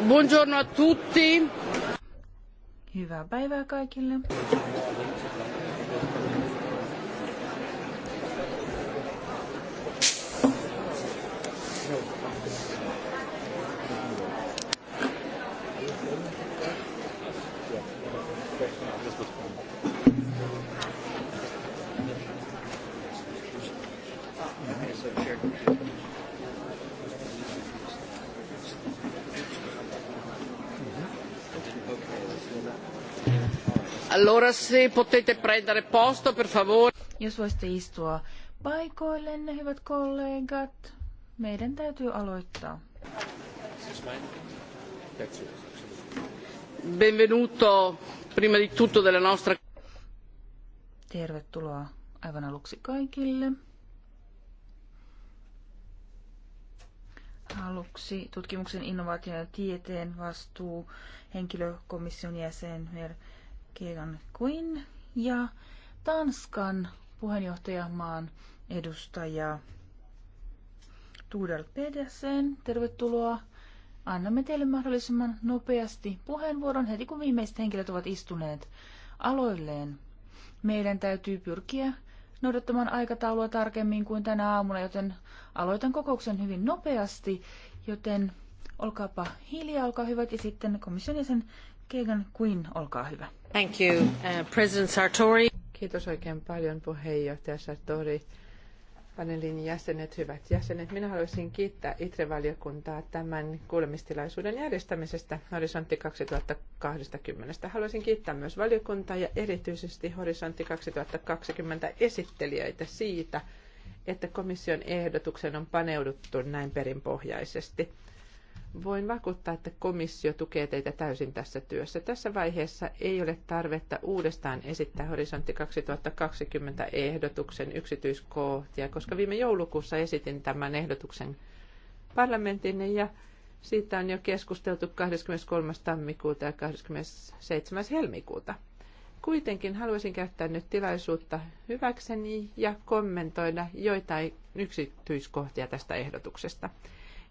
Buongiorno a tutti. Hyvää päivää kaikille. Allora se potete prendere posto, per favore. Jos voisitte istua paikoillenne, hyvät kollegat, meidän täytyy aloittaa. Benvenuto prima di tutto della nostra... Tervetuloa aivan aluksi kaikille. aluksi tutkimuksen innovaation ja tieteen vastuu henkilökomission jäsen Kiegan Quinn ja Tanskan puheenjohtajamaan edustaja Tudel Pedersen. Tervetuloa. Annamme teille mahdollisimman nopeasti puheenvuoron heti, kun viimeiset henkilöt ovat istuneet aloilleen. Meidän täytyy pyrkiä noudattamaan aikataulua tarkemmin kuin tänä aamuna, joten aloitan kokouksen hyvin nopeasti, joten olkaapa hiljaa, olkaa hyvät, ja sitten komission jäsen Keegan Quinn, olkaa hyvä. Thank you, uh, President Sartori. Kiitos oikein paljon puheenjohtaja Sartori. Panelin jäsenet, hyvät jäsenet, minä haluaisin kiittää ITRE-valiokuntaa tämän kuulemistilaisuuden järjestämisestä Horisontti 2020. Haluaisin kiittää myös valiokuntaa ja erityisesti Horisontti 2020 esittelijöitä siitä, että komission ehdotuksen on paneuduttu näin perinpohjaisesti. Voin vakuuttaa, että komissio tukee teitä täysin tässä työssä. Tässä vaiheessa ei ole tarvetta uudestaan esittää Horisontti 2020 ehdotuksen yksityiskohtia, koska viime joulukuussa esitin tämän ehdotuksen parlamentin ja siitä on jo keskusteltu 23. tammikuuta ja 27. helmikuuta. Kuitenkin haluaisin käyttää nyt tilaisuutta hyväkseni ja kommentoida joitain yksityiskohtia tästä ehdotuksesta.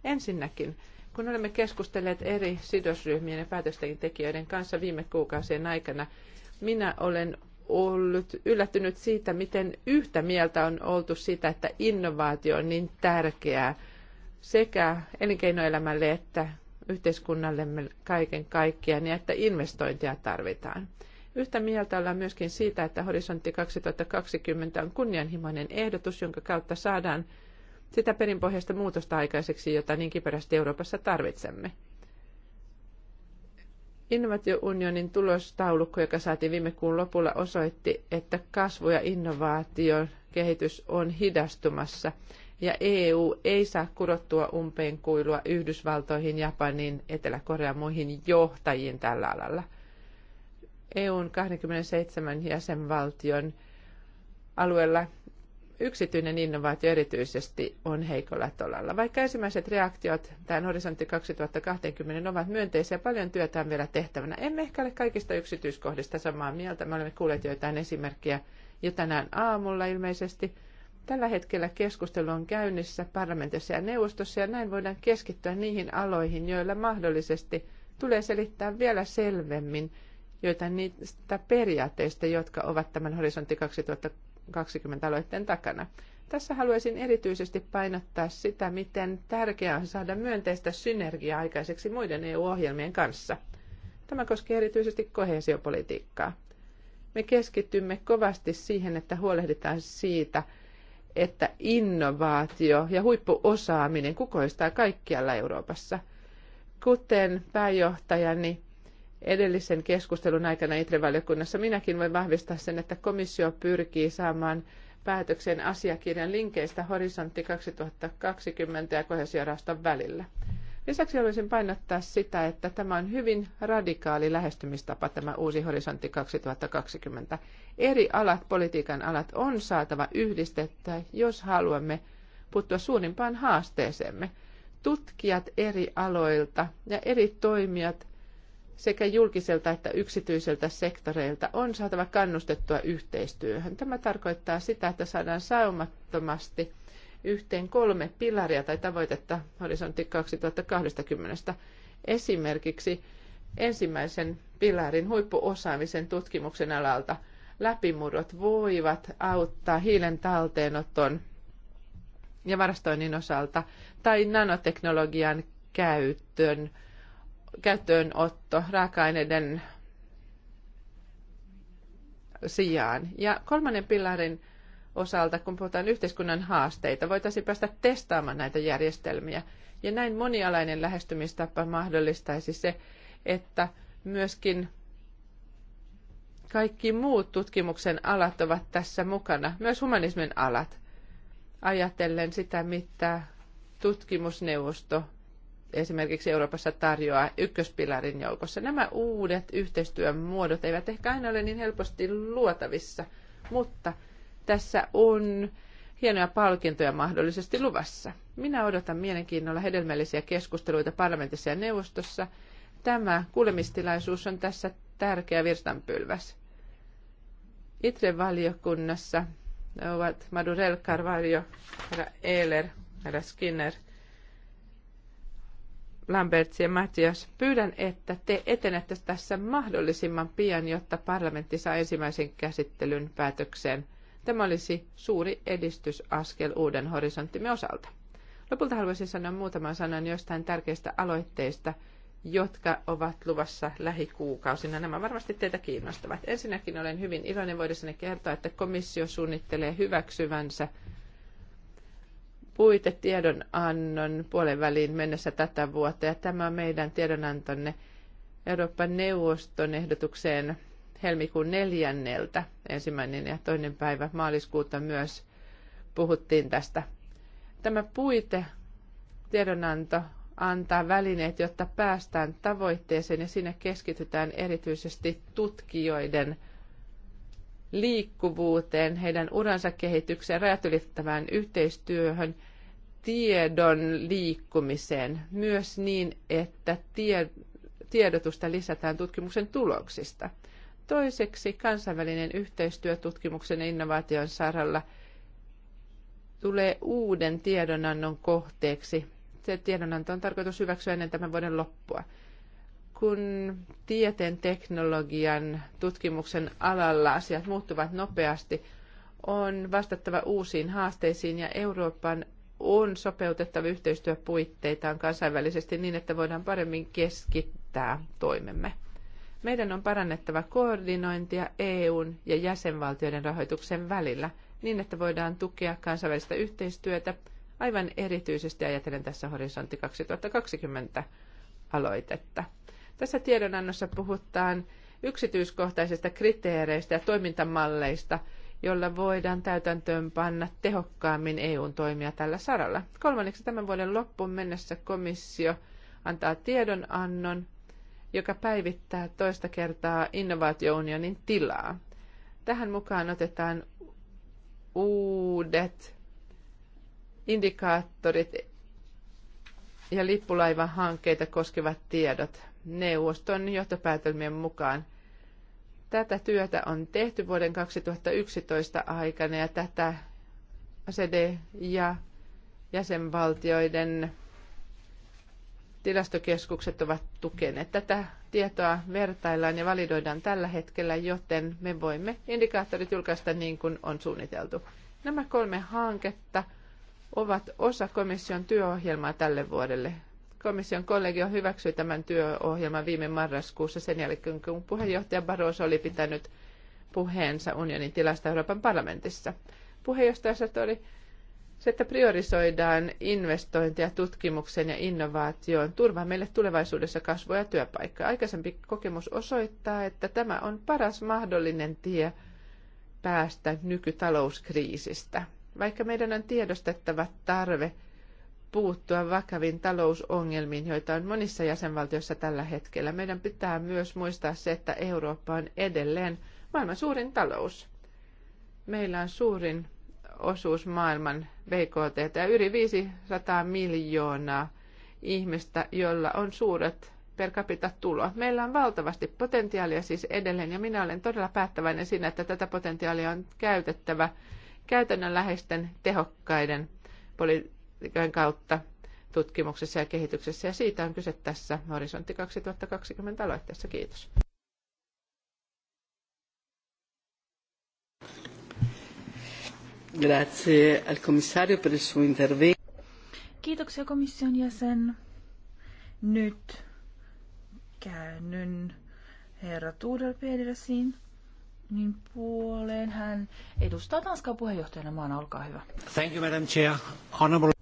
Ensinnäkin kun olemme keskustelleet eri sidosryhmien ja päätösten tekijöiden kanssa viime kuukausien aikana, minä olen ollut yllättynyt siitä, miten yhtä mieltä on oltu siitä, että innovaatio on niin tärkeää sekä elinkeinoelämälle että yhteiskunnallemme kaiken kaikkiaan ja että investointia tarvitaan. Yhtä mieltä ollaan myöskin siitä, että horisontti 2020 on kunnianhimoinen ehdotus, jonka kautta saadaan sitä perinpohjaista muutosta aikaiseksi, jota niin kiperästi Euroopassa tarvitsemme. Innovaatiounionin tulostaulukko, joka saatiin viime kuun lopulla, osoitti, että kasvu ja innovaation kehitys on hidastumassa ja EU ei saa kurottua umpeen kuilua Yhdysvaltoihin, Japaniin, Etelä-Korean muihin johtajiin tällä alalla. EUn 27 jäsenvaltion alueella yksityinen innovaatio erityisesti on heikolla tolalla. Vaikka ensimmäiset reaktiot tämän horisontti 2020 ovat myönteisiä, paljon työtä on vielä tehtävänä. Emme ehkä ole kaikista yksityiskohdista samaa mieltä. Me olemme kuulleet joitain esimerkkejä jo tänään aamulla ilmeisesti. Tällä hetkellä keskustelu on käynnissä parlamentissa ja neuvostossa ja näin voidaan keskittyä niihin aloihin, joilla mahdollisesti tulee selittää vielä selvemmin joita niistä periaatteista, jotka ovat tämän horisontti 2020 20 aloitteen takana. Tässä haluaisin erityisesti painottaa sitä, miten tärkeää on saada myönteistä synergiaa aikaiseksi muiden EU-ohjelmien kanssa. Tämä koskee erityisesti kohesiopolitiikkaa. Me keskittymme kovasti siihen, että huolehditaan siitä, että innovaatio ja huippuosaaminen kukoistaa kaikkialla Euroopassa. Kuten pääjohtajani edellisen keskustelun aikana ITRE-valiokunnassa minäkin voin vahvistaa sen, että komissio pyrkii saamaan päätöksen asiakirjan linkeistä horisontti 2020 ja kohesioraston välillä. Lisäksi haluaisin painottaa sitä, että tämä on hyvin radikaali lähestymistapa, tämä uusi horisontti 2020. Eri alat, politiikan alat on saatava yhdistettä, jos haluamme puuttua suurimpaan haasteeseemme. Tutkijat eri aloilta ja eri toimijat sekä julkiselta että yksityiseltä sektoreilta on saatava kannustettua yhteistyöhön. Tämä tarkoittaa sitä, että saadaan saumattomasti yhteen kolme pilaria tai tavoitetta horisontti 2020. Esimerkiksi ensimmäisen pilarin huippuosaamisen tutkimuksen alalta läpimurrot voivat auttaa hiilen talteenoton ja varastoinnin osalta tai nanoteknologian käytön käyttöönotto raaka-aineiden sijaan. Ja kolmannen pilarin osalta, kun puhutaan yhteiskunnan haasteita, voitaisiin päästä testaamaan näitä järjestelmiä. Ja näin monialainen lähestymistapa mahdollistaisi se, että myöskin kaikki muut tutkimuksen alat ovat tässä mukana, myös humanismin alat, ajatellen sitä, mitä tutkimusneuvosto esimerkiksi Euroopassa tarjoaa ykköspilarin joukossa. Nämä uudet yhteistyön muodot eivät ehkä aina ole niin helposti luotavissa, mutta tässä on hienoja palkintoja mahdollisesti luvassa. Minä odotan mielenkiinnolla hedelmällisiä keskusteluita parlamentissa ja neuvostossa. Tämä kuulemistilaisuus on tässä tärkeä virstanpylväs. ITRE-valiokunnassa ovat Madurel Carvalho, herra Ehler, herra Skinner – Lambertsi ja Matthias, pyydän, että te etenette tässä mahdollisimman pian, jotta parlamentti saa ensimmäisen käsittelyn päätökseen. Tämä olisi suuri edistysaskel uuden horisonttimme osalta. Lopulta haluaisin sanoa muutaman sanan jostain tärkeistä aloitteista, jotka ovat luvassa lähikuukausina. Nämä varmasti teitä kiinnostavat. Ensinnäkin olen hyvin iloinen voidessani kertoa, että komissio suunnittelee hyväksyvänsä tiedonannon puolen väliin mennessä tätä vuotta. Ja tämä on meidän tiedonantonne Euroopan neuvoston ehdotukseen helmikuun neljänneltä, ensimmäinen ja toinen päivä maaliskuuta myös puhuttiin tästä. Tämä puite tiedonanto antaa välineet, jotta päästään tavoitteeseen ja siinä keskitytään erityisesti tutkijoiden – liikkuvuuteen, heidän uransa kehitykseen, rajat ylittävään yhteistyöhön, tiedon liikkumiseen, myös niin, että tiedotusta lisätään tutkimuksen tuloksista. Toiseksi kansainvälinen yhteistyö tutkimuksen ja innovaation saralla tulee uuden tiedonannon kohteeksi. Se tiedonanto on tarkoitus hyväksyä ennen tämän vuoden loppua kun tieteen, teknologian, tutkimuksen alalla asiat muuttuvat nopeasti, on vastattava uusiin haasteisiin ja Euroopan on sopeutettava yhteistyöpuitteitaan kansainvälisesti niin, että voidaan paremmin keskittää toimemme. Meidän on parannettava koordinointia EUn ja jäsenvaltioiden rahoituksen välillä niin, että voidaan tukea kansainvälistä yhteistyötä aivan erityisesti ajatellen tässä Horisontti 2020 aloitetta. Tässä tiedonannossa puhutaan yksityiskohtaisista kriteereistä ja toimintamalleista, jolla voidaan täytäntöönpanna tehokkaammin EUn toimia tällä saralla. Kolmanneksi tämän vuoden loppuun mennessä komissio antaa tiedonannon, joka päivittää toista kertaa innovaatiounionin tilaa. Tähän mukaan otetaan uudet indikaattorit ja lippulaivahankkeita koskevat tiedot neuvoston johtopäätelmien mukaan. Tätä työtä on tehty vuoden 2011 aikana ja tätä ACD ja jäsenvaltioiden tilastokeskukset ovat tukeneet. Tätä tietoa vertaillaan ja validoidaan tällä hetkellä, joten me voimme indikaattorit julkaista niin kuin on suunniteltu. Nämä kolme hanketta ovat osa komission työohjelmaa tälle vuodelle komission kollegio hyväksyi tämän työohjelman viime marraskuussa sen jälkeen, kun puheenjohtaja Barroso oli pitänyt puheensa unionin tilasta Euroopan parlamentissa. Puheenjohtaja Satori, se, että priorisoidaan investointeja tutkimukseen ja innovaatioon, turvaa meille tulevaisuudessa kasvua ja työpaikkaa. Aikaisempi kokemus osoittaa, että tämä on paras mahdollinen tie päästä nykytalouskriisistä. Vaikka meidän on tiedostettava tarve – puuttua vakaviin talousongelmiin, joita on monissa jäsenvaltioissa tällä hetkellä. Meidän pitää myös muistaa se, että Eurooppa on edelleen maailman suurin talous. Meillä on suurin osuus maailman BKT ja yli 500 miljoonaa ihmistä, jolla on suuret per capita tulo. Meillä on valtavasti potentiaalia siis edelleen ja minä olen todella päättäväinen siinä, että tätä potentiaalia on käytettävä käytännönläheisten tehokkaiden poli- kautta tutkimuksessa ja kehityksessä, ja siitä on kyse tässä Horisontti 2020 aloitteessa. Kiitos. Grazie al commissario per il suo intervento. Kiitoksia komission jäsen. Nyt käännyn herra Tudelpedersiin niin puoleen. Hän edustaa Tanskaa puheenjohtajana maana. Olkaa hyvä. Thank you, Madam Chair. Honorable...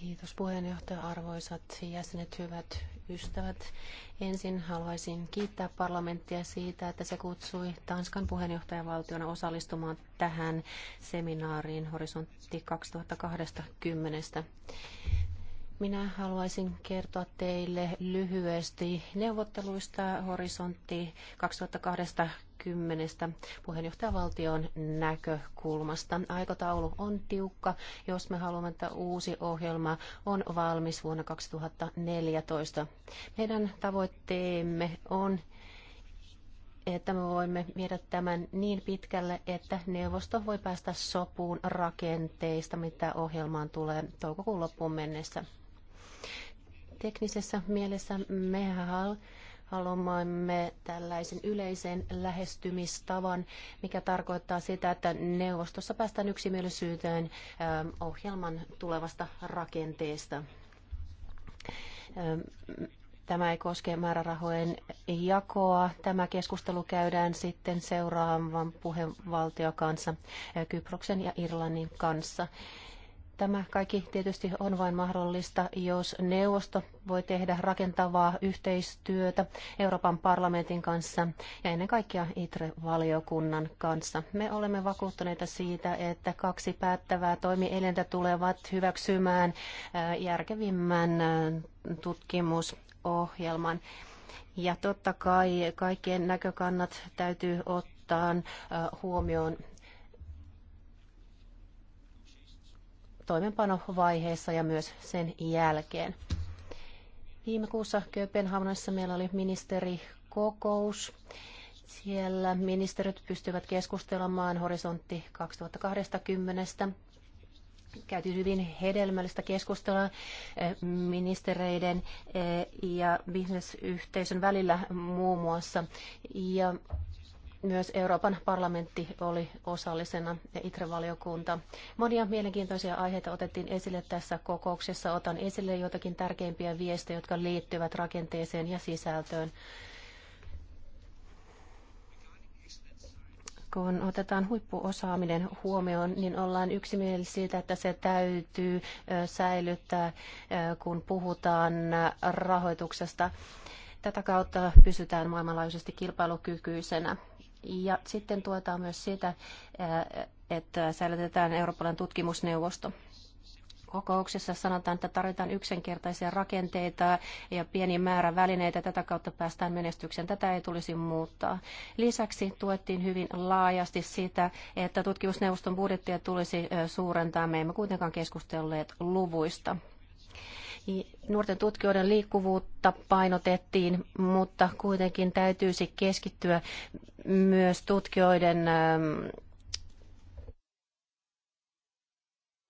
Kiitos puheenjohtaja, arvoisat jäsenet, hyvät ystävät. Ensin haluaisin kiittää parlamenttia siitä, että se kutsui Tanskan puheenjohtajavaltiona osallistumaan tähän seminaariin Horisontti 2020. Minä haluaisin kertoa teille lyhyesti neuvotteluista Horisontti 2020 2010 puheenjohtajavaltion näkökulmasta. Aikataulu on tiukka, jos me haluamme, että uusi ohjelma on valmis vuonna 2014. Meidän tavoitteemme on että me voimme viedä tämän niin pitkälle, että neuvosto voi päästä sopuun rakenteista, mitä ohjelmaan tulee toukokuun loppuun mennessä. Teknisessä mielessä me haluamme tällaisen yleisen lähestymistavan, mikä tarkoittaa sitä, että neuvostossa päästään yksimielisyyteen ähm, ohjelman tulevasta rakenteesta. Ähm, tämä ei koske määrärahojen jakoa. Tämä keskustelu käydään sitten seuraavan puheenvaltio kanssa, äh, Kyproksen ja Irlannin kanssa. Tämä kaikki tietysti on vain mahdollista, jos neuvosto voi tehdä rakentavaa yhteistyötä Euroopan parlamentin kanssa ja ennen kaikkea ITRE-valiokunnan kanssa. Me olemme vakuuttuneita siitä, että kaksi päättävää toimielintä tulevat hyväksymään äh, järkevimmän äh, tutkimusohjelman. Ja totta kai kaikkien näkökannat täytyy ottaa äh, huomioon toimenpanovaiheessa ja myös sen jälkeen. Viime kuussa Kööpenhaminassa meillä oli ministerikokous. Siellä ministerit pystyvät keskustelemaan horisontti 2020. Käytiin hyvin hedelmällistä keskustelua eh, ministereiden eh, ja bisnesyhteisön välillä muun muassa. Ja myös Euroopan parlamentti oli osallisena ja ITRE-valiokunta. Monia mielenkiintoisia aiheita otettiin esille tässä kokouksessa. Otan esille joitakin tärkeimpiä viestejä, jotka liittyvät rakenteeseen ja sisältöön. kun otetaan huippuosaaminen huomioon, niin ollaan yksimielisiä siitä, että se täytyy säilyttää, kun puhutaan rahoituksesta. Tätä kautta pysytään maailmanlaajuisesti kilpailukykyisenä. Ja sitten tuetaan myös sitä, että säilytetään Euroopan tutkimusneuvosto. Kokouksessa sanotaan, että tarvitaan yksinkertaisia rakenteita ja pieni määrä välineitä. Tätä kautta päästään menestykseen. Tätä ei tulisi muuttaa. Lisäksi tuettiin hyvin laajasti sitä, että tutkimusneuvoston budjettia tulisi suurentaa. Me emme kuitenkaan keskustelleet luvuista nuorten tutkijoiden liikkuvuutta painotettiin, mutta kuitenkin täytyisi keskittyä myös tutkijoiden ähm,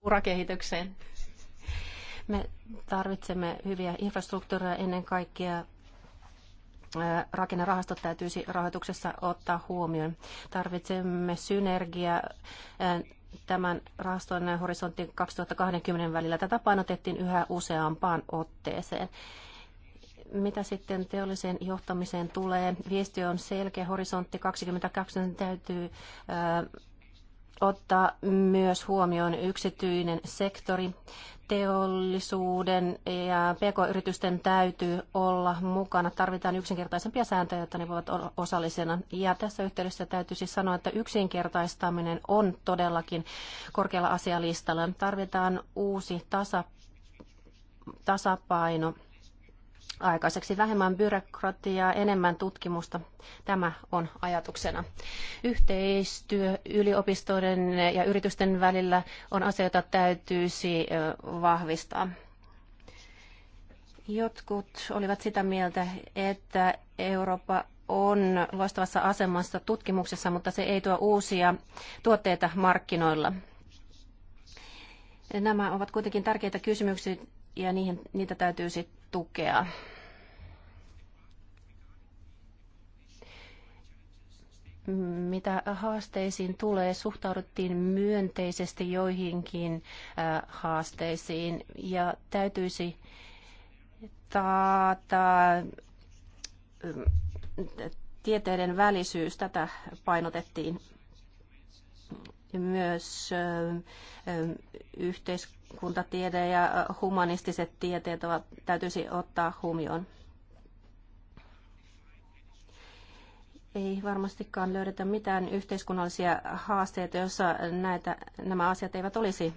urakehitykseen. Me tarvitsemme hyviä infrastruktuureja ennen kaikkea. Äh, rakennerahastot täytyisi rahoituksessa ottaa huomioon. Tarvitsemme synergiaa äh, tämän rahaston ja horisontin 2020 välillä. Tätä painotettiin yhä useampaan otteeseen. Mitä sitten teolliseen johtamiseen tulee? Viesti on selkeä. Horisontti 2020 täytyy ottaa myös huomioon yksityinen sektori teollisuuden ja pk-yritysten täytyy olla mukana. Tarvitaan yksinkertaisempia sääntöjä, jotta ne voivat olla osallisena. Ja tässä yhteydessä täytyy siis sanoa, että yksinkertaistaminen on todellakin korkealla asialistalla. Tarvitaan uusi tasa, tasapaino aikaiseksi vähemmän byrokratiaa, enemmän tutkimusta. Tämä on ajatuksena. Yhteistyö yliopistoiden ja yritysten välillä on asia, jota täytyisi vahvistaa. Jotkut olivat sitä mieltä, että Eurooppa on loistavassa asemassa tutkimuksessa, mutta se ei tuo uusia tuotteita markkinoilla. Nämä ovat kuitenkin tärkeitä kysymyksiä ja niihin, niitä täytyy sitten tukea. Mitä haasteisiin tulee, suhtauduttiin myönteisesti joihinkin haasteisiin ja täytyisi taata tieteiden välisyys, tätä painotettiin ja myös yhteiskuntatiede ja humanistiset tieteet ovat, täytyisi ottaa huomioon. Ei varmastikaan löydetä mitään yhteiskunnallisia haasteita, joissa näitä, nämä asiat eivät olisi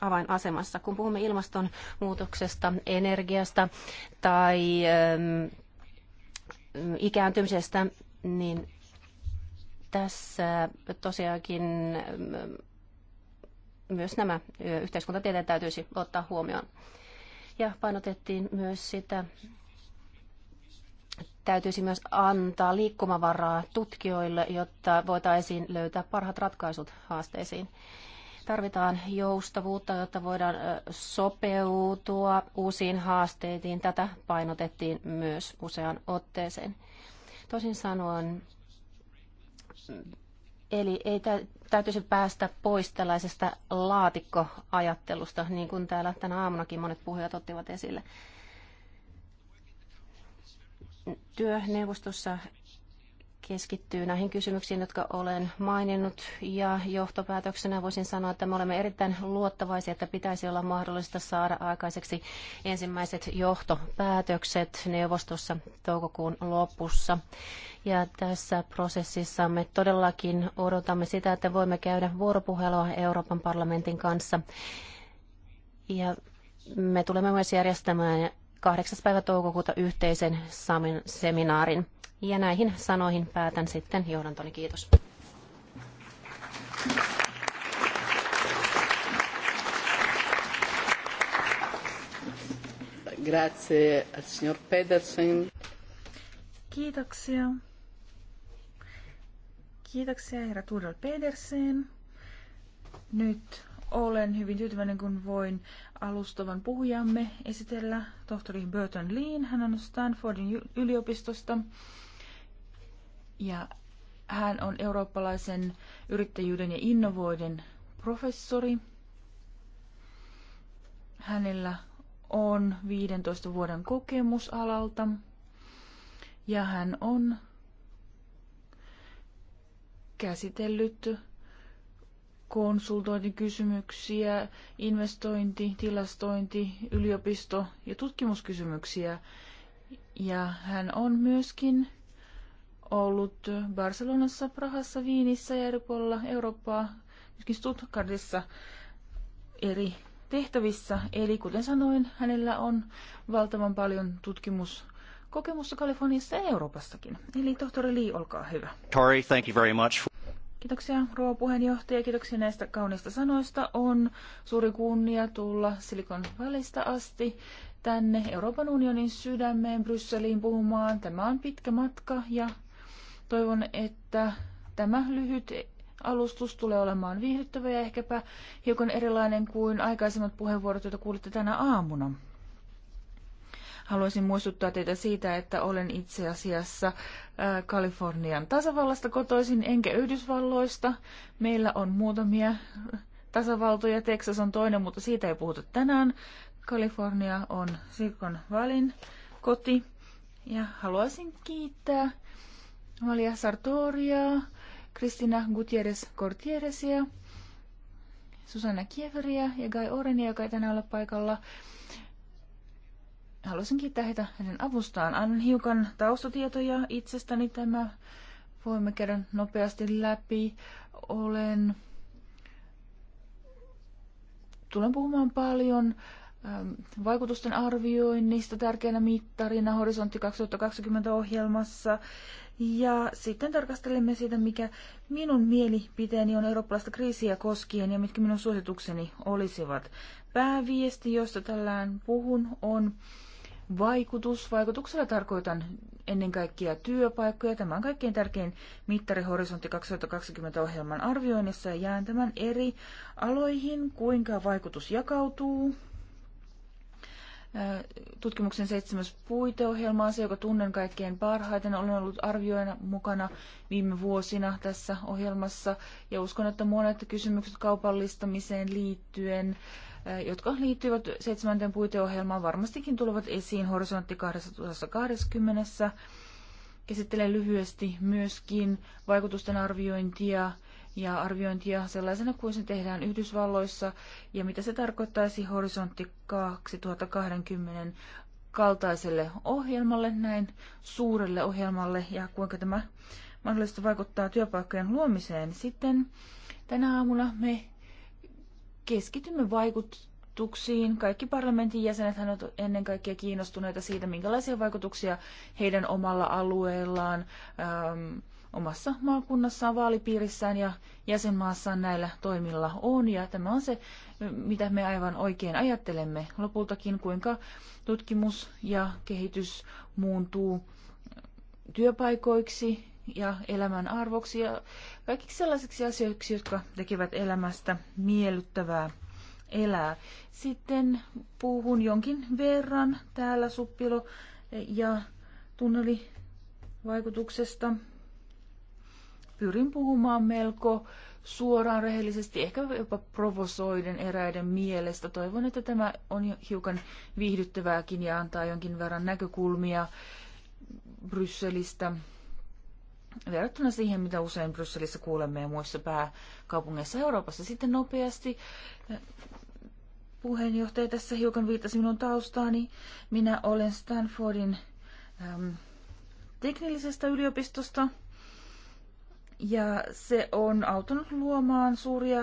avainasemassa. Kun puhumme ilmastonmuutoksesta, energiasta tai ikääntymisestä, niin tässä tosiaankin mm, myös nämä yhteiskuntatieteet täytyisi ottaa huomioon. Ja painotettiin myös sitä, täytyisi myös antaa liikkumavaraa tutkijoille, jotta voitaisiin löytää parhaat ratkaisut haasteisiin. Tarvitaan joustavuutta, jotta voidaan sopeutua uusiin haasteisiin. Tätä painotettiin myös useaan otteeseen. Toisin sanoen Eli ei tä- täytyisi päästä pois tällaisesta laatikkoajattelusta, niin kuin täällä tänä aamunakin monet puhujat ottivat esille. Työneuvostossa keskittyy näihin kysymyksiin, jotka olen maininnut. Ja johtopäätöksenä voisin sanoa, että me olemme erittäin luottavaisia, että pitäisi olla mahdollista saada aikaiseksi ensimmäiset johtopäätökset neuvostossa toukokuun lopussa. Ja tässä prosessissa me todellakin odotamme sitä, että voimme käydä vuoropuhelua Euroopan parlamentin kanssa. Ja me tulemme myös järjestämään 8. päivä toukokuuta yhteisen seminaarin. Ja näihin sanoihin päätän sitten johdantoni. Kiitos. Grazie al signor Pedersen. Kiitoksia. Kiitoksia herra Tudor Pedersen. Nyt olen hyvin tyytyväinen, kun voin alustavan puhujamme esitellä tohtori Burton Lean. Hän on Stanfordin yliopistosta ja hän on eurooppalaisen yrittäjyyden ja innovoiden professori. Hänellä on 15 vuoden kokemus alalta ja hän on käsitellyt konsultointikysymyksiä, investointi, tilastointi, yliopisto- ja tutkimuskysymyksiä. Ja hän on myöskin ollut Barcelonassa, Prahassa, Viinissä ja eri puolilla Eurooppaa, myöskin Stuttgartissa eri tehtävissä. Eli kuten sanoin, hänellä on valtavan paljon tutkimus kokemusta Kaliforniassa ja Euroopassakin. Eli tohtori Lee, olkaa hyvä. Tori, thank you very much. Kiitoksia rouva puheenjohtaja, kiitoksia näistä kauniista sanoista. On suuri kunnia tulla Silikon välistä asti tänne Euroopan unionin sydämeen Brysseliin puhumaan. Tämä on pitkä matka ja Toivon, että tämä lyhyt alustus tulee olemaan viihdyttävä ja ehkäpä hiukan erilainen kuin aikaisemmat puheenvuorot, joita kuulitte tänä aamuna. Haluaisin muistuttaa teitä siitä, että olen itse asiassa äh, Kalifornian tasavallasta kotoisin, enkä Yhdysvalloista. Meillä on muutamia tasavaltoja. Texas on toinen, mutta siitä ei puhuta tänään. Kalifornia on Silicon Valin koti. Ja haluaisin kiittää Malia Sartoria, Kristina Gutierrez Cortieresia, Susanna Kieferiä ja Guy Orenia, joka ei tänään ole paikalla. Haluaisin kiittää heitä hänen avustaan. Annan hiukan taustatietoja itsestäni. Tämä voimme käydä nopeasti läpi. Olen tulen puhumaan paljon Ähm, vaikutusten arvioinnista tärkeänä mittarina Horisontti 2020-ohjelmassa. Ja sitten tarkastelemme siitä, mikä minun mielipiteeni on eurooppalaista kriisiä koskien ja mitkä minun suositukseni olisivat. Pääviesti, josta tällään puhun, on vaikutus. Vaikutuksella tarkoitan ennen kaikkea työpaikkoja. Tämä on kaikkein tärkein mittari Horisontti 2020-ohjelman arvioinnissa ja jään tämän eri aloihin, kuinka vaikutus jakautuu, tutkimuksen seitsemäs puiteohjelma, asia, joka tunnen kaikkein parhaiten. Olen ollut arvioina mukana viime vuosina tässä ohjelmassa ja uskon, että monet kysymykset kaupallistamiseen liittyen, eh, jotka liittyvät seitsemänteen puiteohjelmaan, varmastikin tulevat esiin horisontti 2020. Käsittelen lyhyesti myöskin vaikutusten arviointia ja arviointia sellaisena kuin se tehdään Yhdysvalloissa ja mitä se tarkoittaisi horisontti 2020 kaltaiselle ohjelmalle, näin suurelle ohjelmalle ja kuinka tämä mahdollisesti vaikuttaa työpaikkojen luomiseen. Sitten tänä aamuna me keskitymme vaikutuksiin. Kaikki parlamentin jäsenet ovat ennen kaikkea kiinnostuneita siitä, minkälaisia vaikutuksia heidän omalla alueellaan, ähm, omassa maakunnassaan, vaalipiirissään ja jäsenmaassaan näillä toimilla on. Ja tämä on se, mitä me aivan oikein ajattelemme lopultakin, kuinka tutkimus ja kehitys muuntuu työpaikoiksi ja elämän arvoksi ja kaikiksi sellaisiksi asioiksi, jotka tekevät elämästä miellyttävää elää. Sitten puhun jonkin verran täällä suppilo- ja tunnelivaikutuksesta pyrin puhumaan melko suoraan rehellisesti, ehkä jopa provosoiden eräiden mielestä. Toivon, että tämä on hiukan viihdyttävääkin ja antaa jonkin verran näkökulmia Brysselistä verrattuna siihen, mitä usein Brysselissä kuulemme ja muissa pääkaupungeissa Euroopassa. Sitten nopeasti puheenjohtaja tässä hiukan viittasi minun taustaani. Minä olen Stanfordin äm, teknillisestä yliopistosta – ja se on auttanut luomaan suuria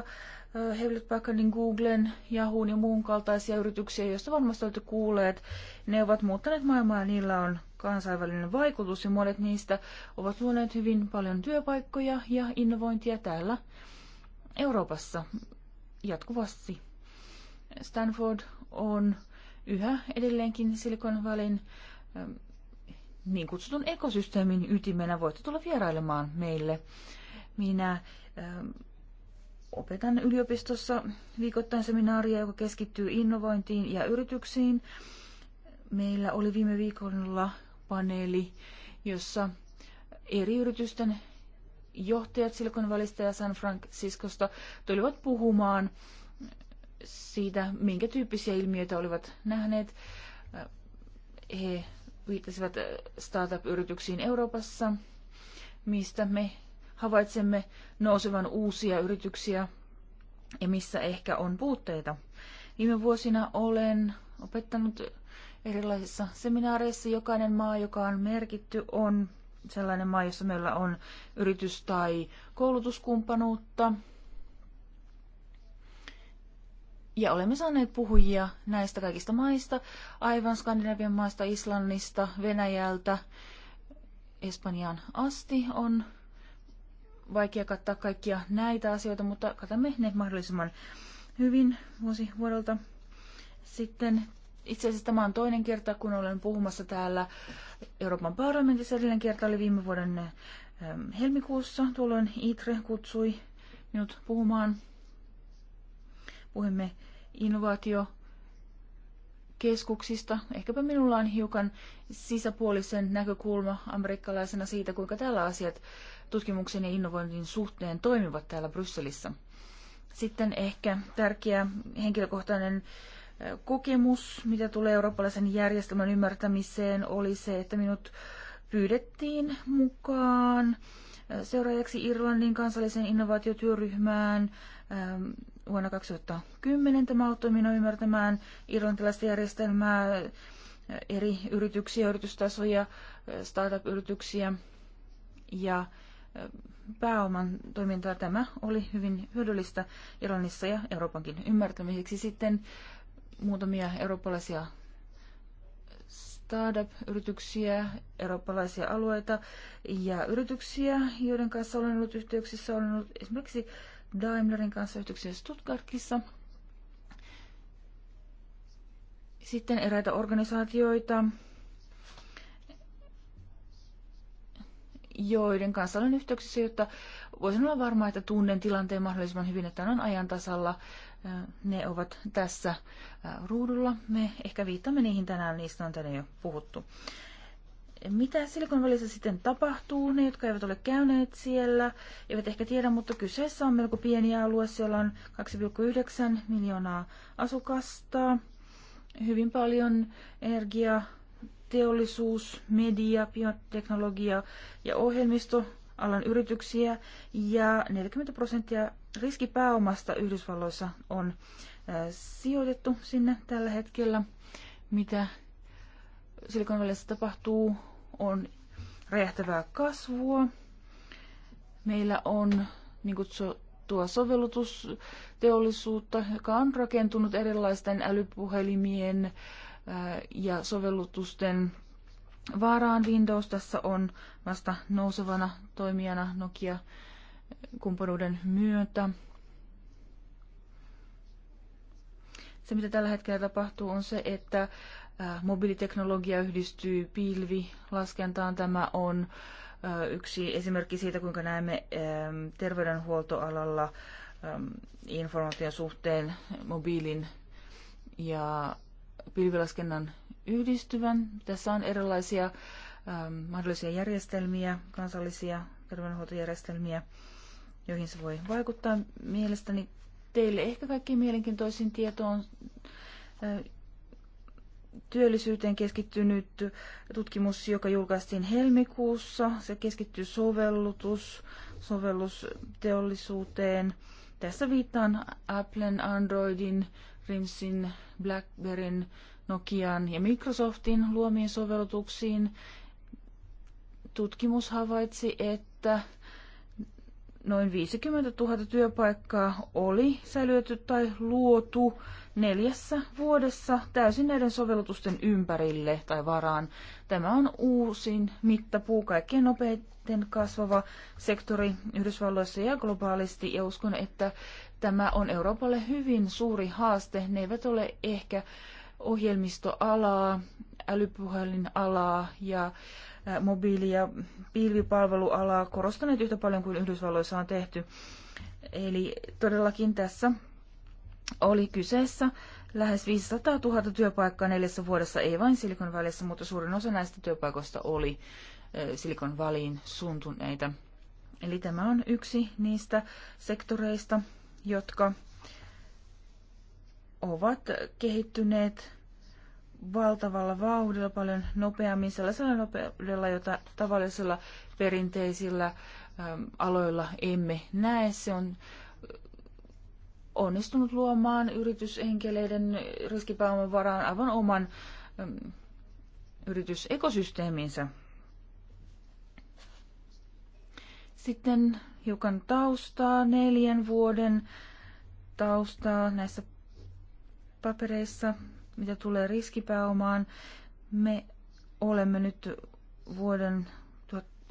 Hewlett-Packardin, Googlen, Yahoon ja muun kaltaisia yrityksiä, joista varmasti olette kuulleet. Ne ovat muuttaneet maailmaa ja niillä on kansainvälinen vaikutus ja monet niistä ovat luoneet hyvin paljon työpaikkoja ja innovointia täällä Euroopassa jatkuvasti. Stanford on yhä edelleenkin Silicon Valleyn niin kutsutun ekosysteemin ytimenä. Voitte tulla vierailemaan meille. Minä ähm, opetan yliopistossa viikoittain seminaaria, joka keskittyy innovointiin ja yrityksiin. Meillä oli viime viikolla paneeli, jossa eri yritysten johtajat Silicon Valleysta ja San Franciscosta tulivat puhumaan siitä, minkä tyyppisiä ilmiöitä olivat nähneet. He viittasivat äh, startup-yrityksiin Euroopassa, mistä me havaitsemme nousevan uusia yrityksiä ja missä ehkä on puutteita. Viime vuosina olen opettanut erilaisissa seminaareissa. Jokainen maa, joka on merkitty, on sellainen maa, jossa meillä on yritys- tai koulutuskumppanuutta. Ja olemme saaneet puhujia näistä kaikista maista, aivan Skandinavian maista, Islannista, Venäjältä, Espanjaan asti on vaikea kattaa kaikkia näitä asioita, mutta katamme ne mahdollisimman hyvin vuosi vuodelta. Sitten itse asiassa tämä on toinen kerta, kun olen puhumassa täällä Euroopan parlamentissa. Edellinen kerta oli viime vuoden ähm, helmikuussa. Tuolloin ITRE kutsui minut puhumaan. Puhemme innovaatiokeskuksista. Ehkäpä minulla on hiukan sisäpuolisen näkökulma amerikkalaisena siitä, kuinka täällä asiat tutkimuksen ja innovoinnin suhteen toimivat täällä Brysselissä. Sitten ehkä tärkeä henkilökohtainen kokemus, mitä tulee eurooppalaisen järjestelmän ymmärtämiseen, oli se, että minut pyydettiin mukaan seuraajaksi Irlannin kansallisen innovaatiotyöryhmään vuonna 2010 tämä auttoi minua ymmärtämään irlantilaista järjestelmää, eri yrityksiä, yritystasoja, startup-yrityksiä ja pääoman toimintaa. Tämä oli hyvin hyödyllistä Irlannissa ja Euroopankin ymmärtämiseksi. Sitten muutamia eurooppalaisia startup-yrityksiä, eurooppalaisia alueita ja yrityksiä, joiden kanssa olen ollut yhteyksissä. Olen ollut esimerkiksi Daimlerin kanssa yhteyksiä Stuttgartissa. Sitten eräitä organisaatioita, joiden kanssa olen yhteyksissä, jotta voisin olla varma, että tunnen tilanteen mahdollisimman hyvin, että on ajan tasalla. Ne ovat tässä ruudulla. Me ehkä viittaamme niihin tänään, niistä on tänne jo puhuttu mitä Silikon välissä sitten tapahtuu? Ne, jotka eivät ole käyneet siellä, eivät ehkä tiedä, mutta kyseessä on melko pieni alue. Siellä on 2,9 miljoonaa asukasta, hyvin paljon energia, teollisuus, media, bioteknologia ja ohjelmistoalan yrityksiä. Ja 40 prosenttia riskipääomasta Yhdysvalloissa on sijoitettu sinne tällä hetkellä. Mitä Silikon välissä tapahtuu, on räjähtävää kasvua. Meillä on niin tuo sovellutusteollisuutta, joka on rakentunut erilaisten älypuhelimien äh, ja sovellutusten varaan. Windows tässä on vasta nousevana toimijana Nokia-kumppanuuden myötä. Se, mitä tällä hetkellä tapahtuu, on se, että Äh, mobiiliteknologia yhdistyy pilvilaskentaan. Tämä on äh, yksi esimerkki siitä, kuinka näemme ähm, terveydenhuoltoalalla ähm, informaation suhteen mobiilin ja pilvilaskennan yhdistyvän. Tässä on erilaisia ähm, mahdollisia järjestelmiä, kansallisia terveydenhuoltojärjestelmiä, joihin se voi vaikuttaa. Mielestäni teille ehkä kaikkein mielenkiintoisin tieto on äh, työllisyyteen keskittynyt tutkimus, joka julkaistiin helmikuussa. Se keskittyy sovellutus, sovellusteollisuuteen. Tässä viittaan Applen, Androidin, Rimsin, Blackberryn, Nokian ja Microsoftin luomiin sovellutuksiin. Tutkimus havaitsi, että noin 50 000 työpaikkaa oli säilytetty tai luotu neljässä vuodessa täysin näiden sovellutusten ympärille tai varaan. Tämä on uusin mittapuu, kaikkein nopeiten kasvava sektori Yhdysvalloissa ja globaalisti, ja uskon, että tämä on Euroopalle hyvin suuri haaste. Ne eivät ole ehkä ohjelmistoalaa, älypuhelinalaa ja mobiili- ja pilvipalvelualaa korostaneet yhtä paljon kuin Yhdysvalloissa on tehty. Eli todellakin tässä oli kyseessä lähes 500 000 työpaikkaa neljässä vuodessa, ei vain Silikon välissä, mutta suurin osa näistä työpaikoista oli Silikon väliin suuntuneita. Eli tämä on yksi niistä sektoreista, jotka ovat kehittyneet valtavalla vauhdilla, paljon nopeammin, sellaisella nopeudella, jota tavallisilla perinteisillä aloilla emme näe. Se on onnistunut luomaan yritysenkeleiden riskipääoman varaan aivan oman mm, yritysekosysteeminsä. Sitten hiukan taustaa, neljän vuoden taustaa näissä papereissa, mitä tulee riskipääomaan. Me olemme nyt vuoden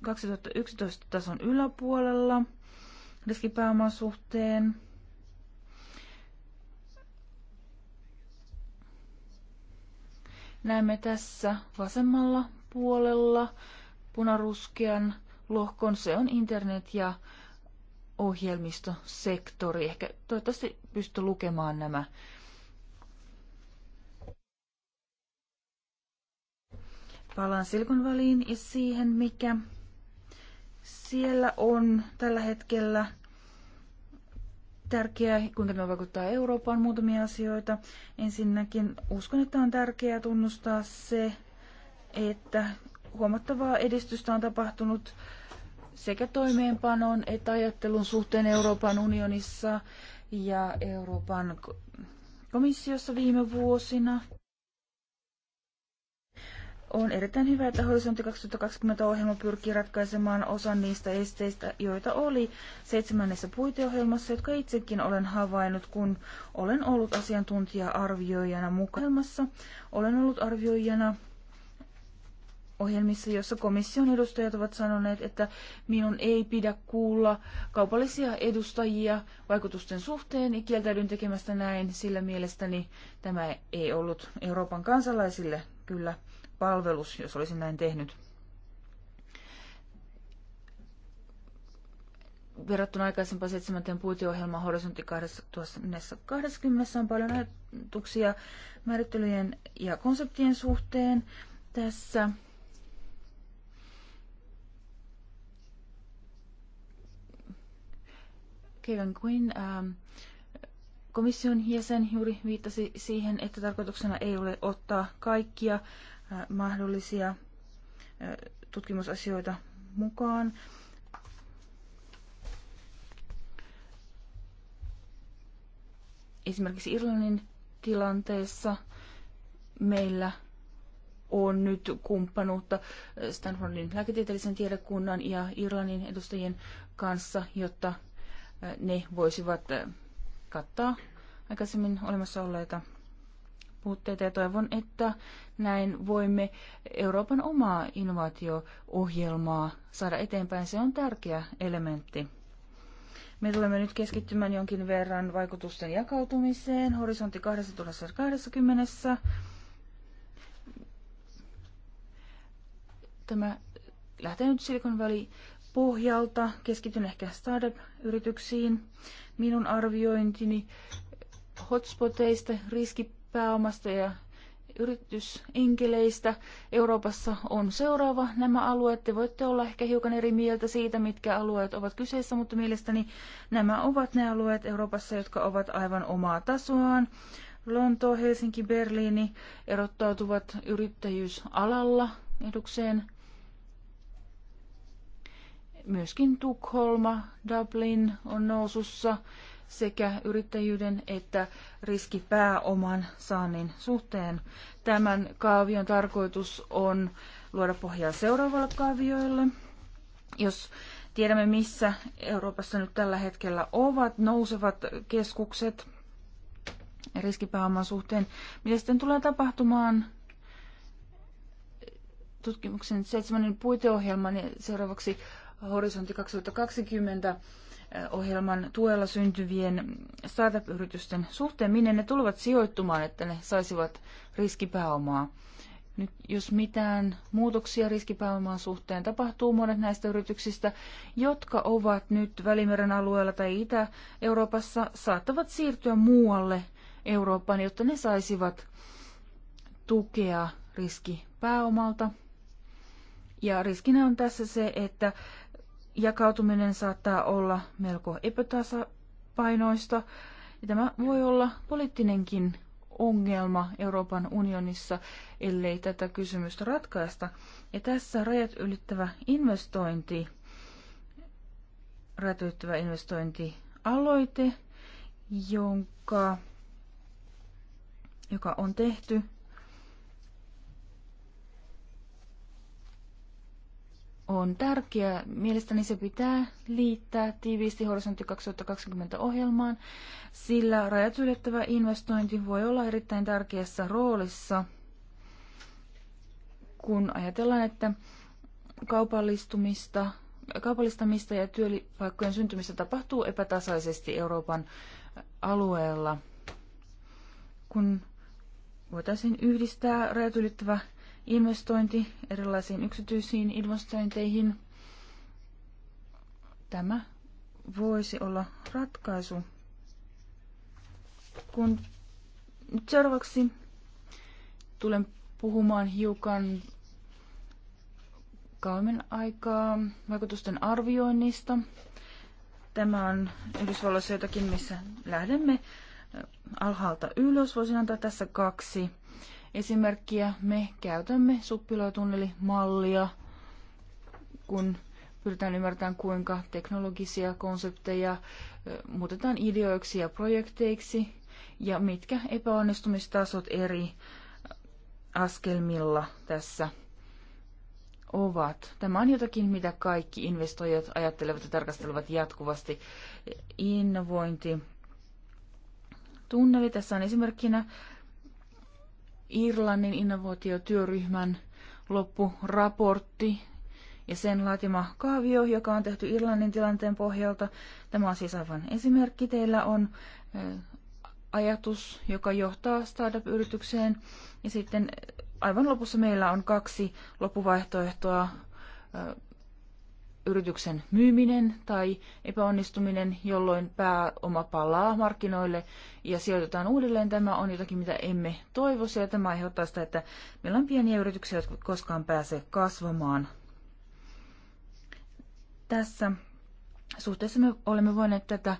2011 tason yläpuolella riskipääoman suhteen. Näemme tässä vasemmalla puolella punaruskean lohkon. Se on internet- ja ohjelmistosektori. Ehkä toivottavasti pysty lukemaan nämä. Palaan Silkon väliin ja siihen, mikä siellä on tällä hetkellä tärkeää, kuinka tämä vaikuttaa Eurooppaan, muutamia asioita. Ensinnäkin uskon, että on tärkeää tunnustaa se, että huomattavaa edistystä on tapahtunut sekä toimeenpanon että ajattelun suhteen Euroopan unionissa ja Euroopan komissiossa viime vuosina. On erittäin hyvä, että Horisontti 2020-ohjelma pyrkii ratkaisemaan osan niistä esteistä, joita oli seitsemännessä puiteohjelmassa, jotka itsekin olen havainnut, kun olen ollut asiantuntija-arvioijana mukana. Olen ollut arvioijana ohjelmissa, jossa komission edustajat ovat sanoneet, että minun ei pidä kuulla kaupallisia edustajia vaikutusten suhteen ja kieltäydyn tekemästä näin, sillä mielestäni tämä ei ollut Euroopan kansalaisille kyllä palvelus, jos olisin näin tehnyt. Verrattuna aikaisempaan seitsemänteen puitiohjelmaan Horisontti 2020 on paljon ajatuksia määrittelyjen ja konseptien suhteen tässä. Kevin Quinn, ähm, komission jäsen, juuri viittasi siihen, että tarkoituksena ei ole ottaa kaikkia mahdollisia tutkimusasioita mukaan. Esimerkiksi Irlannin tilanteessa meillä on nyt kumppanuutta Stanfordin lääketieteellisen tiedekunnan ja Irlannin edustajien kanssa, jotta ne voisivat kattaa aikaisemmin olemassa olleita puutteita ja toivon, että näin voimme Euroopan omaa innovaatio-ohjelmaa saada eteenpäin. Se on tärkeä elementti. Me tulemme nyt keskittymään jonkin verran vaikutusten jakautumiseen, horisontti 2020. Tämä lähtee nyt Silicon Valley pohjalta. Keskityn ehkä startup-yrityksiin. Minun arviointini hotspoteista, riski pääomasta ja yritysenkeleistä Euroopassa on seuraava. Nämä alueet, te voitte olla ehkä hiukan eri mieltä siitä, mitkä alueet ovat kyseessä, mutta mielestäni nämä ovat ne alueet Euroopassa, jotka ovat aivan omaa tasoaan. Lonto, Helsinki, Berliini erottautuvat yrittäjyysalalla edukseen. Myöskin Tukholma, Dublin on nousussa sekä yrittäjyyden että riskipääoman saannin suhteen. Tämän kaavion tarkoitus on luoda pohjaa seuraavalle kaavioille. Jos tiedämme, missä Euroopassa nyt tällä hetkellä ovat nousevat keskukset riskipääoman suhteen, mitä sitten tulee tapahtumaan tutkimuksen seitsemännen puiteohjelman ja seuraavaksi Horisontti 2020 ohjelman tuella syntyvien startup-yritysten suhteen, minne ne tulevat sijoittumaan, että ne saisivat riskipääomaa. Nyt jos mitään muutoksia riskipääomaan suhteen tapahtuu, monet näistä yrityksistä, jotka ovat nyt Välimeren alueella tai Itä-Euroopassa, saattavat siirtyä muualle Eurooppaan, jotta ne saisivat tukea riskipääomalta. Ja riskinä on tässä se, että jakautuminen saattaa olla melko epätasapainoista. Ja tämä voi olla poliittinenkin ongelma Euroopan unionissa, ellei tätä kysymystä ratkaista. Ja tässä rajat ylittävä investointi, rajat ylittävä investointialoite, jonka, joka on tehty on tärkeä. Mielestäni se pitää liittää tiiviisti Horisontti 2020 ohjelmaan, sillä rajat ylittävä investointi voi olla erittäin tärkeässä roolissa, kun ajatellaan, että kaupallistumista, kaupallistamista ja työpaikkojen syntymistä tapahtuu epätasaisesti Euroopan alueella. Kun voitaisiin yhdistää rajat ylittävä investointi erilaisiin yksityisiin investointeihin. Tämä voisi olla ratkaisu. Kun nyt seuraavaksi tulen puhumaan hiukan kauemmin aikaa vaikutusten arvioinnista. Tämä on Yhdysvalloissa jotakin, missä lähdemme alhaalta ylös. Voisin antaa tässä kaksi esimerkkiä. Me käytämme suppilotunnelimallia, kun pyritään ymmärtämään, kuinka teknologisia konsepteja muutetaan ideoiksi ja projekteiksi ja mitkä epäonnistumistasot eri askelmilla tässä ovat. Tämä on jotakin, mitä kaikki investoijat ajattelevat ja tarkastelevat jatkuvasti. Innovointi. Tunneli tässä on esimerkkinä Irlannin innovaatiotyöryhmän loppuraportti ja sen laatima kaavio, joka on tehty Irlannin tilanteen pohjalta. Tämä on siis aivan esimerkki. Teillä on ajatus, joka johtaa startup-yritykseen. Ja sitten aivan lopussa meillä on kaksi loppuvaihtoehtoa yrityksen myyminen tai epäonnistuminen, jolloin pääoma palaa markkinoille ja sijoitetaan uudelleen. Tämä on jotakin, mitä emme toivoisi ja tämä aiheuttaa sitä, että meillä on pieniä yrityksiä, jotka koskaan pääse kasvamaan. Tässä suhteessa me olemme voineet tätä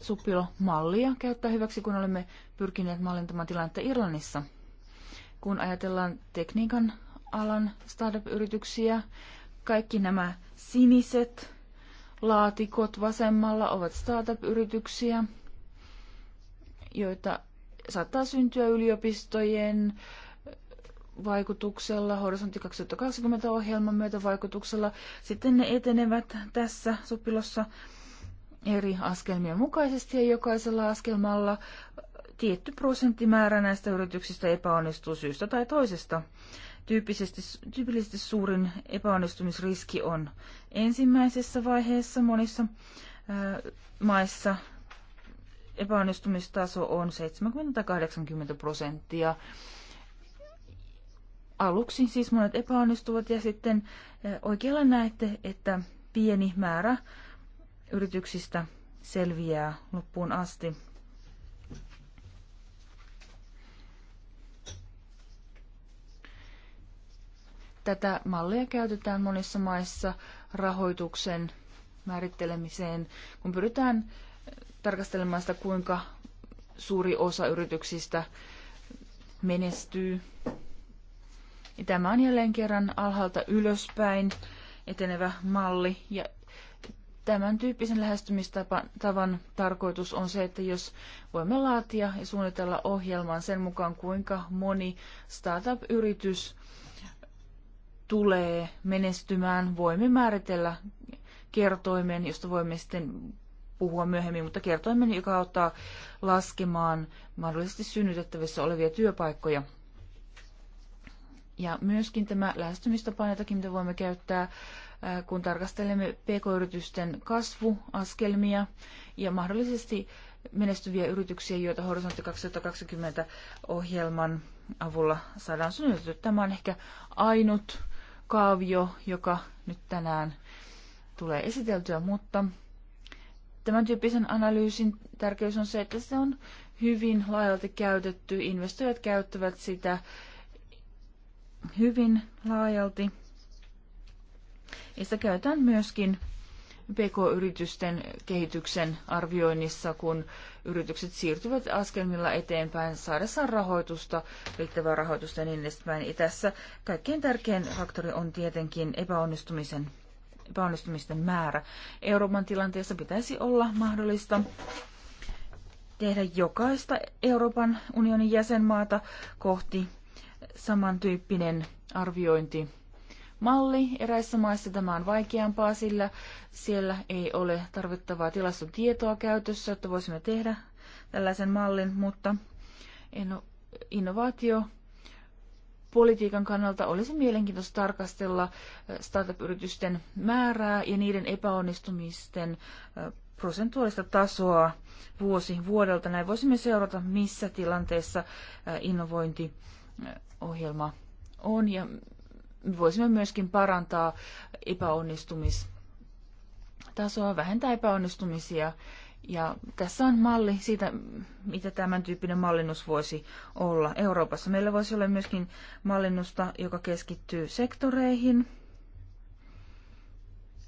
suppilomallia käyttää hyväksi, kun olemme pyrkineet mallintamaan tilannetta Irlannissa. Kun ajatellaan tekniikan alan startup-yrityksiä, kaikki nämä siniset laatikot vasemmalla ovat startup-yrityksiä, joita saattaa syntyä yliopistojen vaikutuksella, Horisontti 2020-ohjelman myötä vaikutuksella. Sitten ne etenevät tässä sopilossa eri askelmien mukaisesti ja jokaisella askelmalla tietty prosenttimäärä näistä yrityksistä epäonnistuu syystä tai toisesta tyypillisesti, tyypillisesti suurin epäonnistumisriski on ensimmäisessä vaiheessa monissa maissa epäonnistumistaso on 70-80 prosenttia. Aluksi siis monet epäonnistuvat ja sitten oikealla näette, että pieni määrä yrityksistä selviää loppuun asti. Tätä mallia käytetään monissa maissa rahoituksen määrittelemiseen, kun pyritään tarkastelemaan sitä, kuinka suuri osa yrityksistä menestyy. Ja tämä on jälleen kerran alhaalta ylöspäin etenevä malli. Ja tämän tyyppisen lähestymistavan tarkoitus on se, että jos voimme laatia ja suunnitella ohjelman sen mukaan, kuinka moni startup-yritys tulee menestymään, voimme määritellä kertoimen, josta voimme sitten puhua myöhemmin, mutta kertoimen, joka auttaa laskemaan mahdollisesti synnytettävissä olevia työpaikkoja. Ja myöskin tämä lähestymistapa on jotakin, mitä voimme käyttää, äh, kun tarkastelemme pk-yritysten kasvuaskelmia ja mahdollisesti menestyviä yrityksiä, joita Horisontti 2020 ohjelman avulla saadaan synnytetty. Tämä on ehkä ainut kaavio, joka nyt tänään tulee esiteltyä, mutta tämän tyyppisen analyysin tärkeys on se, että se on hyvin laajalti käytetty. Investoijat käyttävät sitä hyvin laajalti. Ja sitä käytetään myöskin PK-yritysten kehityksen arvioinnissa, kun yritykset siirtyvät askelmilla eteenpäin saadessaan rahoitusta, riittävää rahoitusta ja niin edespäin. Ja tässä kaikkein tärkein faktori on tietenkin epäonnistumisen epäonnistumisten määrä. Euroopan tilanteessa pitäisi olla mahdollista tehdä jokaista Euroopan unionin jäsenmaata kohti samantyyppinen arviointi malli. Eräissä maissa tämä on vaikeampaa, sillä siellä ei ole tarvittavaa tilastotietoa käytössä, että voisimme tehdä tällaisen mallin, mutta innovaatio politiikan kannalta olisi mielenkiintoista tarkastella äh, startup-yritysten määrää ja niiden epäonnistumisten äh, prosentuaalista tasoa vuosi vuodelta. Näin voisimme seurata, missä tilanteessa äh, innovointiohjelma on ja voisimme myöskin parantaa epäonnistumistasoa, vähentää epäonnistumisia. Ja tässä on malli siitä, mitä tämän tyyppinen mallinnus voisi olla Euroopassa. Meillä voisi olla myöskin mallinnusta, joka keskittyy sektoreihin,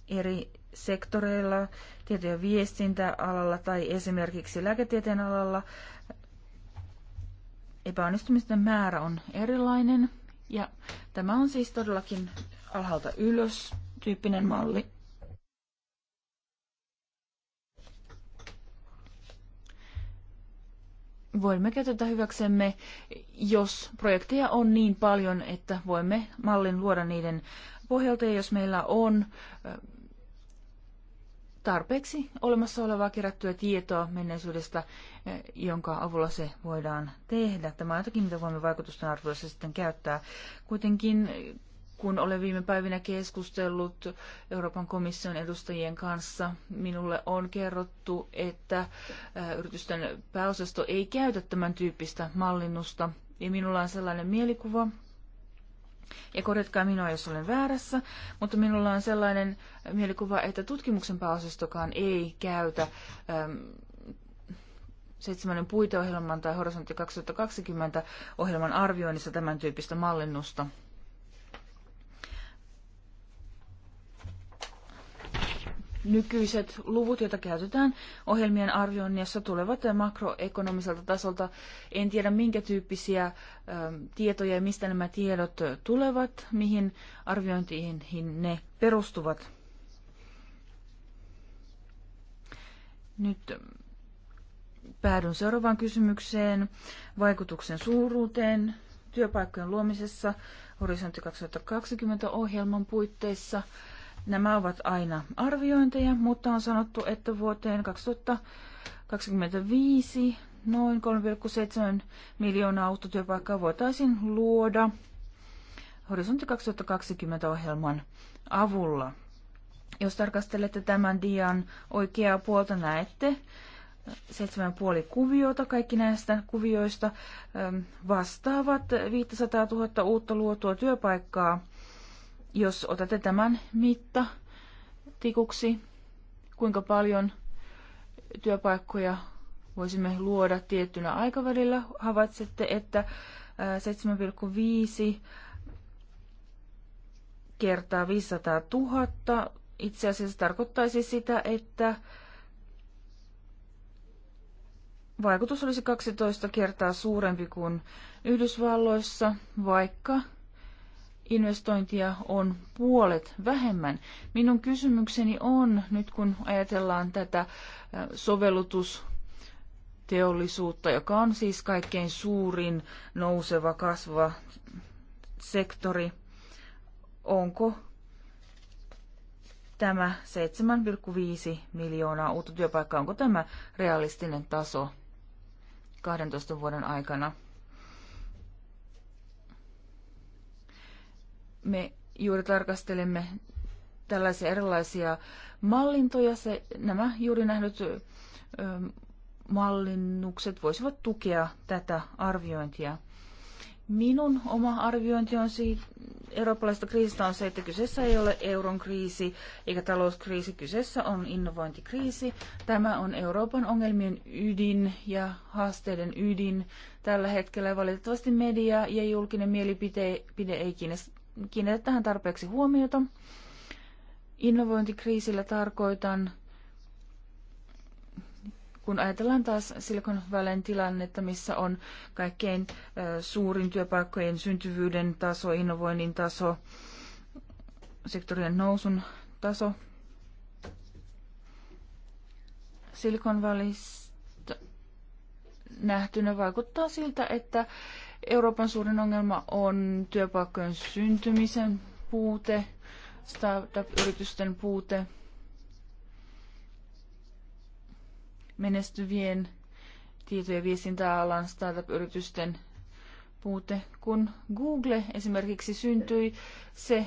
eri sektoreilla, tieto- ja viestintäalalla tai esimerkiksi lääketieteen alalla. Epäonnistumisten määrä on erilainen – ja tämä on siis todellakin alhaalta ylös tyyppinen malli. Voimme käyttää hyväksemme, jos projekteja on niin paljon, että voimme mallin luoda niiden pohjalta, ja jos meillä on tarpeeksi olemassa olevaa kerättyä tietoa menneisyydestä, eh, jonka avulla se voidaan tehdä. Tämä on jotakin, mitä voimme vaikutusten arvioissa sitten käyttää. Kuitenkin kun olen viime päivinä keskustellut Euroopan komission edustajien kanssa, minulle on kerrottu, että eh, yritysten pääosasto ei käytä tämän tyyppistä mallinnusta. Ja minulla on sellainen mielikuva, ja korjatkaa minua, jos olen väärässä, mutta minulla on sellainen mielikuva, että tutkimuksen pääosastokaan ei käytä äm, seitsemännen puiteohjelman tai horisontti 2020 ohjelman arvioinnissa tämän tyyppistä mallinnusta. nykyiset luvut, joita käytetään ohjelmien arvioinnissa, tulevat makroekonomiselta tasolta. En tiedä, minkä tyyppisiä ähm, tietoja ja mistä nämä tiedot tulevat, mihin arviointiin ne perustuvat. Nyt ähm, päädyn seuraavaan kysymykseen, vaikutuksen suuruuteen työpaikkojen luomisessa horisontti 2020 ohjelman puitteissa – Nämä ovat aina arviointeja, mutta on sanottu, että vuoteen 2025 noin 3,7 miljoonaa uutta työpaikkaa voitaisiin luoda Horisontti 2020 ohjelman avulla. Jos tarkastelette tämän dian oikeaa puolta, näette 7,5 kuviota. Kaikki näistä kuvioista vastaavat 500 000 uutta luotua työpaikkaa jos otatte tämän mitta tikuksi, kuinka paljon työpaikkoja voisimme luoda tiettynä aikavälillä, havaitsette, että 7,5 kertaa 500 000 itse asiassa tarkoittaisi sitä, että vaikutus olisi 12 kertaa suurempi kuin Yhdysvalloissa, vaikka investointia on puolet vähemmän. Minun kysymykseni on, nyt kun ajatellaan tätä sovellutusteollisuutta, joka on siis kaikkein suurin nouseva, kasvava sektori, onko tämä 7,5 miljoonaa uutta työpaikkaa, onko tämä realistinen taso 12 vuoden aikana? me juuri tarkastelemme tällaisia erilaisia mallintoja. Se, nämä juuri nähdyt ö, mallinnukset voisivat tukea tätä arviointia. Minun oma arviointi on siitä, eurooppalaisesta kriisistä on se, että kyseessä ei ole euron kriisi eikä talouskriisi, kyseessä on innovointikriisi. Tämä on Euroopan ongelmien ydin ja haasteiden ydin tällä hetkellä. Valitettavasti media ja julkinen mielipide ei kiinnitä tähän tarpeeksi huomiota. Innovointikriisillä tarkoitan, kun ajatellaan taas Silicon Valleyn tilannetta, missä on kaikkein suurin työpaikkojen syntyvyyden taso, innovoinnin taso, sektorien nousun taso. Silicon Valleysta nähtynä vaikuttaa siltä, että Euroopan suurin ongelma on työpaikkojen syntymisen puute, startup-yritysten puute, menestyvien tieto- ja viestintäalan startup-yritysten puute. Kun Google esimerkiksi syntyi, se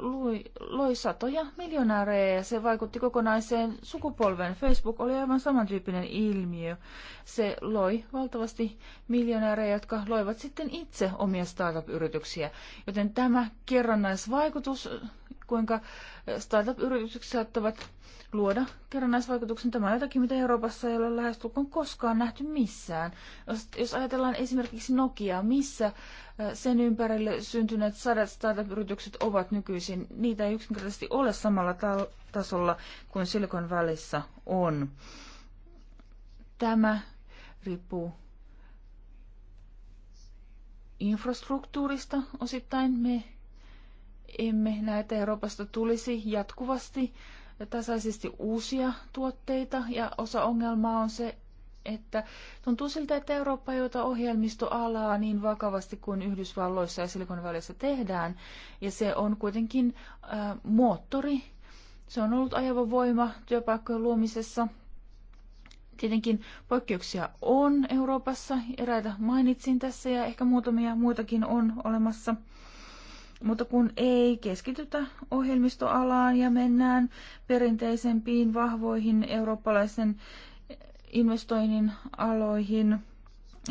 lui, loi satoja miljonäärejä ja se vaikutti kokonaiseen sukupolveen. Facebook oli aivan samantyyppinen ilmiö. Se loi valtavasti miljonäärejä, jotka loivat sitten itse omia startup-yrityksiä. Joten tämä kerrannaisvaikutus kuinka startup-yritykset saattavat luoda kerrannaisvaikutuksen. Tämä on jotakin, mitä Euroopassa ei ole lähestulkoon koskaan nähty missään. Jos, jos ajatellaan esimerkiksi Nokiaa, missä äh, sen ympärille syntyneet sadat startup-yritykset ovat nykyisin, niitä ei yksinkertaisesti ole samalla tasolla kuin Silicon välissä on. Tämä riippuu infrastruktuurista osittain. Me emme näe, että Euroopasta tulisi jatkuvasti tasaisesti uusia tuotteita ja osa ongelmaa on se, että tuntuu siltä, että Eurooppa ei ota ohjelmistoalaa niin vakavasti kuin Yhdysvalloissa ja Silikon välissä tehdään. Ja se on kuitenkin äh, moottori. Se on ollut ajava voima työpaikkojen luomisessa. Tietenkin poikkeuksia on Euroopassa, eräitä mainitsin tässä ja ehkä muutamia muitakin on olemassa – mutta kun ei keskitytä ohjelmistoalaan ja mennään perinteisempiin vahvoihin eurooppalaisen investoinnin aloihin,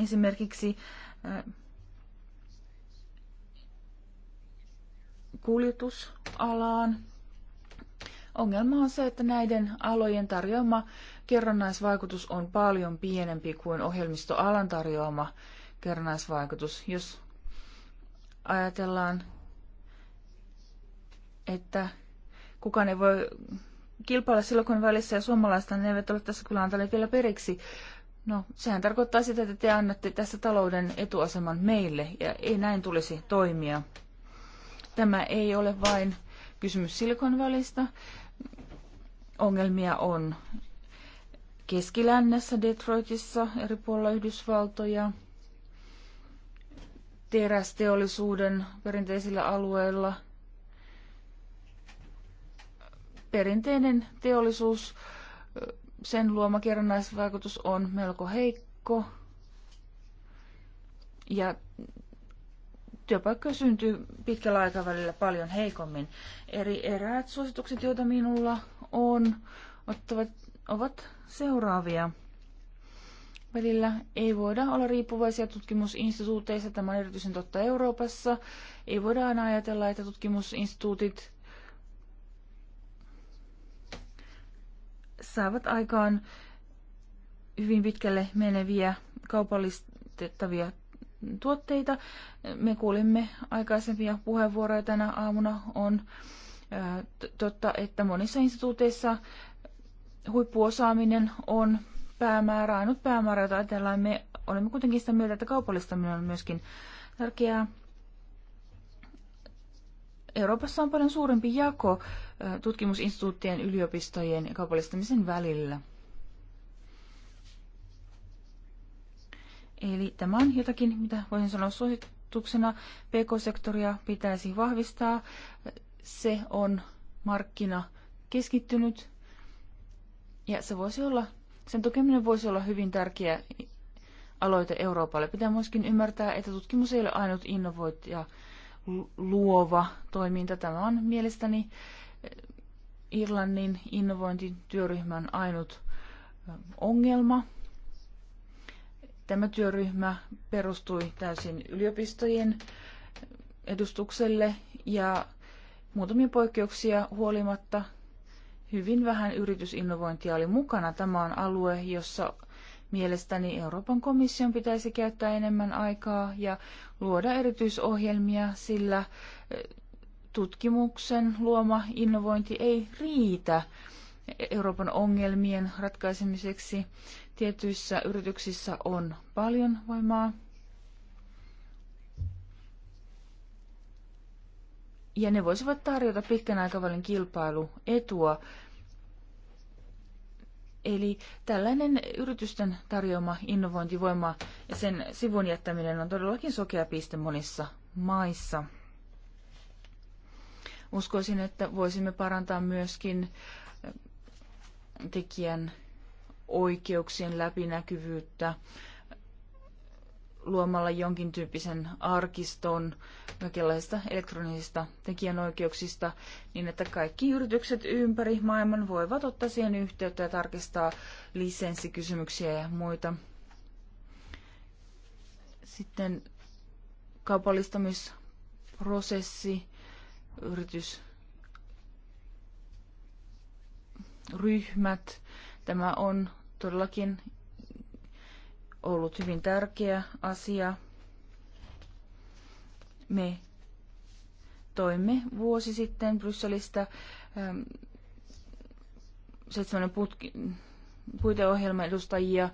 esimerkiksi äh, kuljetusalaan. Ongelma on se, että näiden alojen tarjoama kerrannaisvaikutus on paljon pienempi kuin ohjelmistoalan tarjoama kerrannaisvaikutus. Jos ajatellaan että kukaan ei voi kilpailla silloin, kun välissä ja suomalaista ne eivät ole tässä kyllä antaneet vielä periksi. No, sehän tarkoittaa sitä, että te annatte tässä talouden etuaseman meille, ja ei näin tulisi toimia. Tämä ei ole vain kysymys Silikon välistä. Ongelmia on keskilännessä, Detroitissa, eri puolilla Yhdysvaltoja, terästeollisuuden perinteisillä alueilla – perinteinen teollisuus, sen luoma kerrannaisvaikutus on melko heikko. Ja työpaikkoja syntyy pitkällä aikavälillä paljon heikommin. Eri eräät suositukset, joita minulla on, ottavat, ovat seuraavia. Välillä ei voida olla riippuvaisia tutkimusinstituuteista, tämä on erityisen totta Euroopassa. Ei voida aina ajatella, että tutkimusinstituutit saavat aikaan hyvin pitkälle meneviä kaupallistettavia tuotteita. Me kuulimme aikaisempia puheenvuoroja tänä aamuna. On totta, että monissa instituuteissa huippuosaaminen on päämäärä, ainut päämäärä, jota ajatellaan. Me olemme kuitenkin sitä mieltä, että kaupallistaminen on myöskin tärkeää. Euroopassa on paljon suurempi jako tutkimusinstituuttien, yliopistojen ja kaupallistamisen välillä. Eli tämä on jotakin, mitä voisin sanoa suosituksena. PK-sektoria pitäisi vahvistaa. Se on markkina keskittynyt ja se voisi olla, sen tukeminen voisi olla hyvin tärkeä aloite Euroopalle. Pitää myöskin ymmärtää, että tutkimus ei ole ainut innovointia luova toiminta. Tämä on mielestäni eh, Irlannin innovointityöryhmän ainut eh, ongelma. Tämä työryhmä perustui täysin yliopistojen eh, edustukselle ja muutamia poikkeuksia huolimatta hyvin vähän yritysinnovointia oli mukana. Tämä on alue, jossa Mielestäni Euroopan komission pitäisi käyttää enemmän aikaa ja luoda erityisohjelmia, sillä eh, tutkimuksen luoma innovointi ei riitä Euroopan ongelmien ratkaisemiseksi. Tietyissä yrityksissä on paljon voimaa. Ja ne voisivat tarjota pitkän aikavälin kilpailuetua Eli tällainen yritysten tarjoama innovointivoima ja sen sivun jättäminen on todellakin sokea piste monissa maissa. Uskoisin, että voisimme parantaa myöskin eh, tekijän oikeuksien läpinäkyvyyttä luomalla jonkin tyyppisen arkiston kaikenlaisista elektronisista tekijänoikeuksista, niin että kaikki yritykset ympäri maailman voivat ottaa siihen yhteyttä ja tarkistaa lisenssikysymyksiä ja muita. Sitten kaupallistamisprosessi, yritys, ryhmät. Tämä on todellakin ollut hyvin tärkeä asia. Me toimme vuosi sitten Brysselistä ähm, seitsemän puiteohjelman edustajia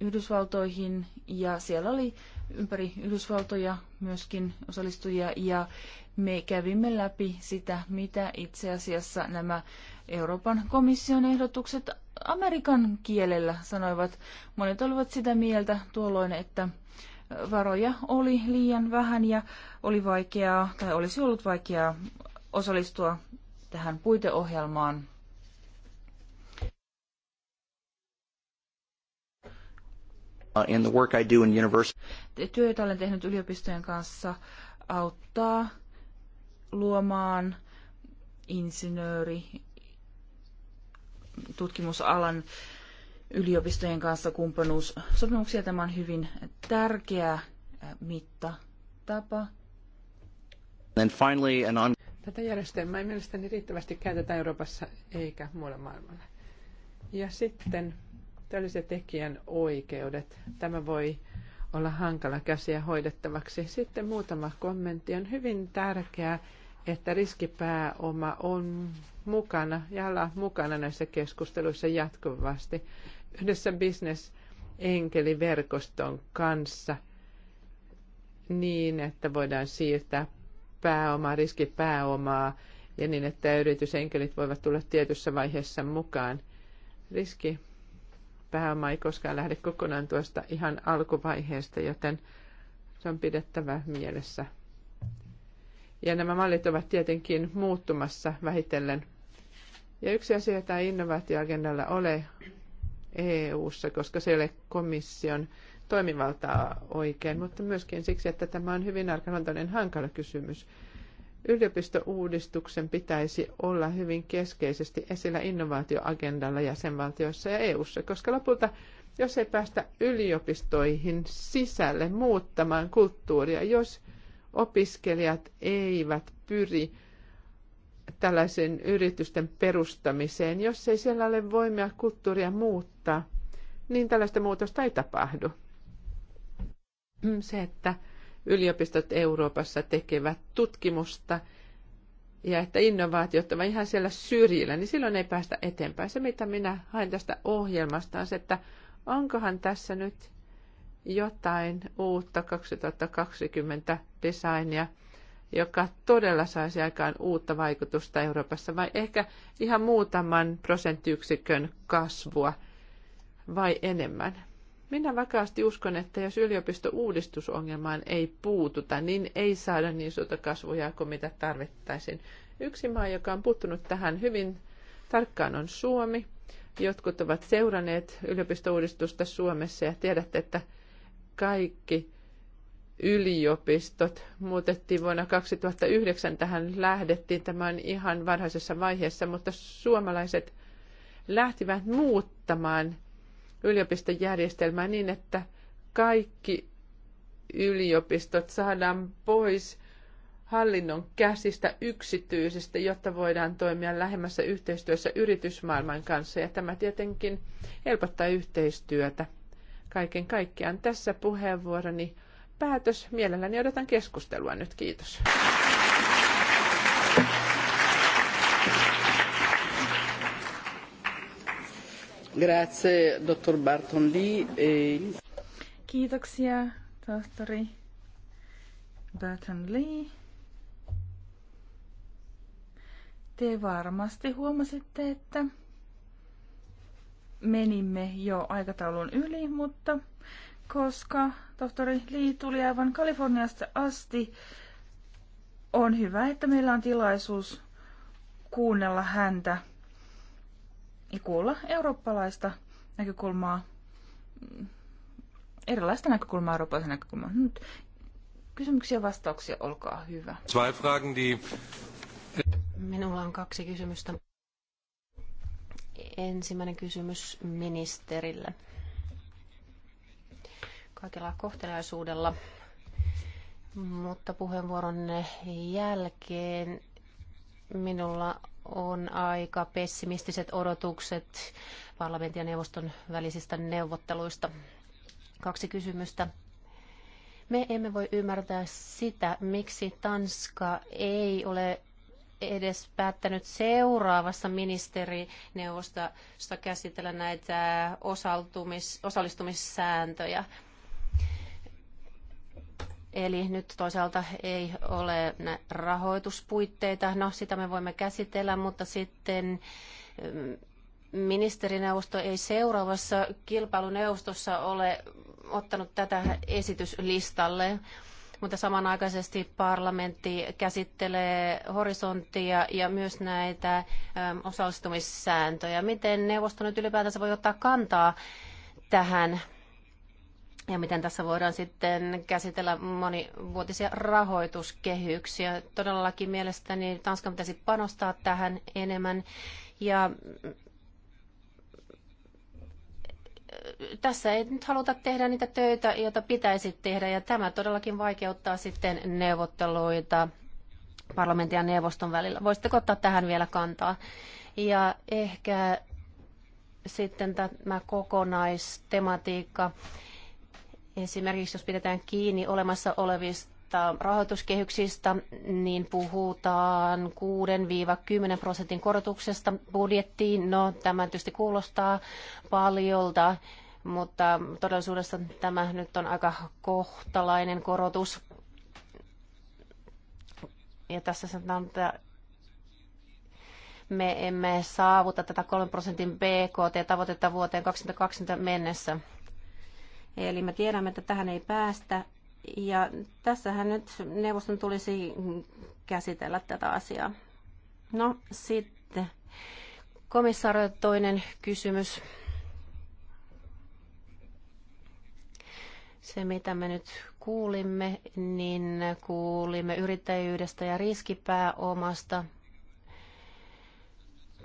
Yhdysvaltoihin ja siellä oli ympäri Yhdysvaltoja myöskin osallistujia ja me kävimme läpi sitä, mitä itse asiassa nämä Euroopan komission ehdotukset amerikan kielellä sanoivat. Monet olivat sitä mieltä tuolloin, että varoja oli liian vähän ja oli vaikeaa tai olisi ollut vaikeaa osallistua tähän puiteohjelmaan. In uh, the work I do in university. Työ, jota olen tehnyt yliopistojen kanssa, auttaa luomaan insinööri tutkimusalan yliopistojen kanssa kumppanuussopimuksia. Tämä on hyvin tärkeä mittatapa. And finally, on... Tätä järjestelmää ei mielestäni riittävästi käytetä Euroopassa eikä muualla maailmalla. Ja sitten tällaiset tekijän oikeudet. Tämä voi olla hankala käsiä hoidettavaksi. Sitten muutama kommentti. On hyvin tärkeää, että riskipääoma on mukana ja ala mukana näissä keskusteluissa jatkuvasti yhdessä bisnesenkeliverkoston kanssa niin, että voidaan siirtää pääomaa, riskipääomaa ja niin, että yritysenkelit voivat tulla tietyssä vaiheessa mukaan. riskipääoma, ei koskaan lähde kokonaan tuosta ihan alkuvaiheesta, joten se on pidettävä mielessä ja nämä mallit ovat tietenkin muuttumassa vähitellen. Ja yksi asia, jota innovaatioagendalla ole EU-ssa, koska se ei ole komission toimivaltaa oikein, mutta myöskin siksi, että tämä on hyvin arkaluontoinen hankala kysymys. Yliopistouudistuksen pitäisi olla hyvin keskeisesti esillä innovaatioagendalla jäsenvaltioissa ja EU:ssa, koska lopulta, jos ei päästä yliopistoihin sisälle muuttamaan kulttuuria, jos opiskelijat eivät pyri tällaisen yritysten perustamiseen. Jos ei siellä ole voimia kulttuuria muuttaa, niin tällaista muutosta ei tapahdu. Se, että yliopistot Euroopassa tekevät tutkimusta ja että innovaatiot ovat ihan siellä syrjillä, niin silloin ei päästä eteenpäin. Se, mitä minä hain tästä ohjelmasta, on se, että onkohan tässä nyt jotain uutta 2020 designia, joka todella saisi aikaan uutta vaikutusta Euroopassa, vai ehkä ihan muutaman prosenttiyksikön kasvua vai enemmän. Minä vakaasti uskon, että jos yliopistouudistusongelmaan ei puututa, niin ei saada niin suurta kasvuja kuin mitä tarvittaisiin. Yksi maa, joka on puuttunut tähän hyvin tarkkaan, on Suomi. Jotkut ovat seuranneet yliopistouudistusta Suomessa ja tiedätte, että kaikki yliopistot muutettiin vuonna 2009. Tähän lähdettiin. Tämä on ihan varhaisessa vaiheessa, mutta suomalaiset lähtivät muuttamaan yliopistojärjestelmää niin, että kaikki yliopistot saadaan pois hallinnon käsistä yksityisistä, jotta voidaan toimia lähemmässä yhteistyössä yritysmaailman kanssa. Ja tämä tietenkin helpottaa yhteistyötä kaiken kaikkiaan. Tässä puheenvuoroni päätös. Mielelläni odotan keskustelua nyt. Kiitos. Grazie, dottor Barton Lee. E Kiitoksia, tohtori Barton Lee. Te varmasti huomasitte, että menimme jo aikataulun yli, mutta koska tohtori Li tuli aivan Kaliforniasta asti, on hyvä, että meillä on tilaisuus kuunnella häntä ja kuulla eurooppalaista näkökulmaa, mm, erilaista näkökulmaa, eurooppalaista näkökulmaa. Nyt kysymyksiä ja vastauksia, olkaa hyvä. Minulla on kaksi kysymystä. Ensimmäinen kysymys ministerille. Kaikella kohteliaisuudella, mutta puheenvuoron jälkeen minulla on aika pessimistiset odotukset parlamentin ja neuvoston välisistä neuvotteluista. Kaksi kysymystä. Me emme voi ymmärtää sitä, miksi Tanska ei ole edes päättänyt seuraavassa ministerineuvostossa käsitellä näitä osaltumis, osallistumissääntöjä. Eli nyt toisaalta ei ole rahoituspuitteita, no sitä me voimme käsitellä, mutta sitten mm, ministerineuvosto ei seuraavassa kilpailuneuvostossa ole ottanut tätä esityslistalle. listalle mutta samanaikaisesti parlamentti käsittelee horisonttia ja myös näitä ähm, osallistumissääntöjä. Miten neuvosto nyt ylipäätänsä voi ottaa kantaa tähän ja miten tässä voidaan sitten käsitellä monivuotisia rahoituskehyksiä. Todellakin mielestäni Tanska pitäisi panostaa tähän enemmän. Ja tässä ei nyt haluta tehdä niitä töitä, joita pitäisi tehdä, ja tämä todellakin vaikeuttaa sitten neuvotteluita parlamentin ja neuvoston välillä. Voisitteko ottaa tähän vielä kantaa? Ja ehkä sitten tämä kokonaistematiikka, esimerkiksi jos pidetään kiinni olemassa olevista rahoituskehyksistä, niin puhutaan 6-10 prosentin korotuksesta budjettiin. No, tämä tietysti kuulostaa paljolta, mutta todellisuudessa tämä nyt on aika kohtalainen korotus. Ja tässä sanotaan, että me emme saavuta tätä 3 prosentin BKT-tavoitetta vuoteen 2020 mennessä. Eli me tiedämme, että tähän ei päästä. Ja tässähän nyt neuvoston tulisi käsitellä tätä asiaa. No sitten komissaari toinen kysymys. Se, mitä me nyt kuulimme, niin kuulimme yrittäjyydestä ja riskipääomasta.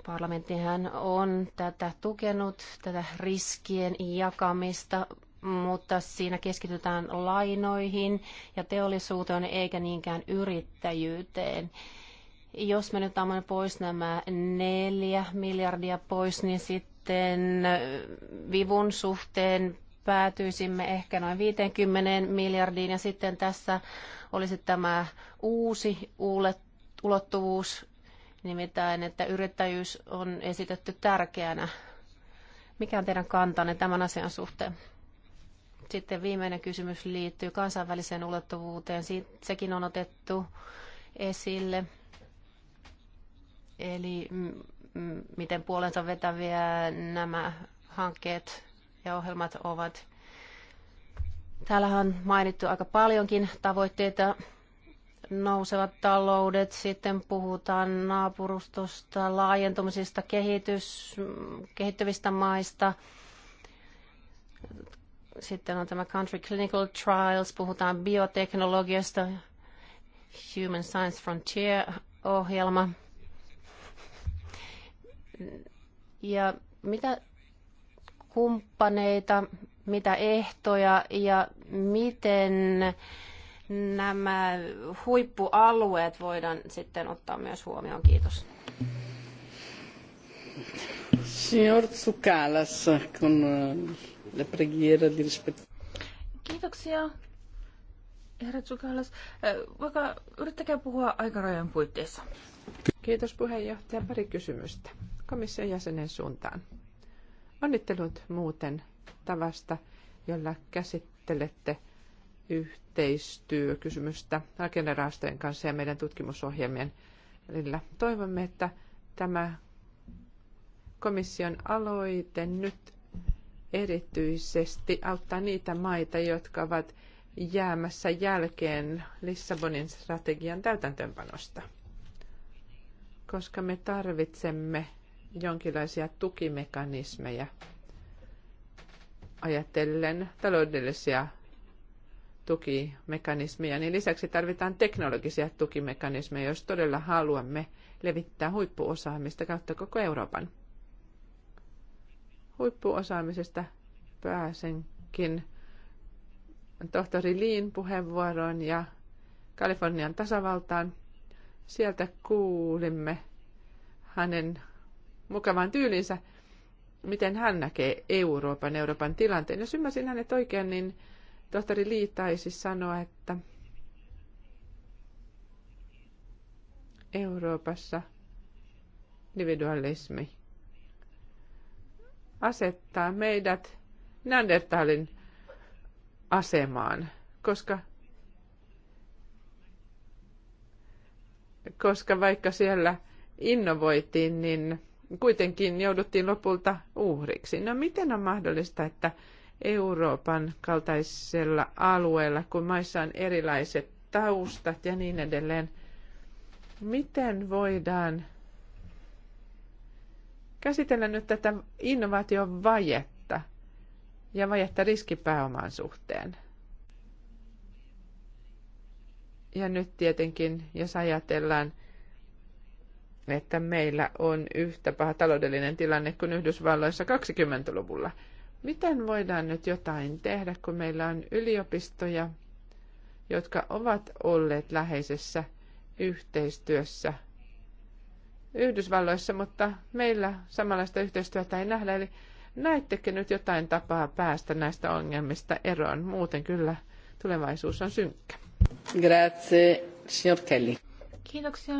Parlamenttihan on tätä tukenut, tätä riskien jakamista, mutta siinä keskitytään lainoihin ja teollisuuteen eikä niinkään yrittäjyyteen. Jos me nyt amman pois nämä neljä miljardia pois, niin sitten vivun suhteen päätyisimme ehkä noin 50 miljardiin ja sitten tässä olisi tämä uusi ulottuvuus, nimittäin että yrittäjyys on esitetty tärkeänä. Mikä on teidän kantanne tämän asian suhteen? Sitten viimeinen kysymys liittyy kansainväliseen ulottuvuuteen. Sekin on otettu esille. Eli miten puolensa vetäviä nämä hankkeet ja ohjelmat ovat. Täällähän on mainittu aika paljonkin tavoitteita. Nousevat taloudet, sitten puhutaan naapurustosta, laajentumisista, kehitys, kehittyvistä maista. Sitten on tämä Country Clinical Trials, puhutaan bioteknologiasta, Human Science Frontier-ohjelma. Ja mitä kumppaneita, mitä ehtoja ja miten nämä huippualueet voidaan sitten ottaa myös huomioon. Kiitos. Signor Tsukalas, con eh, la preghiera di rispettare. Kiitoksia. Herra Tsukalas, eh, vaikka yrittäkää puhua aikarajojen puitteissa. Kiitos puheenjohtaja. Pari kysymystä komission jäsenen suuntaan. Onnittelut muuten tavasta, jolla käsittelette yhteistyökysymystä rakennerahastojen kanssa ja meidän tutkimusohjelmien välillä. Toivomme, että tämä komission aloite nyt erityisesti auttaa niitä maita, jotka ovat jäämässä jälkeen Lissabonin strategian täytäntöönpanosta, koska me tarvitsemme jonkinlaisia tukimekanismeja ajatellen taloudellisia tukimekanismeja, niin lisäksi tarvitaan teknologisia tukimekanismeja, jos todella haluamme levittää huippuosaamista kautta koko Euroopan. Huippuosaamisesta pääsenkin tohtori Liin puheenvuoroon ja Kalifornian tasavaltaan. Sieltä kuulimme hänen mukavaan tyylinsä, miten hän näkee Euroopan, Euroopan tilanteen. Jos ymmärsin hänet oikein, niin tohtori Li taisi sanoa, että Euroopassa individualismi asettaa meidät Nandertalin asemaan, koska, koska vaikka siellä innovoitiin, niin kuitenkin jouduttiin lopulta uhriksi. No miten on mahdollista, että Euroopan kaltaisella alueella, kun maissa on erilaiset taustat ja niin edelleen, miten voidaan käsitellä nyt tätä innovaation vajetta ja vajetta riskipääoman suhteen? Ja nyt tietenkin, jos ajatellaan – että meillä on yhtä paha taloudellinen tilanne kuin Yhdysvalloissa 20-luvulla. Miten voidaan nyt jotain tehdä, kun meillä on yliopistoja, jotka ovat olleet läheisessä yhteistyössä Yhdysvalloissa, mutta meillä samanlaista yhteistyötä ei nähdä. Eli näettekö nyt jotain tapaa päästä näistä ongelmista eroon? Muuten kyllä tulevaisuus on synkkä. Grazie, signor Kelly. Kiitoksia,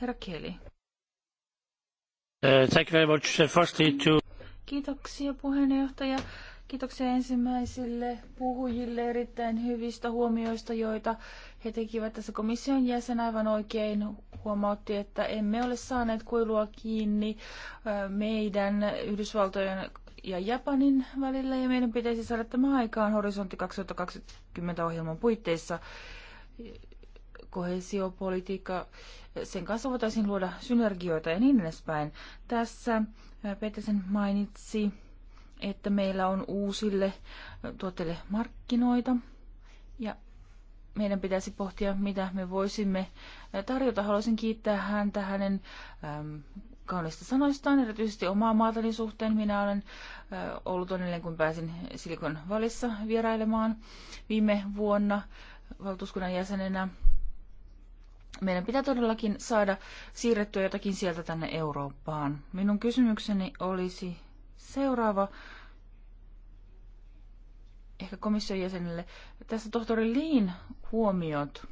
herra Kelly. Uh, thank you uh, Kiitoksia puheenjohtaja. Kiitoksia ensimmäisille puhujille erittäin hyvistä huomioista, joita he tekivät tässä komission jäsen aivan oikein huomautti, että emme ole saaneet kuilua kiinni meidän Yhdysvaltojen ja Japanin välillä ja meidän pitäisi saada tämä aikaan horisontti 2020 ohjelman puitteissa. Koheesiopolitiikka sen kanssa voitaisiin luoda synergioita ja niin edespäin. Tässä Petersen mainitsi, että meillä on uusille tuotteille markkinoita ja meidän pitäisi pohtia, mitä me voisimme tarjota. Haluaisin kiittää häntä hänen äm, kaunista sanoistaan, erityisesti omaa maatani suhteen. Minä olen äh, ollut onnellinen, kun pääsin Silikon valissa vierailemaan viime vuonna valtuuskunnan jäsenenä meidän pitää todellakin saada siirrettyä jotakin sieltä tänne Eurooppaan. Minun kysymykseni olisi seuraava ehkä komission jäsenille Tässä tohtori Liin huomiot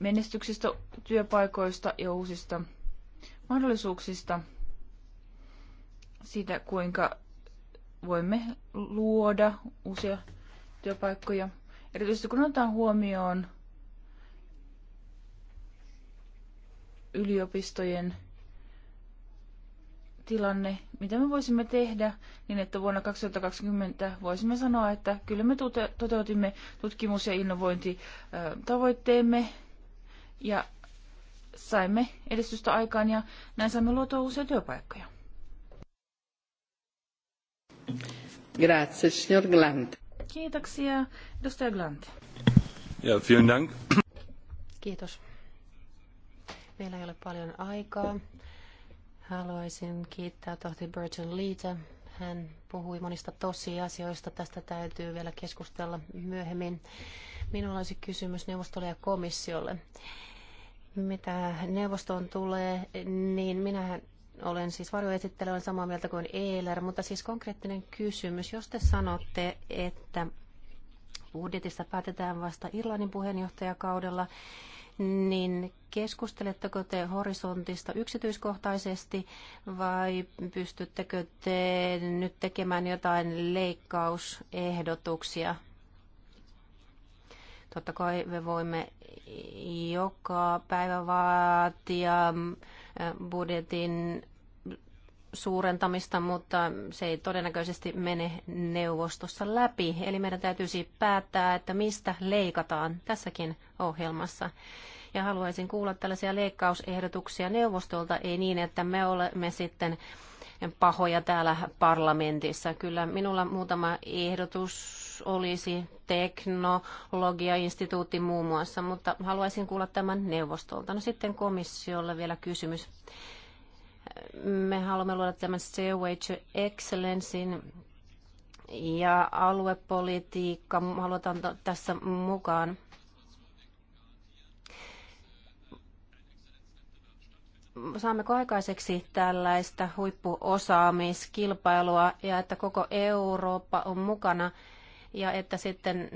menestyksistä, työpaikoista ja uusista mahdollisuuksista, siitä kuinka voimme luoda uusia työpaikkoja. Erityisesti kun otetaan huomioon yliopistojen tilanne, mitä me voisimme tehdä, niin että vuonna 2020 voisimme sanoa, että kyllä me toteutimme tutkimus- ja innovointitavoitteemme ja saimme edistystä aikaan ja näin saimme luotua uusia työpaikkoja. Grazie, signor Glant. Kiitoksia, edustaja Glant. Ja, vielen Dank. Kiitos. Meillä ei ole paljon aikaa. Haluaisin kiittää tohti Burton Leeta. Hän puhui monista tosiasioista. Tästä täytyy vielä keskustella myöhemmin. Minulla olisi kysymys neuvostolle ja komissiolle. Mitä neuvostoon tulee, niin minähän olen siis varjoesittelijä, olen samaa mieltä kuin Eeler, mutta siis konkreettinen kysymys, jos te sanotte, että budjetista päätetään vasta Irlannin puheenjohtajakaudella, niin keskusteletteko te horisontista yksityiskohtaisesti vai pystyttekö te nyt tekemään jotain leikkausehdotuksia? Totta kai me voimme joka päivä vaatia budjetin suurentamista, mutta se ei todennäköisesti mene neuvostossa läpi. Eli meidän täytyisi päättää, että mistä leikataan tässäkin ohjelmassa. Ja haluaisin kuulla tällaisia leikkausehdotuksia neuvostolta, ei niin, että me olemme sitten pahoja täällä parlamentissa. Kyllä minulla muutama ehdotus olisi teknologiainstituutti muun muassa, mutta haluaisin kuulla tämän neuvostolta. No sitten komissiolle vielä kysymys me haluamme luoda tämän Stairway to Excellencein ja aluepolitiikka halutaan tässä mukaan. Saammeko aikaiseksi tällaista huippuosaamiskilpailua ja että koko Eurooppa on mukana – ja että sitten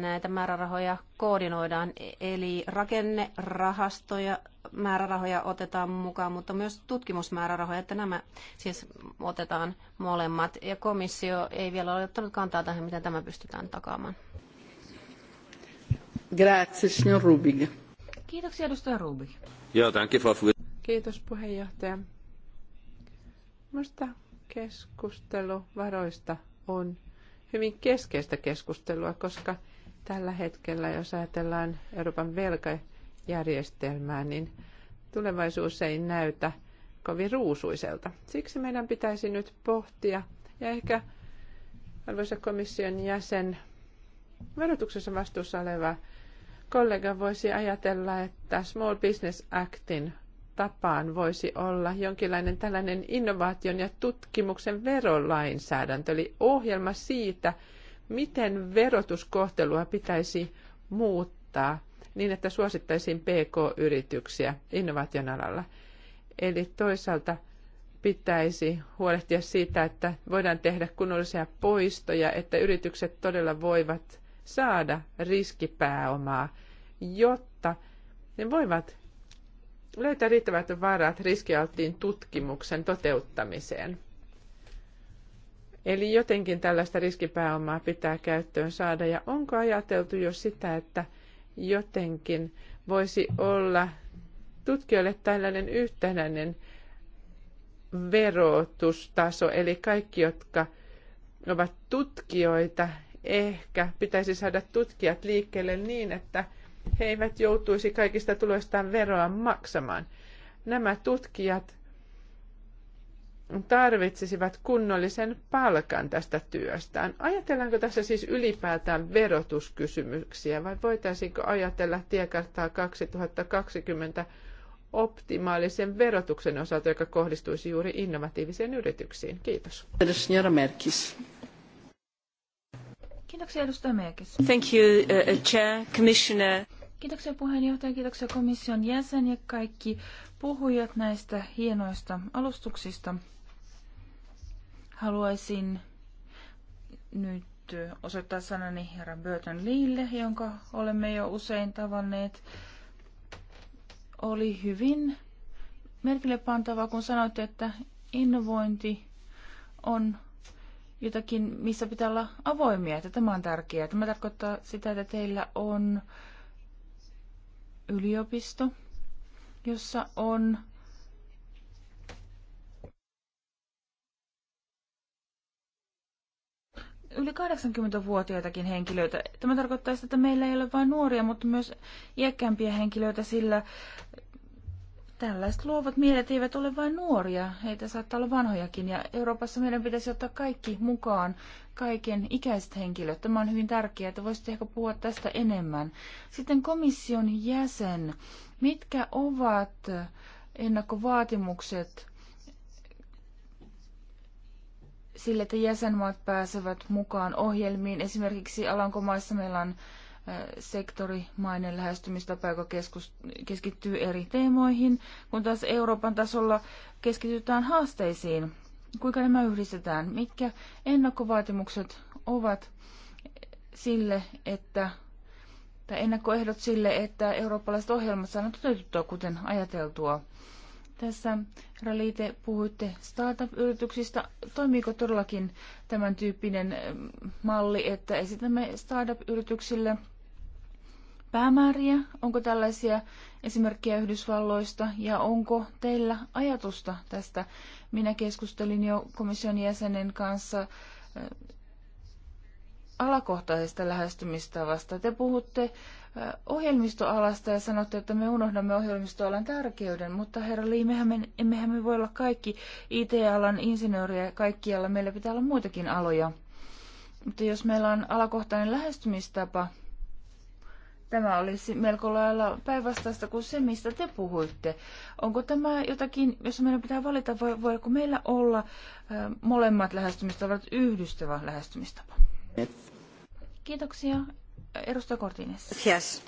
näitä määrärahoja koordinoidaan. Eli rakennerahastoja, määrärahoja otetaan mukaan, mutta myös tutkimusmäärärahoja, että nämä siis otetaan molemmat. Ja komissio ei vielä ole ottanut kantaa tähän, miten tämä pystytään takaamaan. Grazie, signor Rubig. Kiitoksia, edustaja Rubig. Ja, Kiitos, puheenjohtaja. Minusta keskustelu varoista on hyvin keskeistä keskustelua, koska tällä hetkellä, jos ajatellaan Euroopan velkajärjestelmää, niin tulevaisuus ei näytä kovin ruusuiselta. Siksi meidän pitäisi nyt pohtia, ja ehkä arvoisa komission jäsen, verotuksessa vastuussa oleva kollega voisi ajatella, että Small Business Actin tapaan voisi olla jonkinlainen tällainen innovaation ja tutkimuksen verolainsäädäntö, eli ohjelma siitä, miten verotuskohtelua pitäisi muuttaa niin, että suosittaisiin PK-yrityksiä innovaation alalla. Eli toisaalta pitäisi huolehtia siitä, että voidaan tehdä kunnollisia poistoja, että yritykset todella voivat saada riskipääomaa, jotta ne voivat löytää riittävät varat riskialttiin tutkimuksen toteuttamiseen. Eli jotenkin tällaista riskipääomaa pitää käyttöön saada. Ja onko ajateltu jo sitä, että jotenkin voisi olla tutkijoille tällainen yhtenäinen verotustaso, eli kaikki, jotka ovat tutkijoita, ehkä pitäisi saada tutkijat liikkeelle niin, että he eivät joutuisi kaikista tuloistaan veroa maksamaan. Nämä tutkijat tarvitsisivat kunnollisen palkan tästä työstään. Ajatellaanko tässä siis ylipäätään verotuskysymyksiä vai voitaisiinko ajatella tiekarttaa 2020 optimaalisen verotuksen osalta, joka kohdistuisi juuri innovatiivisiin yrityksiin? Kiitos. Kiitoksia edustaja Merkis. Thank you, uh, uh Chair, Commissioner. Kiitoksia puheenjohtaja, kiitoksia komission jäsen ja kaikki puhujat näistä hienoista alustuksista. Haluaisin nyt osoittaa sanani herra Burton liille, jonka olemme jo usein tavanneet. Oli hyvin merkille pantavaa, kun sanoitte, että innovointi on jotakin, missä pitää olla avoimia, että tämä on tärkeää. Tämä tarkoittaa sitä, että teillä on yliopisto, jossa on yli 80-vuotiaitakin henkilöitä. Tämä tarkoittaa sitä, että meillä ei ole vain nuoria, mutta myös iäkkäämpiä henkilöitä, sillä Tällaiset luovat mielet eivät ole vain nuoria, heitä saattaa olla vanhojakin ja Euroopassa meidän pitäisi ottaa kaikki mukaan, kaiken ikäiset henkilöt. Tämä on hyvin tärkeää, että voisitte ehkä puhua tästä enemmän. Sitten komission jäsen, mitkä ovat ennakkovaatimukset sille, että jäsenmaat pääsevät mukaan ohjelmiin? Esimerkiksi Alankomaissa meillä on sektorimainen lähestymistapa, joka keskus, keskittyy eri teemoihin, kun taas Euroopan tasolla keskitytään haasteisiin. Kuinka nämä yhdistetään? Mitkä ennakkovaatimukset ovat sille, että tai ennakkoehdot sille, että eurooppalaiset ohjelmat saadaan toteutettua kuten ajateltua. Tässä Raliite puhuitte startup-yrityksistä. Toimiiko todellakin tämän tyyppinen mm, malli, että esitämme startup-yrityksille – päämääriä? Onko tällaisia esimerkkejä Yhdysvalloista ja onko teillä ajatusta tästä? Minä keskustelin jo komission jäsenen kanssa äh, alakohtaisesta lähestymistavasta. Te puhutte äh, ohjelmistoalasta ja sanotte, että me unohdamme ohjelmistoalan tärkeyden, mutta herra Lee, mehän me, emmehän me voi olla kaikki IT-alan insinööriä kaikkialla, meillä pitää olla muitakin aloja. Mutta jos meillä on alakohtainen lähestymistapa, Tämä olisi melko lailla päinvastaista kuin se, mistä te puhuitte. Onko tämä jotakin, jos meidän pitää valita, voi, voiko meillä olla ä, molemmat lähestymistavat yhdistävä lähestymistapa? Kiitoksia. Edustaja Cortines. Gracias.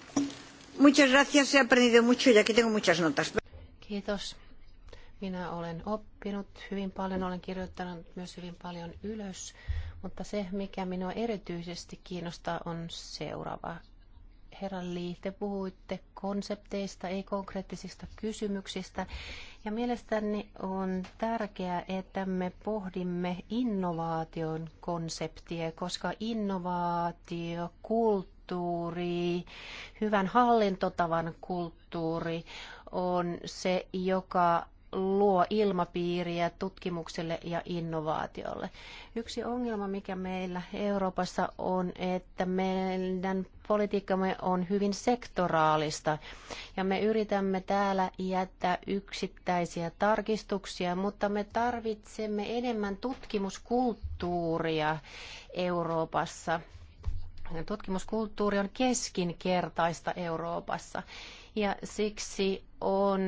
Muchas gracias. He aprendido mucho ja aquí tengo muchas notas. Kiitos. Minä olen oppinut hyvin paljon, olen kirjoittanut myös hyvin paljon ylös, mutta se, mikä minua erityisesti kiinnostaa, on seuraava herran Lee, te puhuitte konsepteista, ei konkreettisista kysymyksistä. Ja mielestäni on tärkeää, että me pohdimme innovaation konseptia, koska innovaatio, kulttuuri, hyvän hallintotavan kulttuuri on se, joka luo ilmapiiriä tutkimukselle ja innovaatiolle. Yksi ongelma, mikä meillä Euroopassa on, että meidän politiikkamme on hyvin sektoraalista ja me yritämme täällä jättää yksittäisiä tarkistuksia, mutta me tarvitsemme enemmän tutkimuskulttuuria Euroopassa. Tutkimuskulttuuri on keskinkertaista Euroopassa ja siksi on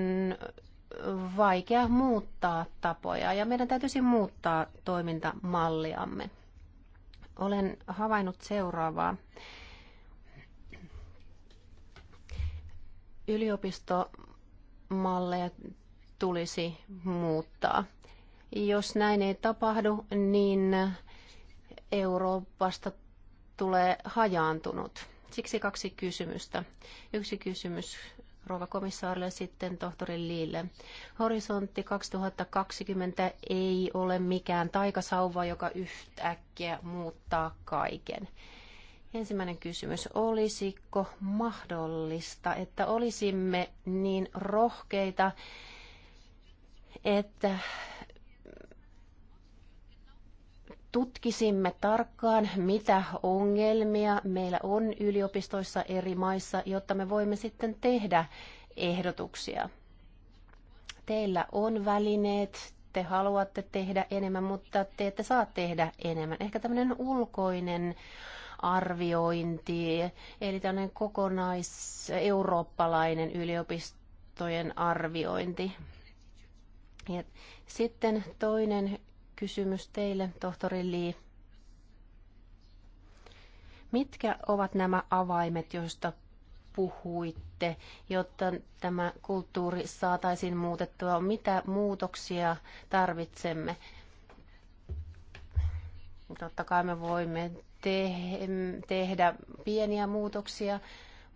vaikea muuttaa tapoja ja meidän täytyisi muuttaa toimintamalliamme. Olen havainnut seuraavaa. Yliopistomalleja tulisi muuttaa. Jos näin ei tapahdu, niin Euroopasta tulee hajaantunut. Siksi kaksi kysymystä. Yksi kysymys rouva komissaarille sitten tohtori Liille. Horisontti 2020 ei ole mikään taikasauva, joka yhtäkkiä muuttaa kaiken. Ensimmäinen kysymys, olisiko mahdollista, että olisimme niin rohkeita, että tutkisimme tarkkaan, mitä ongelmia meillä on yliopistoissa eri maissa, jotta me voimme sitten tehdä ehdotuksia. Teillä on välineet, te haluatte tehdä enemmän, mutta te ette saa tehdä enemmän. Ehkä tämmöinen ulkoinen arviointi, eli tämmöinen kokonaiseurooppalainen yliopistojen arviointi. Ja sitten toinen kysymys teille, tohtori Lee. Mitkä ovat nämä avaimet, joista puhuitte, jotta tämä kulttuuri saataisiin muutettua? Mitä muutoksia tarvitsemme? Totta kai me voimme te- tehdä pieniä muutoksia,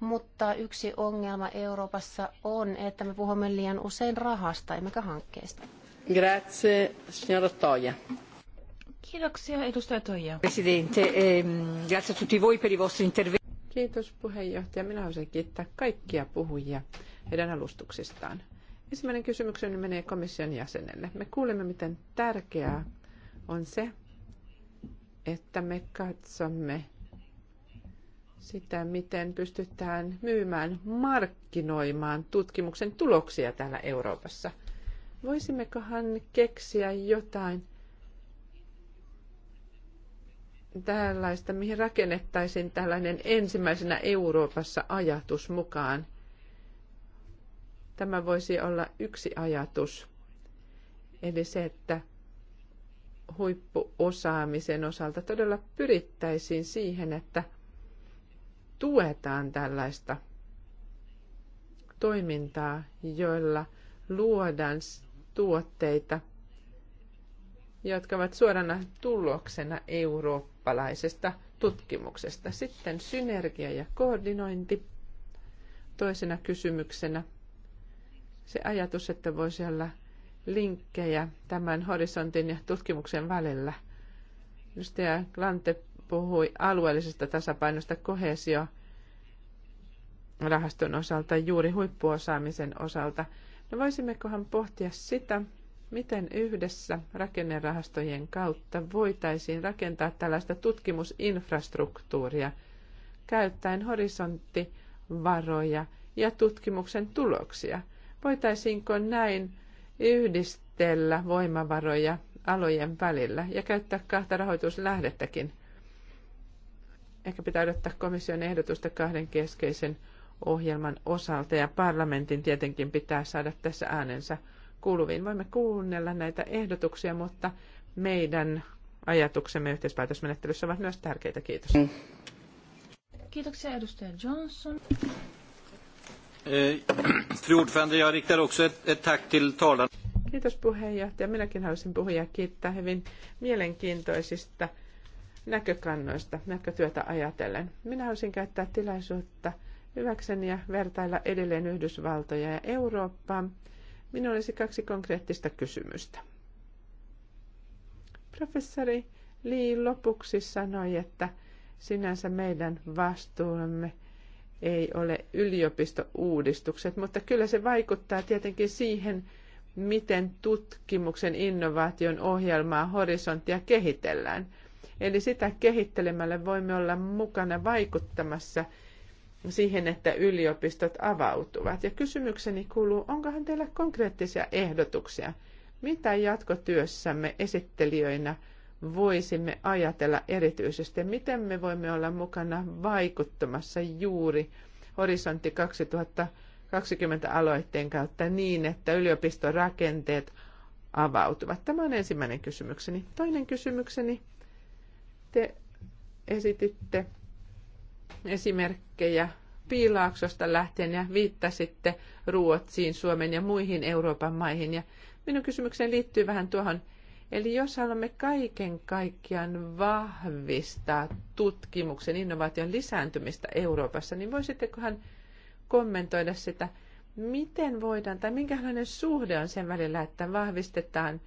mutta yksi ongelma Euroopassa on, että me puhumme liian usein rahasta emmekä hankkeesta arvoisa ehm, puhemies Kiitos puheenjohtaja. Minä haluaisin kiittää kaikkia puhujia heidän alustuksistaan. Ensimmäinen kysymykseni menee komission jäsenelle. Me kuulemme, miten tärkeää on se, että me katsomme sitä, miten pystytään myymään, markkinoimaan tutkimuksen tuloksia täällä Euroopassa. Voisimmekohan keksiä jotain tällaista, mihin rakennettaisiin tällainen ensimmäisenä Euroopassa ajatus mukaan. Tämä voisi olla yksi ajatus. Eli se, että huippuosaamisen osalta todella pyrittäisiin siihen, että tuetaan tällaista toimintaa, joilla luodaan tuotteita, jotka ovat suorana tuloksena eurooppalaisesta tutkimuksesta. Sitten synergia ja koordinointi toisena kysymyksenä. Se ajatus, että voisi olla linkkejä tämän horisontin ja tutkimuksen välillä. Edustaja Glante puhui alueellisesta tasapainosta kohesio rahaston osalta, juuri huippuosaamisen osalta. Ja voisimmekohan pohtia sitä, miten yhdessä rakennerahastojen kautta voitaisiin rakentaa tällaista tutkimusinfrastruktuuria käyttäen horisonttivaroja ja tutkimuksen tuloksia. Voitaisiinko näin yhdistellä voimavaroja alojen välillä ja käyttää kahta rahoituslähdettäkin? Ehkä pitää odottaa komission ehdotusta kahden keskeisen ohjelman osalta ja parlamentin tietenkin pitää saada tässä äänensä kuuluviin. Voimme kuunnella näitä ehdotuksia, mutta meidän ajatuksemme yhteispäätösmenettelyssä ovat myös tärkeitä. Kiitos. Kiitoksia edustaja Johnson. Eh, fru ordförande, jag riktar också ett, ett tack till Kiitos puheenjohtaja. Minäkin haluaisin puhujaa kiittää hyvin mielenkiintoisista näkökannoista näkötyötä ajatellen. Minä haluaisin käyttää tilaisuutta – hyväkseni ja vertailla edelleen Yhdysvaltoja ja Eurooppaa, minulla olisi kaksi konkreettista kysymystä. Professori Lee lopuksi sanoi, että sinänsä meidän vastuumme ei ole yliopistouudistukset, mutta kyllä se vaikuttaa tietenkin siihen, miten tutkimuksen innovaation ohjelmaa horisonttia kehitellään. Eli sitä kehittelemällä voimme olla mukana vaikuttamassa – siihen, että yliopistot avautuvat. Ja kysymykseni kuuluu, onkohan teillä konkreettisia ehdotuksia, mitä jatkotyössämme esittelijöinä voisimme ajatella erityisesti, miten me voimme olla mukana vaikuttamassa juuri Horisontti 2020 aloitteen kautta niin, että yliopistorakenteet avautuvat. Tämä on ensimmäinen kysymykseni. Toinen kysymykseni. Te esititte esimerkkejä Piilaaksosta lähtien ja viittasitte Ruotsiin, Suomen ja muihin Euroopan maihin. Ja minun kysymykseen liittyy vähän tuohon, eli jos haluamme kaiken kaikkiaan vahvistaa tutkimuksen innovaation lisääntymistä Euroopassa, niin voisittekohan kommentoida sitä, miten voidaan tai minkälainen suhde on sen välillä, että vahvistetaan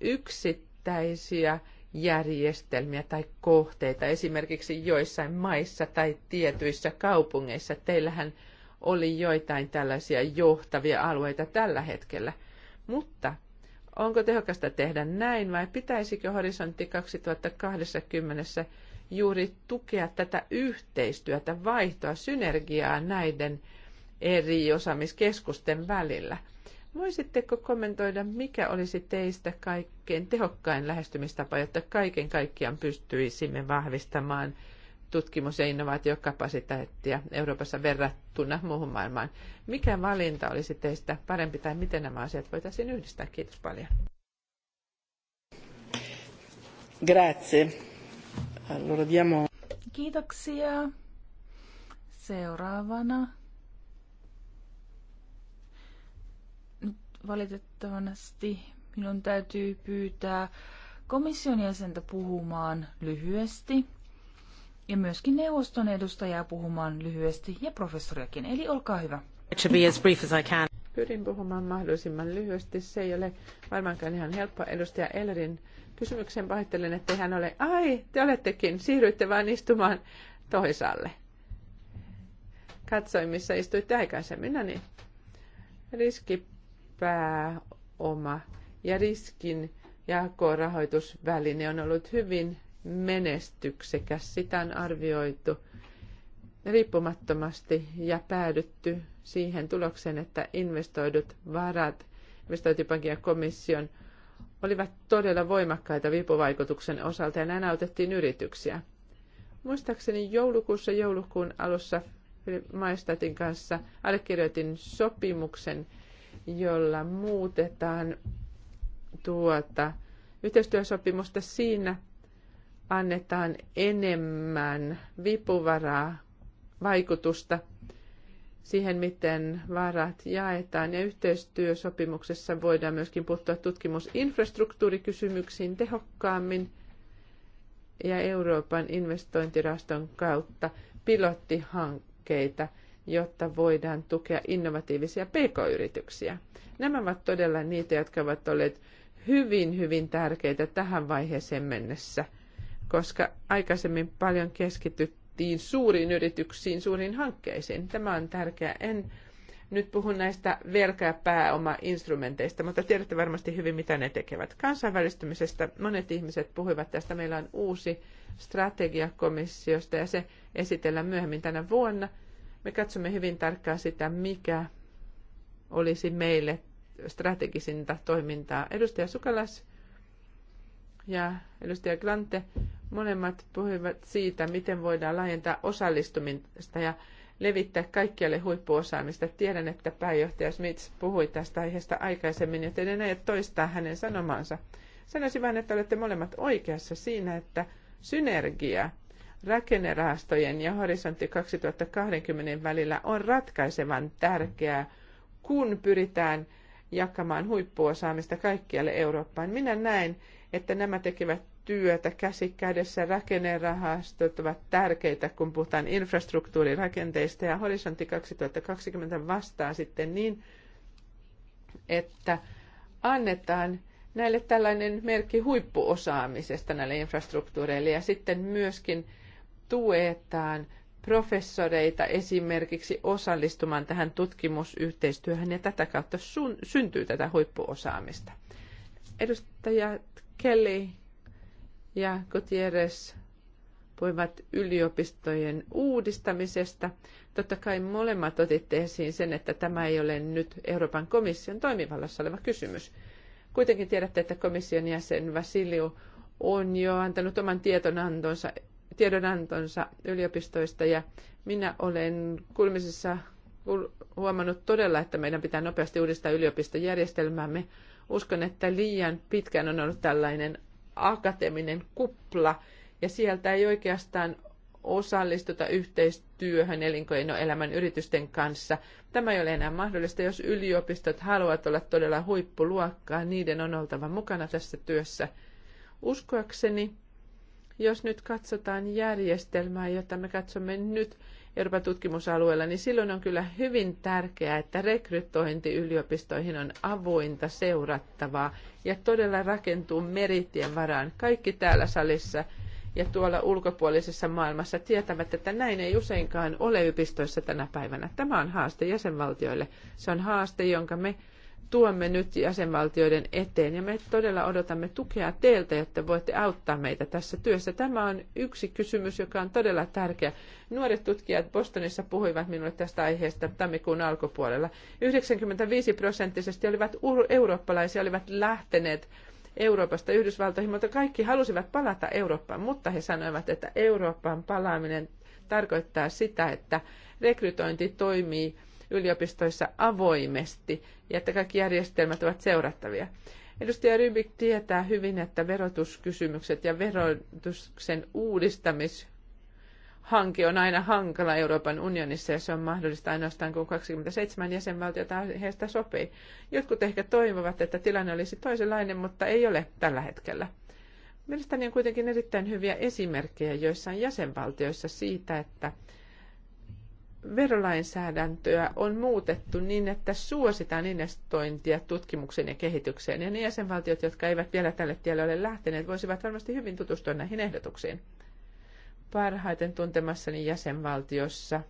yksittäisiä järjestelmiä tai kohteita. Esimerkiksi joissain maissa tai tietyissä kaupungeissa teillähän oli joitain tällaisia johtavia alueita tällä hetkellä. Mutta onko tehokasta tehdä näin vai pitäisikö horisontti 2020 juuri tukea tätä yhteistyötä, vaihtoa, synergiaa näiden eri osaamiskeskusten välillä – Voisitteko kommentoida, mikä olisi teistä kaikkein tehokkain lähestymistapa, jotta kaiken kaikkiaan pystyisimme vahvistamaan tutkimus- ja innovaatiokapasiteettia Euroopassa verrattuna muuhun maailmaan? Mikä valinta olisi teistä parempi tai miten nämä asiat voitaisiin yhdistää? Kiitos paljon. Grazie. Allora diamo... Kiitoksia. Seuraavana Valitettavasti minun täytyy pyytää komission jäsentä puhumaan lyhyesti ja myöskin neuvoston edustajaa puhumaan lyhyesti ja professoriakin. Eli olkaa hyvä. Pyrin puhumaan mahdollisimman lyhyesti. Se ei ole varmaankaan ihan helppo edustaja Ellerin kysymyksen pahoittelen, että hän ole, ai, te olettekin, siirryitte vaan istumaan toisaalle. Katsoin, missä istuitte aikaisemmin, no niin. Riski pääoma ja riskin jakorahoitusväline on ollut hyvin menestyksekäs. Sitä on arvioitu riippumattomasti ja päädytty siihen tulokseen, että investoidut varat investointipankin ja komission olivat todella voimakkaita vipuvaikutuksen osalta ja näin autettiin yrityksiä. Muistaakseni joulukuussa joulukuun alussa Maistatin kanssa allekirjoitin sopimuksen jolla muutetaan tuota yhteistyösopimusta. Siinä annetaan enemmän vipuvaraa vaikutusta siihen, miten varat jaetaan. Ja yhteistyösopimuksessa voidaan myöskin puuttua tutkimusinfrastruktuurikysymyksiin tehokkaammin ja Euroopan investointiraston kautta pilottihankkeita – jotta voidaan tukea innovatiivisia pk-yrityksiä. Nämä ovat todella niitä, jotka ovat olleet hyvin, hyvin tärkeitä tähän vaiheeseen mennessä, koska aikaisemmin paljon keskityttiin suuriin yrityksiin, suuriin hankkeisiin. Tämä on tärkeää. En nyt puhun näistä velka- ja pääoma-instrumenteista, mutta tiedätte varmasti hyvin, mitä ne tekevät. Kansainvälistymisestä monet ihmiset puhuivat tästä. Meillä on uusi strategiakomissiosta ja se esitellään myöhemmin tänä vuonna – me katsomme hyvin tarkkaan sitä, mikä olisi meille strategisinta toimintaa. Edustaja Sukalas ja edustaja Glante molemmat puhuivat siitä, miten voidaan laajentaa osallistumista ja levittää kaikkialle huippuosaamista. Tiedän, että pääjohtaja Smith puhui tästä aiheesta aikaisemmin, joten en aio toistaa hänen sanomansa. Sanoisin vain, että olette molemmat oikeassa siinä, että synergia – rakennerahastojen ja horisontti 2020 välillä on ratkaisevan tärkeää, kun pyritään jakamaan huippuosaamista kaikkialle Eurooppaan. Minä näen, että nämä tekevät työtä käsi kädessä. Rakennerahastot ovat tärkeitä, kun puhutaan infrastruktuurirakenteista ja horisontti 2020 vastaa sitten niin, että annetaan näille tällainen merkki huippuosaamisesta näille infrastruktuureille ja sitten myöskin tuetaan professoreita esimerkiksi osallistumaan tähän tutkimusyhteistyöhön ja tätä kautta sun, syntyy tätä huippuosaamista. Edustajat Kelly ja Gutierrez puhuivat yliopistojen uudistamisesta. Totta kai molemmat otitte esiin sen, että tämä ei ole nyt Euroopan komission toimivallassa oleva kysymys. Kuitenkin tiedätte, että komission jäsen Vasilio on jo antanut oman tietonantonsa tiedonantonsa yliopistoista ja minä olen kulmisissa huomannut todella, että meidän pitää nopeasti uudistaa yliopistojärjestelmäämme. Uskon, että liian pitkään on ollut tällainen akateeminen kupla ja sieltä ei oikeastaan osallistuta yhteistyöhön elinkeinoelämän yritysten kanssa. Tämä ei ole enää mahdollista, jos yliopistot haluavat olla todella huippuluokkaa, niiden on oltava mukana tässä työssä. Uskoakseni jos nyt katsotaan järjestelmää, jota me katsomme nyt Euroopan tutkimusalueella, niin silloin on kyllä hyvin tärkeää, että rekrytointi yliopistoihin on avointa, seurattavaa ja todella rakentuu meritien varaan. Kaikki täällä salissa ja tuolla ulkopuolisessa maailmassa tietävät, että näin ei useinkaan ole yliopistoissa tänä päivänä. Tämä on haaste jäsenvaltioille. Se on haaste, jonka me tuomme nyt jäsenvaltioiden eteen ja me todella odotamme tukea teiltä, jotta voitte auttaa meitä tässä työssä. Tämä on yksi kysymys, joka on todella tärkeä. Nuoret tutkijat Bostonissa puhuivat minulle tästä aiheesta tammikuun alkupuolella. 95 prosenttisesti olivat eurooppalaisia, olivat lähteneet Euroopasta Yhdysvaltoihin, mutta kaikki halusivat palata Eurooppaan, mutta he sanoivat, että Eurooppaan palaaminen tarkoittaa sitä, että rekrytointi toimii yliopistoissa avoimesti ja että kaikki järjestelmät ovat seurattavia. Edustaja Rybik tietää hyvin, että verotuskysymykset ja verotuksen uudistamis hanke on aina hankala Euroopan unionissa ja se on mahdollista ainoastaan, kun 27 jäsenvaltiota heistä sopii. Jotkut ehkä toivovat, että tilanne olisi toisenlainen, mutta ei ole tällä hetkellä. Mielestäni on kuitenkin erittäin hyviä esimerkkejä joissain jäsenvaltioissa siitä, että verolainsäädäntöä on muutettu niin, että suositaan investointia tutkimukseen ja kehitykseen. Ja ne jäsenvaltiot, jotka eivät vielä tälle tielle ole lähteneet, voisivat varmasti hyvin tutustua näihin ehdotuksiin. Parhaiten tuntemassani jäsenvaltiossa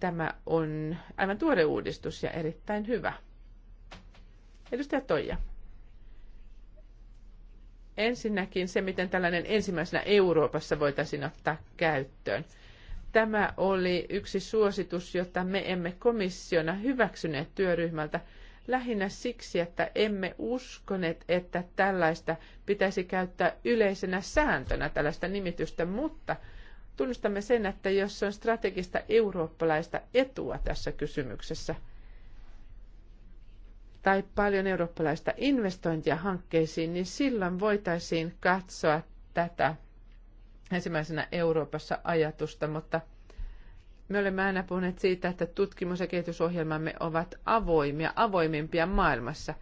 tämä on aivan tuore uudistus ja erittäin hyvä. Edustaja Toija. Ensinnäkin se, miten tällainen ensimmäisenä Euroopassa voitaisiin ottaa käyttöön – Tämä oli yksi suositus, jota me emme komissiona hyväksyneet työryhmältä lähinnä siksi, että emme uskoneet, että tällaista pitäisi käyttää yleisenä sääntönä tällaista nimitystä, mutta tunnustamme sen, että jos on strategista eurooppalaista etua tässä kysymyksessä, tai paljon eurooppalaista investointia hankkeisiin, niin silloin voitaisiin katsoa tätä ensimmäisenä Euroopassa ajatusta, mutta me olemme aina puhuneet siitä, että tutkimus- ja kehitysohjelmamme ovat avoimia, avoimimpia maailmassa.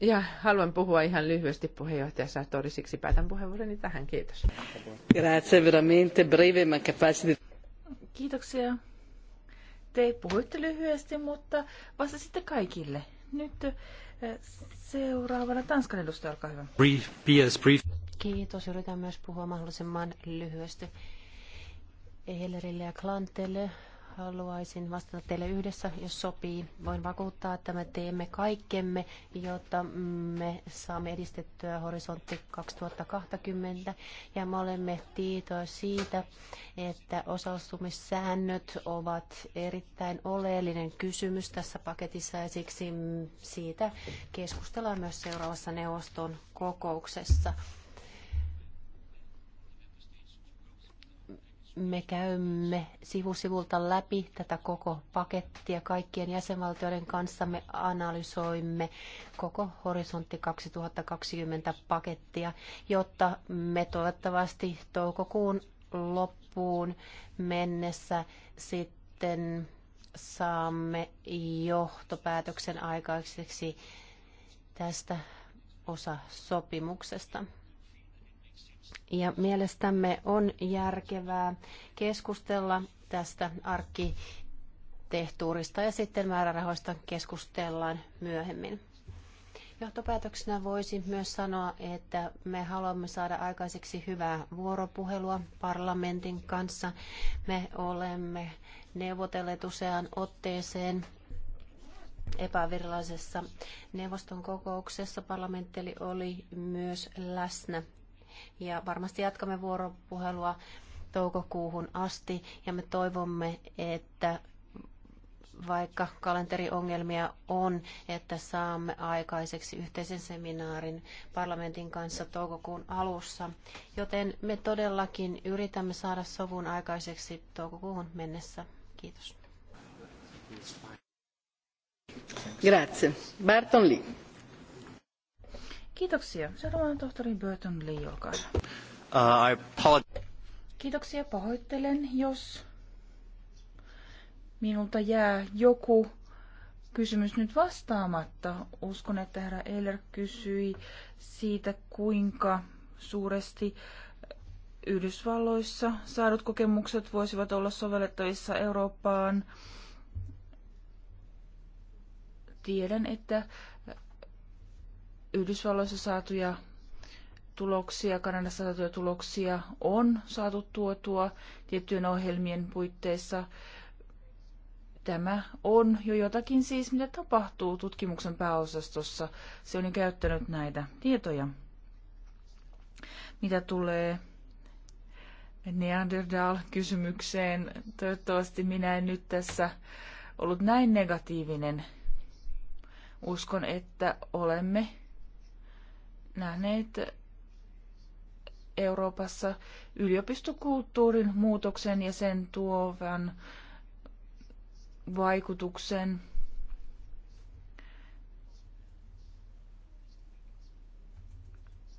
Ja haluan puhua ihan lyhyesti puheenjohtaja Satori, siksi päätän puheenvuoroni tähän. Kiitos. Grazie veramente breve ma Kiitoksia. Te puhuitte lyhyesti, mutta vastasitte kaikille. Nyt eh, seuraavana Tanskan edustaja, olkaa hyvä. Brief, PS, brief. Kiitos. Yritän myös puhua mahdollisimman lyhyesti. Hellerille ja Klantelle haluaisin vastata teille yhdessä, jos sopii. Voin vakuuttaa, että me teemme kaikkemme, jotta me saamme edistettyä horisontti 2020. Ja me olemme tietoja siitä, että osallistumissäännöt ovat erittäin oleellinen kysymys tässä paketissa ja siksi siitä keskustellaan myös seuraavassa neuvoston kokouksessa. me käymme sivusivulta läpi tätä koko pakettia kaikkien jäsenvaltioiden kanssa. Me analysoimme koko Horisontti 2020 pakettia, jotta me toivottavasti toukokuun loppuun mennessä sitten saamme johtopäätöksen aikaiseksi tästä osa sopimuksesta. Ja mielestämme on järkevää keskustella tästä arkkitehtuurista ja sitten määrärahoista keskustellaan myöhemmin. Johtopäätöksenä voisi myös sanoa, että me haluamme saada aikaiseksi hyvää vuoropuhelua parlamentin kanssa. Me olemme neuvotelleet useaan otteeseen epävirallisessa neuvoston kokouksessa. Parlamentteli oli myös läsnä ja varmasti jatkamme vuoropuhelua toukokuuhun asti ja me toivomme, että vaikka kalenteriongelmia on, että saamme aikaiseksi yhteisen seminaarin parlamentin kanssa toukokuun alussa. Joten me todellakin yritämme saada sovun aikaiseksi toukokuun mennessä. Kiitos. Grazie. Barton Lee. Kiitoksia. Seuraavana tohtori Burton Lee, olkaa hyvä. Uh, Kiitoksia. Pahoittelen, jos minulta jää joku kysymys nyt vastaamatta. Uskon, että herra Eller kysyi siitä, kuinka suuresti Yhdysvalloissa saadut kokemukset voisivat olla sovellettavissa Eurooppaan. Tiedän, että Yhdysvalloissa saatuja tuloksia, Kanadassa saatuja tuloksia on saatu tuotua tiettyjen ohjelmien puitteissa. Tämä on jo jotakin siis, mitä tapahtuu tutkimuksen pääosastossa. Se on jo käyttänyt näitä tietoja. Mitä tulee Neandertal-kysymykseen, toivottavasti minä en nyt tässä ollut näin negatiivinen. Uskon, että olemme nähneet Euroopassa yliopistokulttuurin muutoksen ja sen tuovan vaikutuksen.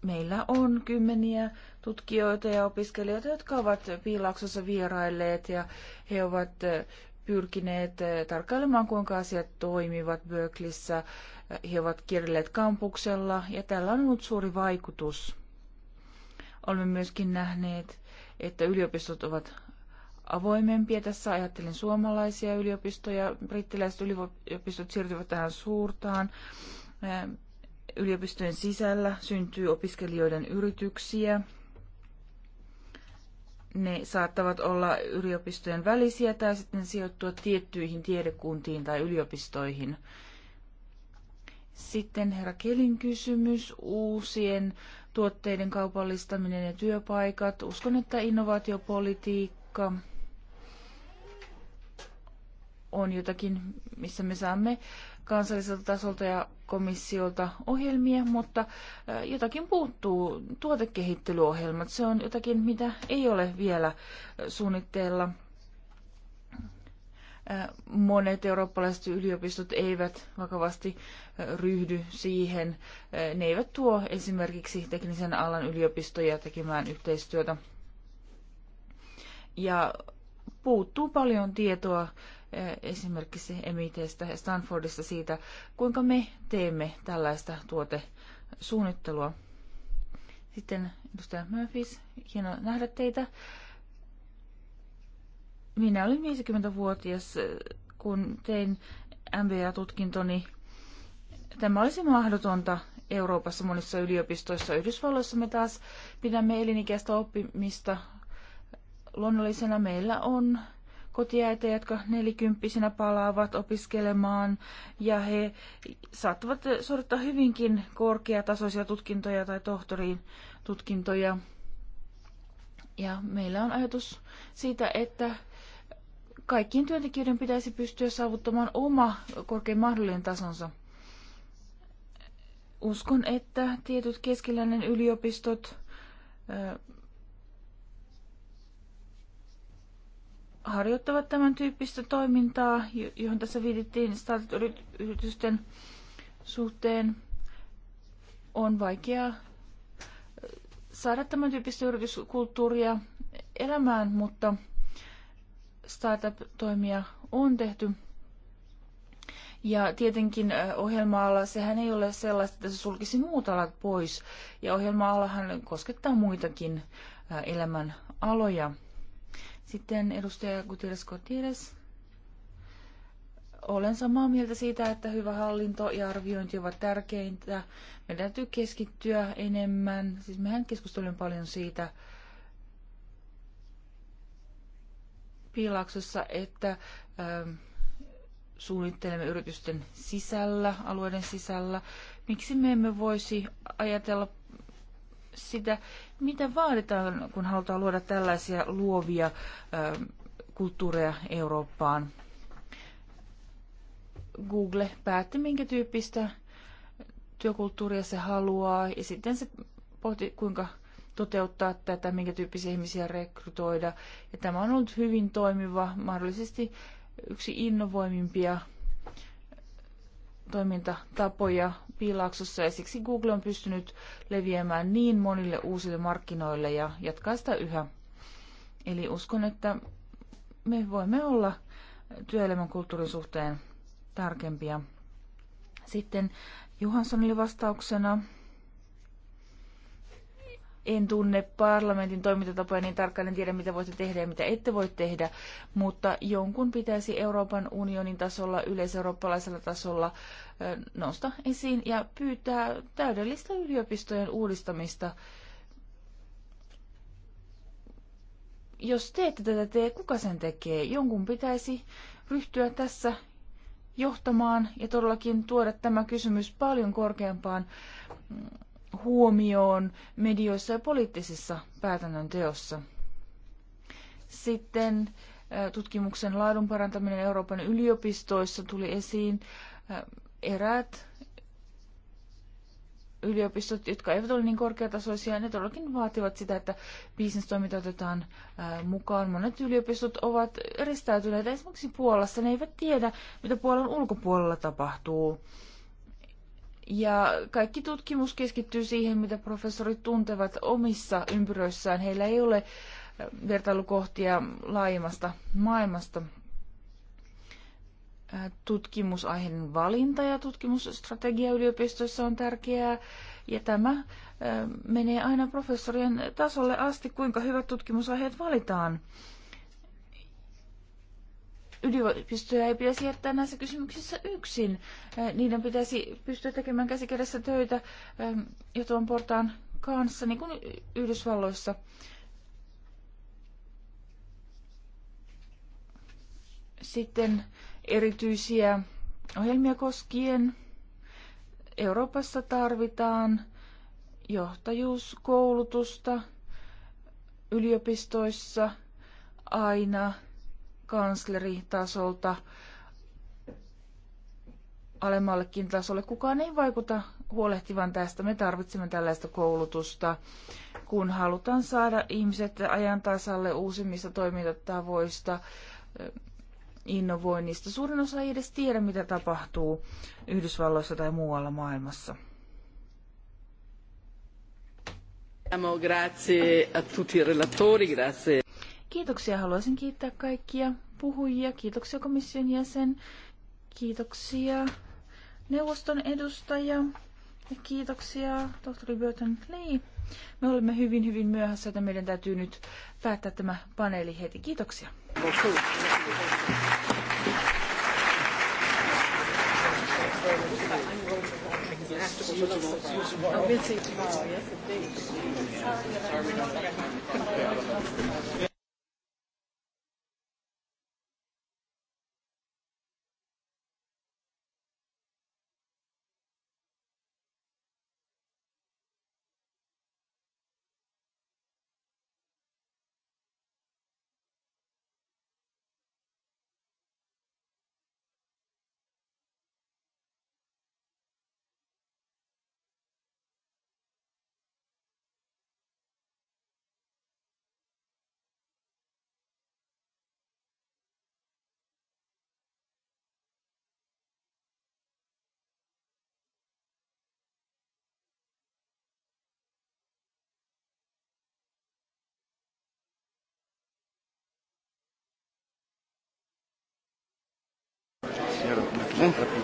Meillä on kymmeniä tutkijoita ja opiskelijoita, jotka ovat Piilaksossa vierailleet ja he ovat pyrkineet tarkkailemaan, kuinka asiat toimivat Berkelissä, he ovat kierrelleet kampuksella ja tällä on ollut suuri vaikutus. Olemme myöskin nähneet, että yliopistot ovat avoimempia. Tässä Ajattelin suomalaisia yliopistoja. Brittiläiset yliopistot siirtyvät tähän suurtaan. Yliopistojen sisällä syntyy opiskelijoiden yrityksiä. Ne saattavat olla yliopistojen välisiä tai sitten sijoittua tiettyihin tiedekuntiin tai yliopistoihin. Sitten herra Kelin kysymys, uusien tuotteiden kaupallistaminen ja työpaikat. Uskon, että innovaatiopolitiikka on jotakin, missä me saamme kansalliselta tasolta ja komissiolta ohjelmia, mutta jotakin puuttuu, tuotekehittelyohjelmat, se on jotakin, mitä ei ole vielä suunnitteilla Äh, monet eurooppalaiset yliopistot eivät vakavasti äh, ryhdy siihen. Äh, ne eivät tuo esimerkiksi teknisen alan yliopistoja tekemään yhteistyötä. Ja puuttuu paljon tietoa esimerkiksi MITstä ja Stanfordista siitä, kuinka me teemme tällaista tuotesuunnittelua. Sitten edustaja Murphys, hienoa nähdä teitä. Minä olin 50-vuotias, eh, kun tein MBA-tutkintoni. Tämä olisi mahdotonta Euroopassa monissa yliopistoissa. Yhdysvalloissa me taas pidämme elinikäistä oppimista luonnollisena. Meillä on kotiäitä, jotka nelikymppisinä palaavat opiskelemaan ja he saattavat eh, suorittaa hyvinkin korkeatasoisia tutkintoja tai tohtoriin tutkintoja. Ja meillä on ajatus siitä, että kaikkien työntekijöiden pitäisi pystyä saavuttamaan oma korkein mahdollinen tasonsa. Uskon, että tietyt keskiläinen yliopistot harjoittavat tämän tyyppistä toimintaa, johon tässä viitettiin startup-yritysten suhteen. On vaikea saada tämän tyyppistä yrityskulttuuria elämään, mutta – startup-toimia on tehty. Ja tietenkin ohjelma-ala, sehän ei ole sellaista, että se sulkisi muut alat pois. Ja ohjelma-alahan koskettaa muitakin elämän aloja. Sitten edustaja Gutierrez Gutierrez. Olen samaa mieltä siitä, että hyvä hallinto ja arviointi ovat tärkeintä. Meidän täytyy keskittyä enemmän. Siis mehän keskustelemme paljon siitä, Piilaaksossa että ähm, suunnittelemme yritysten sisällä, alueiden sisällä. Miksi me emme voisi ajatella sitä, mitä vaaditaan, kun halutaan luoda tällaisia luovia ähm, kulttuureja Eurooppaan. Google päätti, minkä tyyppistä työkulttuuria se haluaa, ja sitten se pohti, kuinka toteuttaa tätä, minkä tyyppisiä ihmisiä rekrytoida. Ja tämä on ollut hyvin toimiva, mahdollisesti yksi innovoimimpia toimintatapoja piilaaksossa ja siksi Google on pystynyt leviämään niin monille uusille markkinoille ja jatkaa sitä yhä. Eli uskon, että me voimme olla työelämän kulttuurin suhteen tarkempia. Sitten Johanssonille vastauksena en tunne parlamentin toimintatapoja niin tarkkaan, en tiedä mitä voitte tehdä ja mitä ette voi tehdä, mutta jonkun pitäisi Euroopan unionin tasolla, yleiseurooppalaisella tasolla nousta esiin ja pyytää täydellistä yliopistojen uudistamista. Jos te ette tätä tee, kuka sen tekee? Jonkun pitäisi ryhtyä tässä johtamaan ja todellakin tuoda tämä kysymys paljon korkeampaan mm, huomioon medioissa ja poliittisessa päätännönteossa. Sitten tutkimuksen laadun parantaminen Euroopan yliopistoissa tuli esiin. Eräät yliopistot, jotka eivät ole niin korkeatasoisia, ne todellakin vaativat sitä, että bisnestoiminta otetaan mukaan. Monet yliopistot ovat eristäytyneet. Esimerkiksi Puolassa ne eivät tiedä, mitä Puolan ulkopuolella tapahtuu. Ja kaikki tutkimus keskittyy siihen, mitä professorit tuntevat omissa ympyröissään. Heillä ei ole äh, vertailukohtia laajemmasta maailmasta. Äh, tutkimusaiheen valinta ja tutkimusstrategia yliopistoissa on tärkeää. Ja tämä äh, menee aina professorien tasolle asti, kuinka hyvät tutkimusaiheet valitaan. Yliopistoja ei pitäisi jättää näissä kysymyksissä yksin. Niiden pitäisi pystyä tekemään käsikädessä töitä jo tuon portaan kanssa, niin kuin Yhdysvalloissa. Sitten erityisiä ohjelmia koskien Euroopassa tarvitaan johtajuuskoulutusta yliopistoissa aina – kansleritasolta alemmallekin tasolle. Kukaan ei vaikuta huolehtivan tästä. Me tarvitsemme tällaista koulutusta, kun halutaan saada ihmiset ajan tasalle uusimmista toimintatavoista, innovoinnista. Suurin osa ei edes tiedä, mitä tapahtuu Yhdysvalloissa tai muualla maailmassa. Grazie a tutti i relatori, grazie. Kiitoksia. Haluaisin kiittää kaikkia puhujia. Kiitoksia komission jäsen. Kiitoksia neuvoston edustaja. Ja kiitoksia tohtori Burton Lee. Me olemme hyvin, hyvin myöhässä, että meidän täytyy nyt päättää tämä paneeli heti. Kiitoksia. Mm.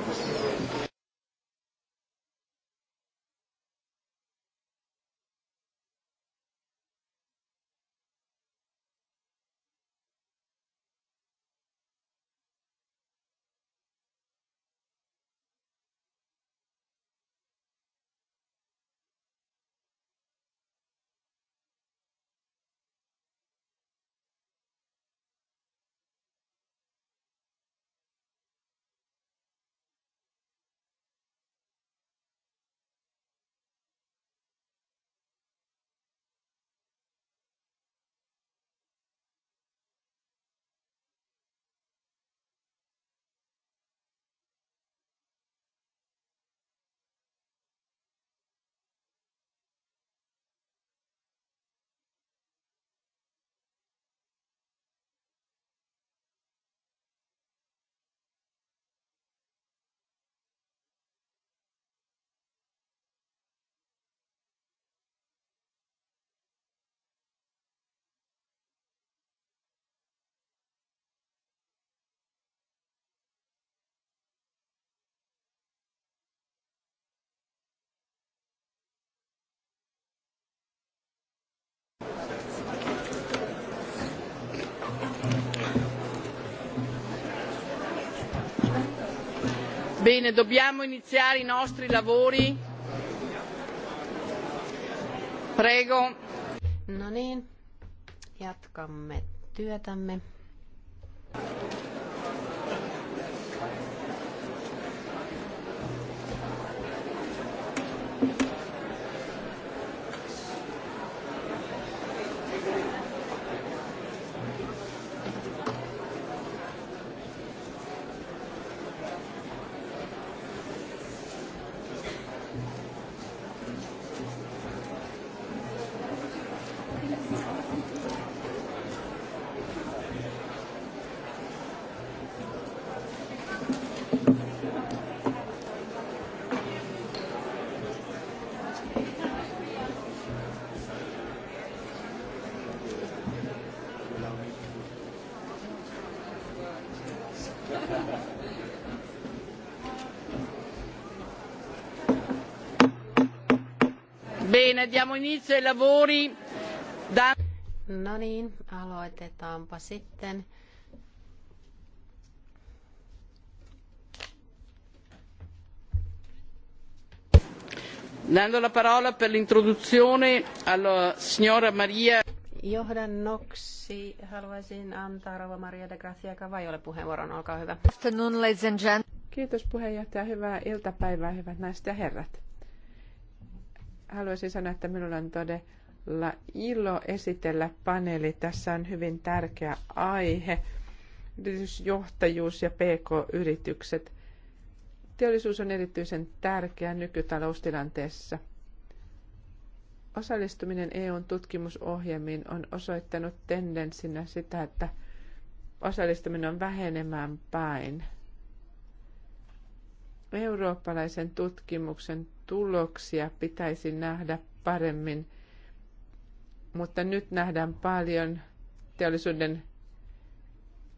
Bene, dobbiamo iniziare i nostri lavori. Prego. No niin, jatkamme työtämme. Bene, diamo inizio ai lavori. Da... No niin, aloitetaanpa sitten. Dando la parola per l'introduzione alla signora Maria. Johdannoksi haluaisin antaa Rova Maria de Gracia Cavajolle puheenvuoron. Olkaa hyvä. Afternoon, ladies Kiitos puheenjohtaja. Hyvää iltapäivää, hyvät naiset ja herrat haluaisin sanoa, että minulla on todella ilo esitellä paneeli. Tässä on hyvin tärkeä aihe, yritysjohtajuus ja pk-yritykset. Teollisuus on erityisen tärkeä nykytaloustilanteessa. Osallistuminen EUn tutkimusohjelmiin on osoittanut tendenssinä sitä, että osallistuminen on vähenemään päin – Eurooppalaisen tutkimuksen tuloksia pitäisi nähdä paremmin, mutta nyt nähdään paljon teollisuuden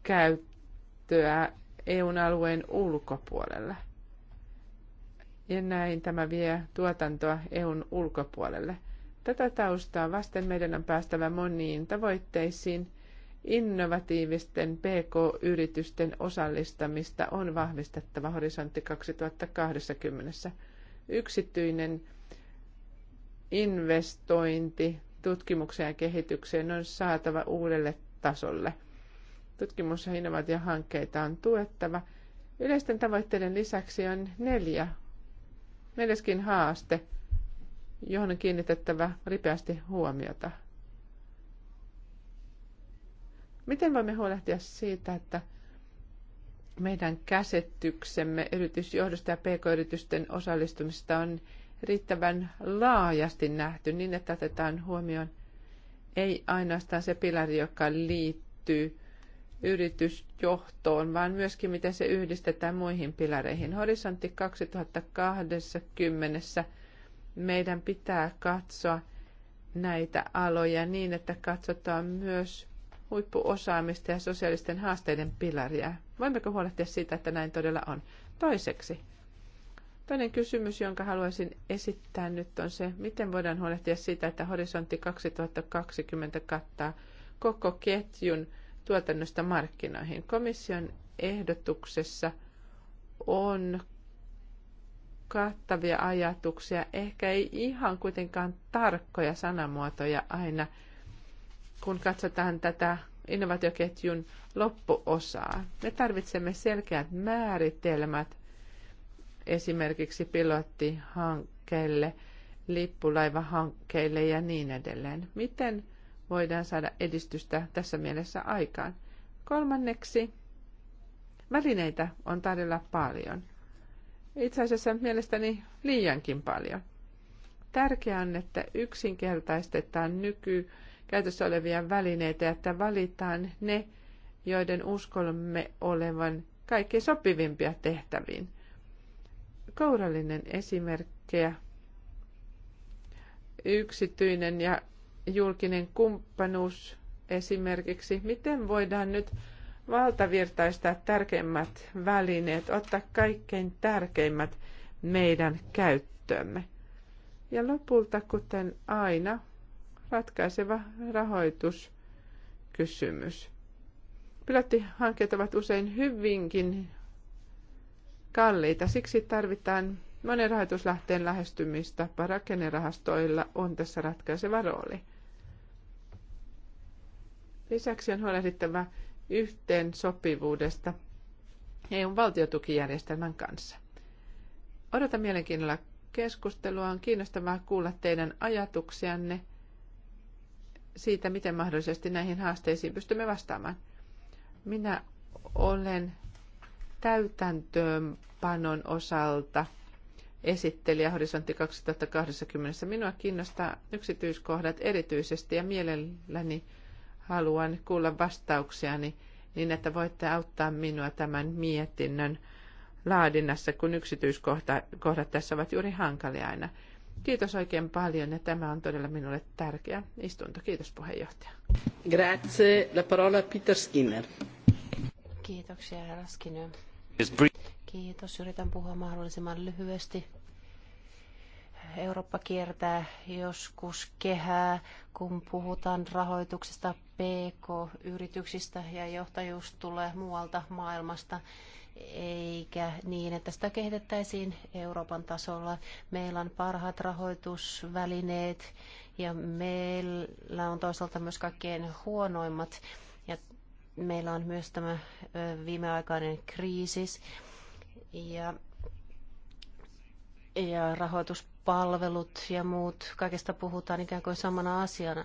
käyttöä EUn alueen ulkopuolella. Ja näin tämä vie tuotantoa EUn ulkopuolelle. Tätä taustaa vasten meidän on päästävä moniin tavoitteisiin – Innovatiivisten PK-yritysten osallistamista on vahvistettava horisontti 2020. Yksityinen investointi tutkimukseen ja kehitykseen on saatava uudelle tasolle. Tutkimus- ja innovaatiohankkeita on tuettava. Yleisten tavoitteiden lisäksi on neljä, neljäskin haaste, johon on kiinnitettävä ripeästi huomiota. Miten voimme huolehtia siitä, että meidän käsityksemme yritysjohdosta ja pk-yritysten osallistumista on riittävän laajasti nähty niin, että otetaan huomioon ei ainoastaan se pilari, joka liittyy yritysjohtoon, vaan myöskin miten se yhdistetään muihin pilareihin. Horisontti 2020 meidän pitää katsoa näitä aloja niin, että katsotaan myös huippuosaamista ja sosiaalisten haasteiden pilaria. Voimmeko huolehtia siitä, että näin todella on? Toiseksi, toinen kysymys, jonka haluaisin esittää nyt on se, miten voidaan huolehtia siitä, että horisontti 2020 kattaa koko ketjun tuotannosta markkinoihin. Komission ehdotuksessa on kattavia ajatuksia, ehkä ei ihan kuitenkaan tarkkoja sanamuotoja aina – kun katsotaan tätä innovaatioketjun loppuosaa. Me tarvitsemme selkeät määritelmät esimerkiksi pilottihankkeille, lippulaivahankkeille ja niin edelleen. Miten voidaan saada edistystä tässä mielessä aikaan? Kolmanneksi, välineitä on tarjolla paljon. Itse asiassa mielestäni liiankin paljon. Tärkeää on, että yksinkertaistetaan nyky- käytössä olevia välineitä, että valitaan ne, joiden uskomme olevan kaikki sopivimpia tehtäviin. Kourallinen esimerkkejä. Yksityinen ja julkinen kumppanuus esimerkiksi. Miten voidaan nyt valtavirtaistaa tärkeimmät välineet, ottaa kaikkein tärkeimmät meidän käyttöömme? Ja lopulta, kuten aina, ratkaiseva rahoituskysymys. Pilottihankkeet ovat usein hyvinkin kalliita, siksi tarvitaan monen rahoituslähteen lähestymistä Parakennerahastoilla on tässä ratkaiseva rooli. Lisäksi on huolehdittava yhteen sopivuudesta eu valtiotukijärjestelmän kanssa. Odotan mielenkiinnolla keskustelua. On kiinnostavaa kuulla teidän ajatuksianne siitä, miten mahdollisesti näihin haasteisiin pystymme vastaamaan. Minä olen täytäntöönpanon osalta esittelijä Horisontti 2020. Minua kiinnostaa yksityiskohdat erityisesti ja mielelläni haluan kuulla vastauksiani niin, että voitte auttaa minua tämän mietinnön laadinnassa, kun yksityiskohdat tässä ovat juuri hankalia aina. Kiitos oikein paljon ja tämä on todella minulle tärkeä istunto. Kiitos puheenjohtaja. Grazie. La parola Peter Skinner. Kiitoksia herra Skinner. Kiitos. Yritän puhua mahdollisimman lyhyesti. Eurooppa kiertää joskus kehää, kun puhutaan rahoituksesta PK-yrityksistä ja johtajuus tulee muualta maailmasta eikä niin, että sitä kehitettäisiin Euroopan tasolla. Meillä on parhaat rahoitusvälineet ja meillä on toisaalta myös kaikkein huonoimmat. Ja meillä on myös tämä viimeaikainen kriisis ja, ja rahoituspalvelut ja muut. Kaikesta puhutaan ikään kuin samana asiana.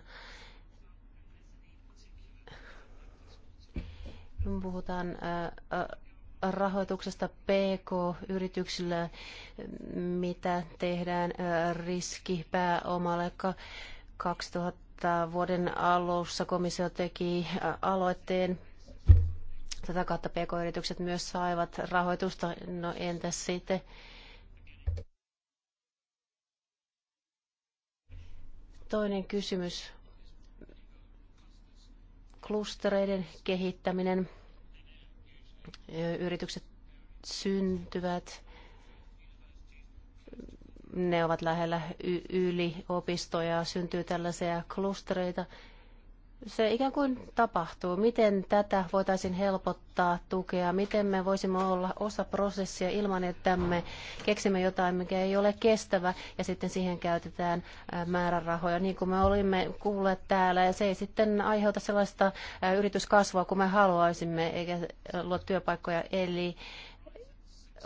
Puhutaan ää, rahoituksesta PK-yrityksillä, mitä tehdään riskipääomalle. 2000 vuoden alussa komissio teki aloitteen Tätä kautta pk-yritykset myös saivat rahoitusta. No entäs sitten? Toinen kysymys. Klustereiden kehittäminen yritykset syntyvät, ne ovat lähellä yliopistoja, syntyy tällaisia klustereita, se ikään kuin tapahtuu? Miten tätä voitaisiin helpottaa, tukea? Miten me voisimme olla osa prosessia ilman, että me keksimme jotain, mikä ei ole kestävä ja sitten siihen käytetään määrärahoja, niin kuin me olimme kuulleet täällä. Ja se ei sitten aiheuta sellaista yrityskasvua kuin me haluaisimme, eikä luo työpaikkoja. Eli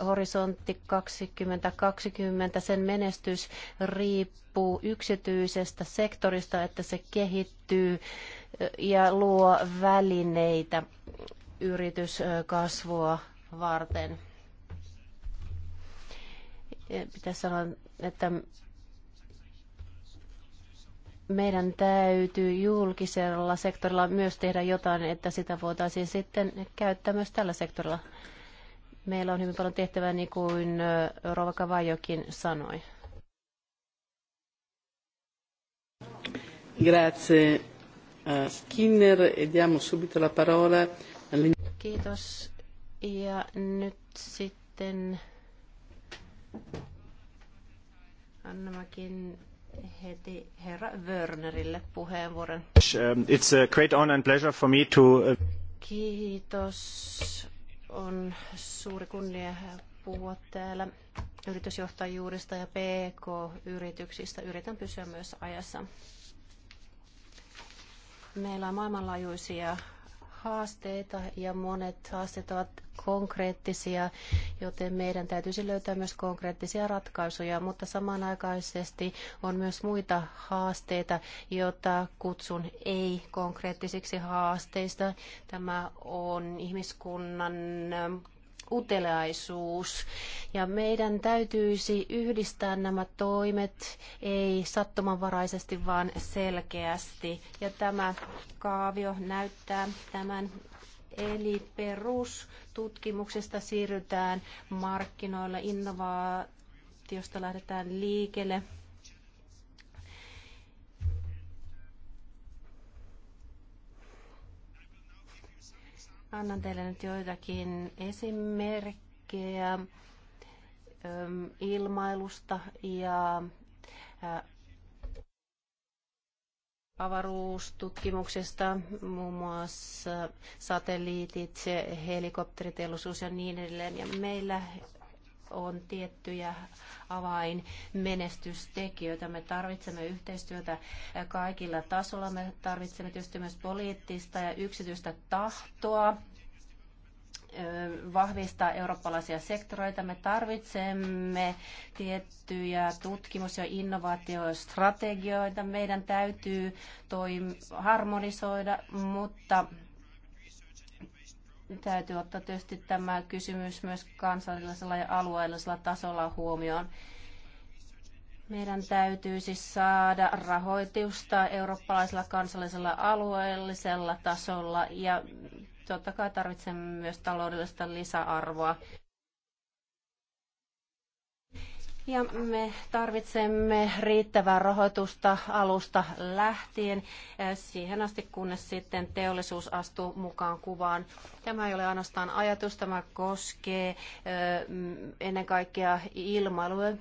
Horisontti 2020, sen menestys riippuu yksityisestä sektorista, että se kehittyy ja luo välineitä yrityskasvua varten. Pitäisi sanoa, että meidän täytyy julkisella sektorilla myös tehdä jotain, että sitä voitaisiin sitten käyttää myös tällä sektorilla. Meillä on hyvin paljon tehtävää, niin kuin Rova Kavajokin sanoi. Grazie eh, Skinner e diamo subito la parola Kiitos. Ja nyt sitten Annamakin heti herra Wörnerille puheenvuoron. Um, it's a great honor and pleasure for me to... Uh, Kiitos. On suuri kunnia puhua täällä yritysjohtajuudesta ja PK-yrityksistä. Yritän pysyä myös ajassa. Meillä on maailmanlaajuisia haasteita ja monet haasteet ovat konkreettisia, joten meidän täytyisi löytää myös konkreettisia ratkaisuja, mutta samanaikaisesti on myös muita haasteita, joita kutsun ei-konkreettisiksi haasteista. Tämä on ihmiskunnan uteliaisuus. Ja meidän täytyisi yhdistää nämä toimet ei sattumanvaraisesti, vaan selkeästi. Ja tämä kaavio näyttää tämän Eli perustutkimuksesta siirrytään markkinoille, innovaatiosta lähdetään liikelle Annan teille nyt joitakin esimerkkejä ähm, ilmailusta ja äh, avaruustutkimuksesta, muun muassa satelliitit, helikopteriteollisuus ja niin edelleen. Ja meillä on tiettyjä avainmenestystekijöitä. Me tarvitsemme yhteistyötä kaikilla tasolla. Me tarvitsemme tietysti myös poliittista ja yksityistä tahtoa vahvistaa eurooppalaisia sektoreita. Me tarvitsemme tiettyjä tutkimus- ja innovaatiostrategioita. Meidän täytyy toim- harmonisoida, mutta täytyy ottaa tietysti tämä kysymys myös kansallisella ja alueellisella tasolla huomioon. Meidän täytyy siis saada rahoitusta eurooppalaisella, kansallisella, alueellisella tasolla ja totta kai tarvitsemme myös taloudellista lisäarvoa. Ja me tarvitsemme riittävää rahoitusta alusta lähtien eh, siihen asti, kunnes sitten teollisuus astuu mukaan kuvaan. Tämä ei ole ainoastaan ajatus, tämä koskee eh, ennen kaikkea ilmailua.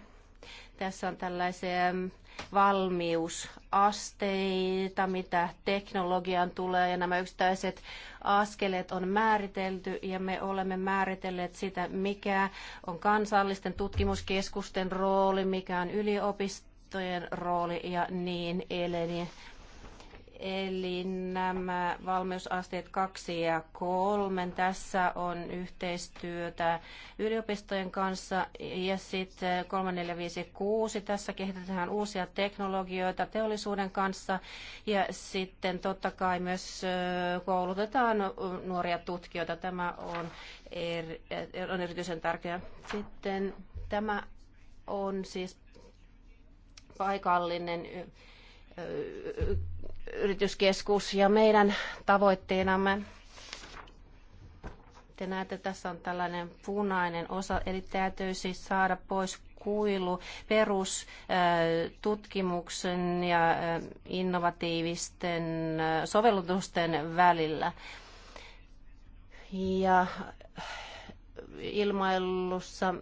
Tässä on tällaisia mm, valmiusasteita, mitä teknologiaan tulee ja nämä yksittäiset askeleet on määritelty ja me olemme määritelleet sitä, mikä on kansallisten tutkimuskeskusten rooli, mikä on yliopistojen rooli ja niin edelleen. Eli nämä valmiusasteet kaksi ja kolmen Tässä on yhteistyötä yliopistojen kanssa. Ja sitten 3, 4, 5, 6. Tässä kehitetään uusia teknologioita teollisuuden kanssa. Ja sitten totta kai myös koulutetaan nuoria tutkijoita. Tämä on, eri, on erityisen tärkeää. Sitten tämä on siis paikallinen yrityskeskus ja meidän tavoitteenamme te näette, tässä on tällainen punainen osa, eli täytyy siis saada pois kuilu perustutkimuksen ja innovatiivisten sovellutusten välillä. Ja ilmailussa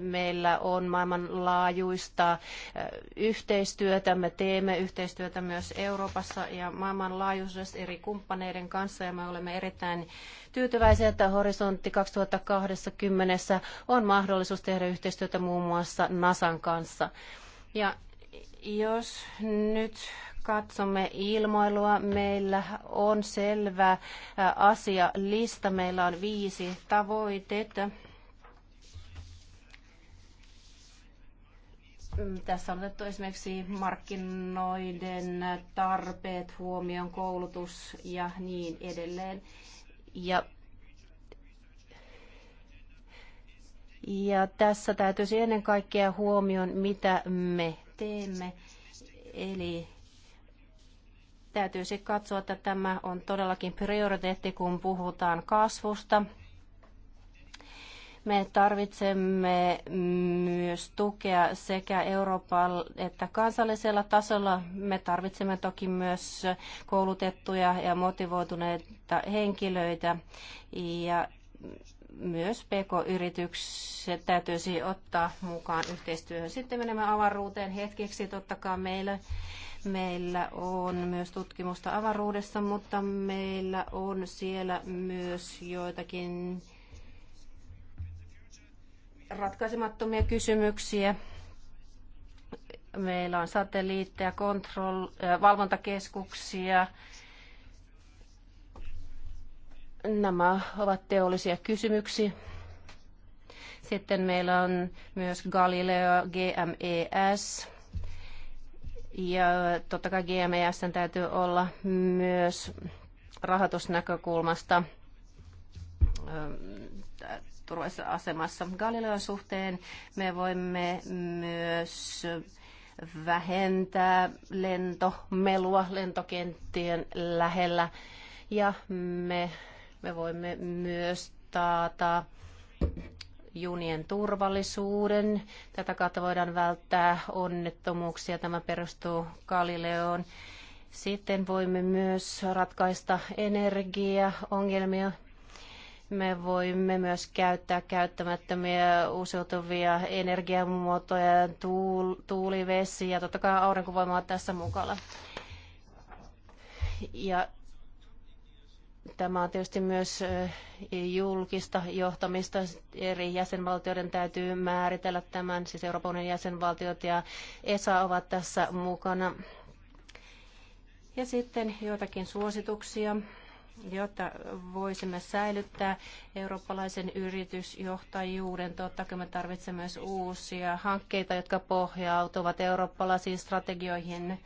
meillä on maailmanlaajuista yhteistyötä. Me teemme yhteistyötä myös Euroopassa ja maailmanlaajuisesti eri kumppaneiden kanssa ja me olemme erittäin tyytyväisiä, että Horisontti 2020 on mahdollisuus tehdä yhteistyötä muun muassa NASAn kanssa. Ja jos nyt katsomme ilmoilua, meillä on selvä asialista. Meillä on viisi tavoitetta. Mm, tässä on otettu esimerkiksi markkinoiden tarpeet huomioon, koulutus ja niin edelleen. Ja Ja tässä täytyisi ennen kaikkea huomioon, mitä me teemme. Eli täytyisi katsoa, että tämä on todellakin prioriteetti, kun puhutaan kasvusta. Me tarvitsemme myös tukea sekä Euroopan että kansallisella tasolla. Me tarvitsemme toki myös koulutettuja ja motivoituneita henkilöitä ja myös PK-yritykset täytyisi ottaa mukaan yhteistyöhön. Sitten menemme avaruuteen hetkeksi. Totta kai meillä Meillä on myös tutkimusta avaruudessa, mutta meillä on siellä myös joitakin ratkaisemattomia kysymyksiä. Meillä on satelliitteja, kontrol, äh, valvontakeskuksia. Nämä ovat teollisia kysymyksiä. Sitten meillä on myös Galileo GMES, ja totta kai GMS täytyy olla myös rahoitusnäkökulmasta turvallisessa asemassa. Galileon suhteen me voimme myös vähentää lentomelua lentokenttien lähellä ja me, me voimme myös taata junien turvallisuuden. Tätä kautta voidaan välttää onnettomuuksia. Tämä perustuu Galileoon. Sitten voimme myös ratkaista energiaongelmia. Me voimme myös käyttää käyttämättömiä uusiutuvia energiamuotoja, tuul- tuulivesi ja totta kai aurinkovoimaa tässä mukana. Ja Tämä on tietysti myös julkista johtamista. Eri jäsenvaltioiden täytyy määritellä tämän, siis Euroopan unionin jäsenvaltiot ja ESA ovat tässä mukana. Ja sitten joitakin suosituksia, jotta voisimme säilyttää eurooppalaisen yritysjohtajuuden. Totta kai me tarvitsemme myös uusia hankkeita, jotka pohjautuvat eurooppalaisiin strategioihin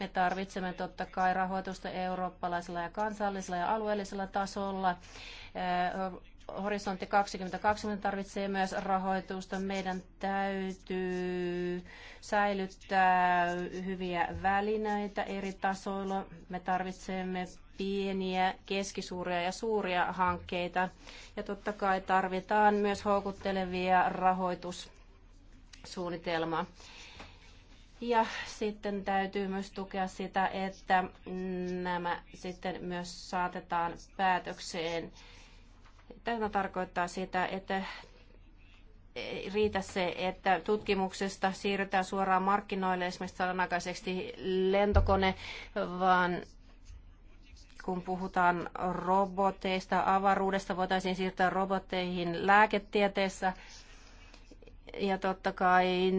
me tarvitsemme totta kai rahoitusta eurooppalaisella ja kansallisella ja alueellisella tasolla. Eh, horisontti 2020 tarvitsee myös rahoitusta. Meidän täytyy säilyttää hyviä välineitä eri tasoilla. Me tarvitsemme pieniä, keskisuuria ja suuria hankkeita. Ja totta kai tarvitaan myös houkuttelevia rahoitussuunnitelmaa. Ja sitten täytyy myös tukea sitä, että nämä sitten myös saatetaan päätökseen. Tämä tarkoittaa sitä, että ei riitä se, että tutkimuksesta siirrytään suoraan markkinoille, esimerkiksi sananakaisesti lentokone, vaan kun puhutaan roboteista, avaruudesta voitaisiin siirtää robotteihin lääketieteessä. Ja totta kai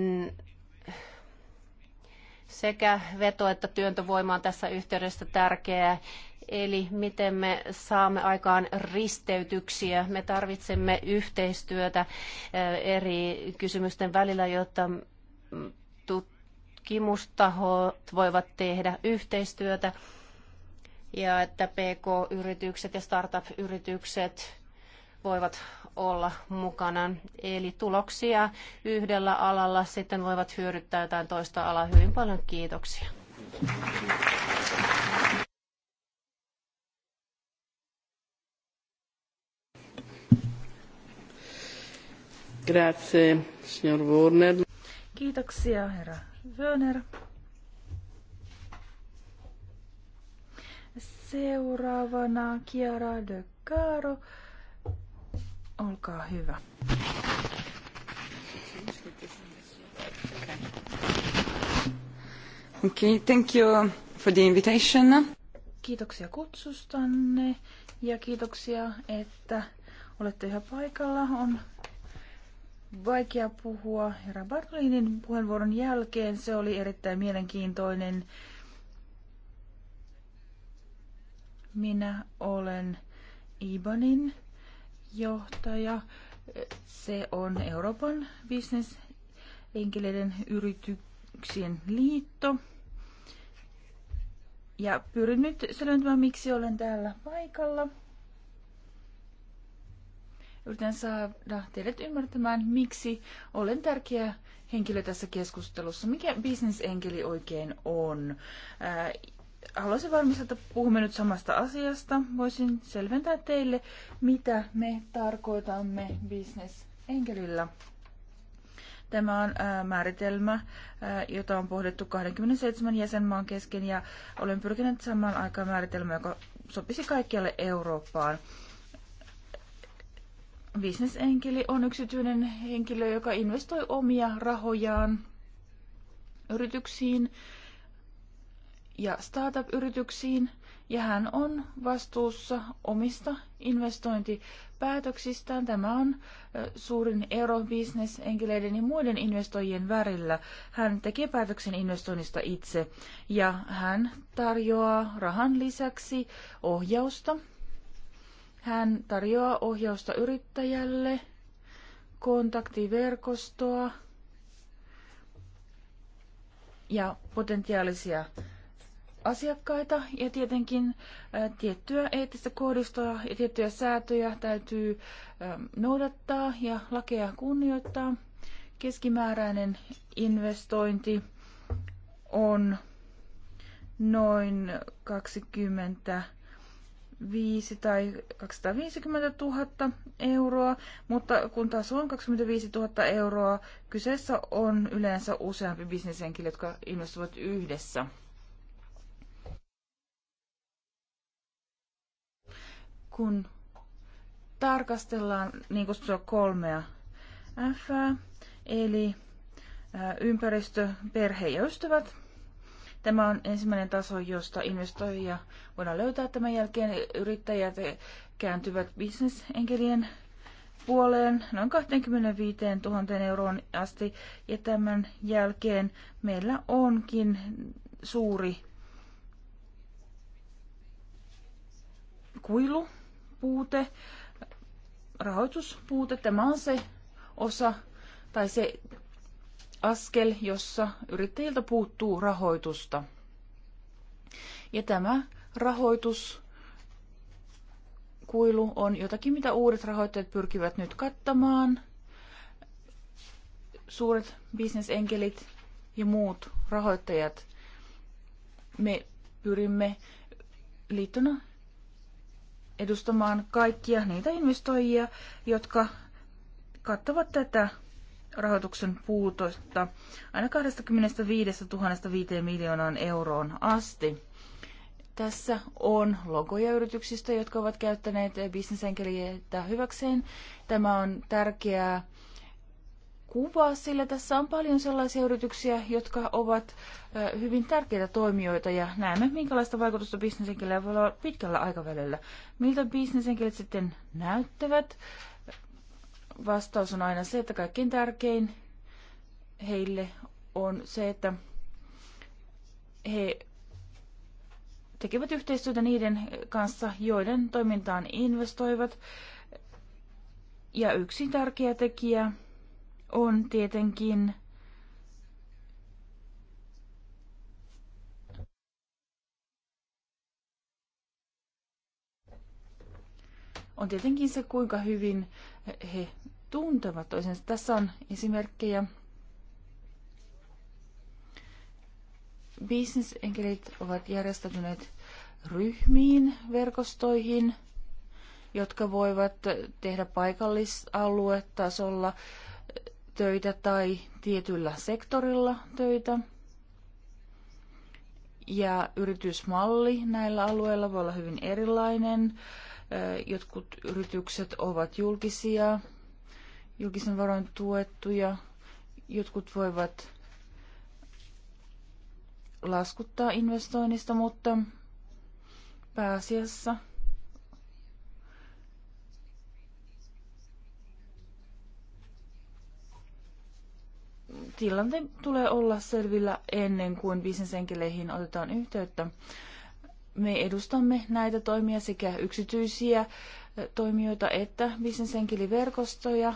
sekä veto- että työntövoima on tässä yhteydessä tärkeää. Eli miten me saamme aikaan risteytyksiä. Me tarvitsemme yhteistyötä eh, eri kysymysten välillä, jotta tutkimustahot voivat tehdä yhteistyötä ja että PK-yritykset ja startup-yritykset voivat olla mukana. Eli tuloksia yhdellä alalla sitten voivat hyödyttää jotain toista alaa hyvin paljon. Kiitoksia. Grazie, signor Werner. Kiitoksia, herra Wörner. Seuraavana Chiara De Caro. Olkaa hyvä. Okay, thank you for the invitation. Kiitoksia kutsustanne ja kiitoksia, että olette yhä paikalla. On vaikea puhua herra Bartolinin puheenvuoron jälkeen. Se oli erittäin mielenkiintoinen. Minä olen Ibanin johtaja. Se on Euroopan business enkeleiden yrityksien liitto. Ja pyrin nyt selventämään, miksi olen täällä paikalla. Yritän saada teidät ymmärtämään, miksi olen tärkeä henkilö tässä keskustelussa. Mikä bisnesenkeli oikein on? haluaisin varmistaa, että puhumme nyt samasta asiasta. Voisin selventää teille, mitä me tarkoitamme bisnesenkelillä. Tämä on määritelmä, jota on pohdittu 27 jäsenmaan kesken ja olen pyrkinyt samaan aikaan määritelmä, joka sopisi kaikkialle Eurooppaan. Bisnesenkeli on yksityinen henkilö, joka investoi omia rahojaan yrityksiin, ja startup-yrityksiin, ja hän on vastuussa omista investointipäätöksistään. Tämä on suurin ero bisnesenkeleiden ja muiden investoijien värillä. Hän tekee päätöksen investoinnista itse ja hän tarjoaa rahan lisäksi ohjausta. Hän tarjoaa ohjausta yrittäjälle, kontaktiverkostoa ja potentiaalisia asiakkaita ja tietenkin tiettyä eettistä koodistoa ja tiettyjä säätöjä täytyy noudattaa ja lakeja kunnioittaa. Keskimääräinen investointi on noin 5 tai 250 000 euroa, mutta kun taas on 25 000 euroa, kyseessä on yleensä useampi bisnesenkilö, jotka investoivat yhdessä. kun tarkastellaan niin kutsutua kolmea F, eli ympäristö, perhe ja ystävät. Tämä on ensimmäinen taso, josta investoijia voidaan löytää. Tämän jälkeen yrittäjät kääntyvät bisnesenkelien puoleen noin 25 000 euroon asti. Ja tämän jälkeen meillä onkin suuri kuilu puute, rahoituspuute, tämä on se osa tai se askel, jossa yrittäjiltä puuttuu rahoitusta. Ja tämä rahoitus kuilu on jotakin, mitä uudet rahoittajat pyrkivät nyt kattamaan. Suuret bisnesenkelit ja muut rahoittajat. Me pyrimme liittona edustamaan kaikkia niitä investoijia, jotka kattavat tätä rahoituksen puutosta aina 25 000 5 miljoonaan euroon asti. Tässä on logoja yrityksistä, jotka ovat käyttäneet bisnesenkelijöitä hyväkseen. Tämä on tärkeää kuvaa, sillä tässä on paljon sellaisia yrityksiä, jotka ovat hyvin tärkeitä toimijoita ja näemme, minkälaista vaikutusta bisnesenkelillä voi olla pitkällä aikavälillä. Miltä bisnesenkelit sitten näyttävät? Vastaus on aina se, että kaikkein tärkein heille on se, että he tekevät yhteistyötä niiden kanssa, joiden toimintaan investoivat. Ja yksi tärkeä tekijä on tietenkin on tietenkin se, kuinka hyvin he tuntevat toisensa. Tässä on esimerkkejä. Bisnesenkelit ovat järjestäytyneet ryhmiin, verkostoihin, jotka voivat tehdä paikallisaluetasolla töitä tai tietyllä sektorilla töitä. Ja yritysmalli näillä alueilla voi olla hyvin erilainen. Jotkut yritykset ovat julkisia, julkisen varoin tuettuja. Jotkut voivat laskuttaa investoinnista, mutta pääasiassa – tilanteen tulee olla selvillä ennen kuin bisnesenkeleihin otetaan yhteyttä. Me edustamme näitä toimia sekä yksityisiä eh, toimijoita että bisnesenkeliverkostoja,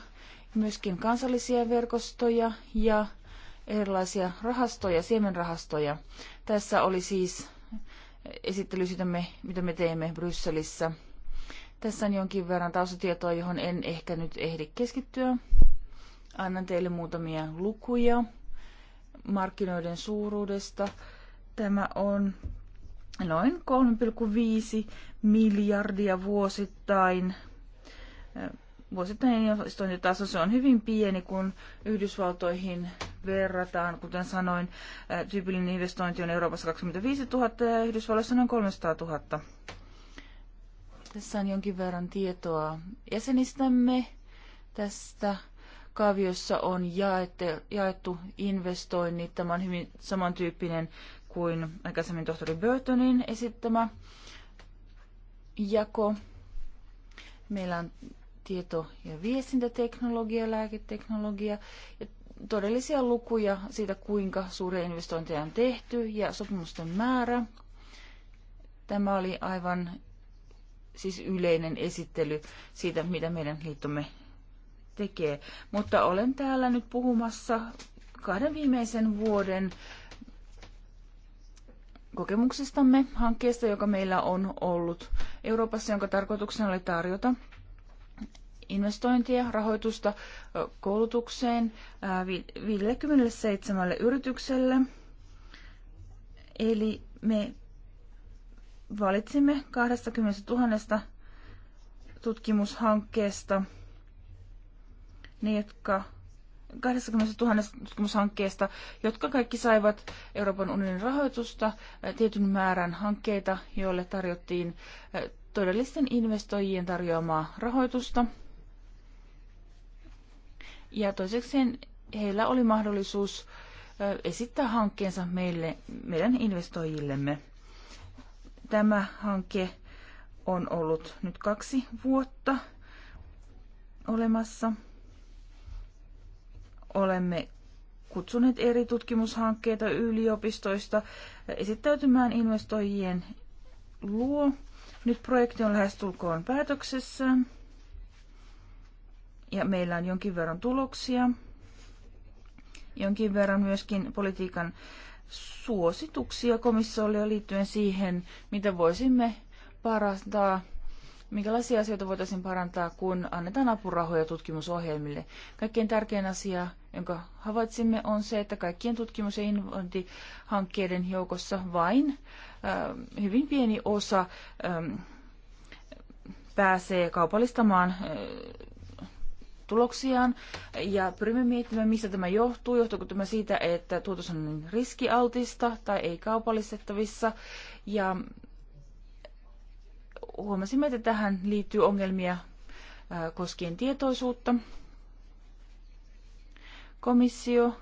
myöskin kansallisia verkostoja ja erilaisia rahastoja, siemenrahastoja. Tässä oli siis esittely siitä, mitä me teemme Brysselissä. Tässä on jonkin verran taustatietoa, johon en ehkä nyt ehdi keskittyä. Annan teille muutamia lukuja markkinoiden suuruudesta. Tämä on noin 3,5 miljardia vuosittain. Vuosittain investointitaso se on hyvin pieni, kun Yhdysvaltoihin verrataan. Kuten sanoin, tyypillinen investointi on Euroopassa 25 000 ja Yhdysvalloissa noin 300 000. Tässä on jonkin verran tietoa jäsenistämme tästä kaviossa on jaette, jaettu investoinnit. Tämä on hyvin samantyyppinen kuin aikaisemmin tohtori Burtonin esittämä jako. Meillä on tieto- ja viestintäteknologia, lääketeknologia ja todellisia lukuja siitä, kuinka suuria investointeja on tehty ja sopimusten määrä. Tämä oli aivan siis yleinen esittely siitä, mitä meidän liittomme tekee. Mutta olen täällä nyt puhumassa kahden viimeisen vuoden kokemuksistamme hankkeesta, joka meillä on ollut Euroopassa, jonka tarkoituksena oli tarjota investointia, rahoitusta koulutukseen 57 yritykselle. Eli me valitsimme 20 000 tutkimushankkeesta – ne, jotka 20 000 tutkimushankkeesta, jotka kaikki saivat Euroopan unionin rahoitusta, tietyn määrän hankkeita, joille tarjottiin todellisten investoijien tarjoamaa rahoitusta. Ja toisekseen heillä oli mahdollisuus esittää hankkeensa meille, meidän investoijillemme. Tämä hanke on ollut nyt kaksi vuotta olemassa olemme kutsuneet eri tutkimushankkeita yliopistoista esittäytymään investoijien luo. Nyt projekti on lähestulkoon päätöksessä ja meillä on jonkin verran tuloksia, jonkin verran myöskin politiikan suosituksia komissiolle liittyen siihen, mitä voisimme parantaa, minkälaisia asioita voitaisiin parantaa, kun annetaan apurahoja tutkimusohjelmille. Kaikkein tärkein asia jonka havaitsimme, on se, että kaikkien tutkimus- ja innovointihankkeiden joukossa vain äh, hyvin pieni osa ähm, pääsee kaupallistamaan äh, tuloksiaan ja pyrimme miettimään, mistä tämä johtuu. Johtuuko tämä siitä, että tuotos on niin riskialtista tai ei kaupallistettavissa ja huomasimme, että tähän liittyy ongelmia äh, koskien tietoisuutta komissio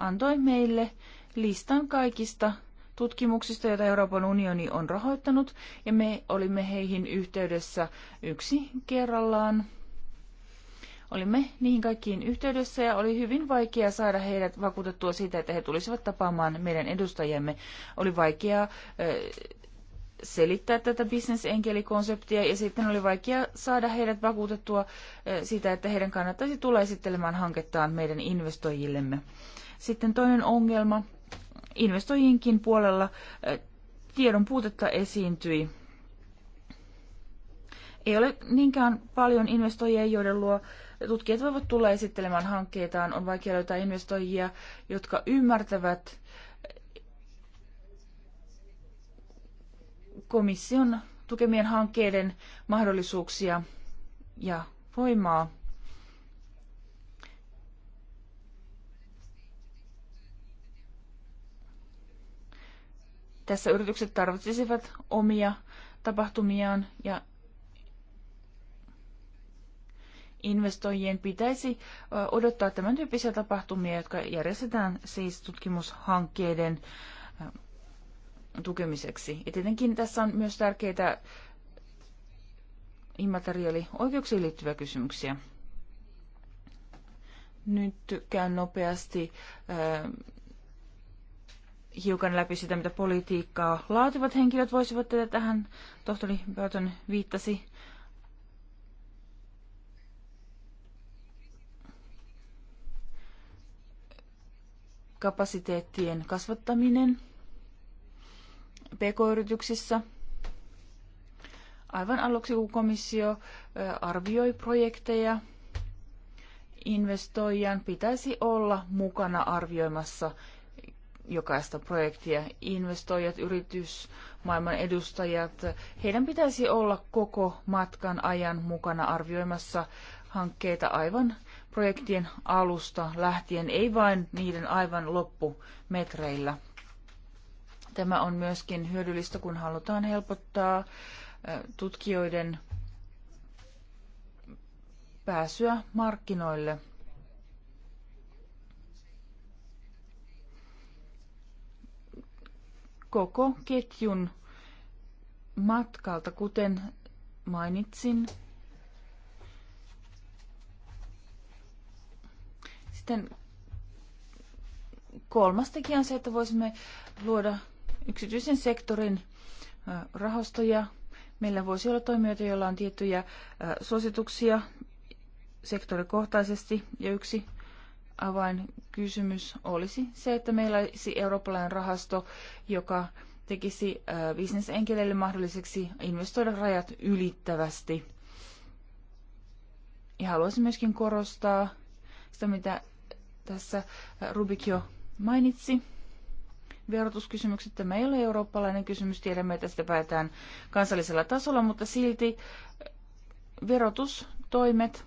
antoi meille listan kaikista tutkimuksista, joita Euroopan unioni on rahoittanut, ja me olimme heihin yhteydessä yksi kerrallaan. Olimme niihin kaikkiin yhteydessä ja oli hyvin vaikea saada heidät vakuutettua siitä, että he tulisivat tapaamaan meidän edustajiamme. Oli vaikeaa selittää tätä bisnesenkelikonseptia ja sitten oli vaikea saada heidät vakuutettua eh, sitä, että heidän kannattaisi tulla esittelemään hankettaan meidän investoijillemme. Sitten toinen ongelma investoijinkin puolella eh, tiedon puutetta esiintyi. Ei ole niinkään paljon investoijia, joiden luo tutkijat voivat tulla esittelemään hankkeitaan. On vaikea löytää investoijia, jotka ymmärtävät komission tukemien hankkeiden mahdollisuuksia ja voimaa. Tässä yritykset tarvitsisivat omia tapahtumiaan ja investoijien pitäisi odottaa tämän tyyppisiä tapahtumia, jotka järjestetään siis tutkimushankkeiden tukemiseksi. Ja tietenkin tässä on myös tärkeitä immateriaalioikeuksiin liittyviä kysymyksiä. Nyt käyn nopeasti äh, hiukan läpi sitä, mitä politiikkaa laativat henkilöt voisivat tehdä tähän. Tohtori Burton viittasi. Kapasiteettien kasvattaminen – PK-yrityksissä. Aivan aluksi, kun komissio arvioi projekteja, investoijan pitäisi olla mukana arvioimassa jokaista projektia. Investoijat, yritys, maailman edustajat, heidän pitäisi olla koko matkan ajan mukana arvioimassa hankkeita aivan projektien alusta lähtien, ei vain niiden aivan loppumetreillä. Tämä on myöskin hyödyllistä, kun halutaan helpottaa tutkijoiden pääsyä markkinoille. Koko ketjun matkalta, kuten mainitsin. Sitten kolmas tekijä on se, että voisimme luoda yksityisen sektorin rahastoja. Meillä voisi olla toimijoita, joilla on tiettyjä suosituksia sektorikohtaisesti. Ja yksi avainkysymys olisi se, että meillä olisi eurooppalainen rahasto, joka tekisi bisnesenkeleille mahdolliseksi investoida rajat ylittävästi. Ja haluaisin myöskin korostaa sitä, mitä tässä Rubik jo mainitsi verotuskysymykset. Tämä ei ole eurooppalainen kysymys, tiedämme, että sitä päätään kansallisella tasolla, mutta silti verotustoimet,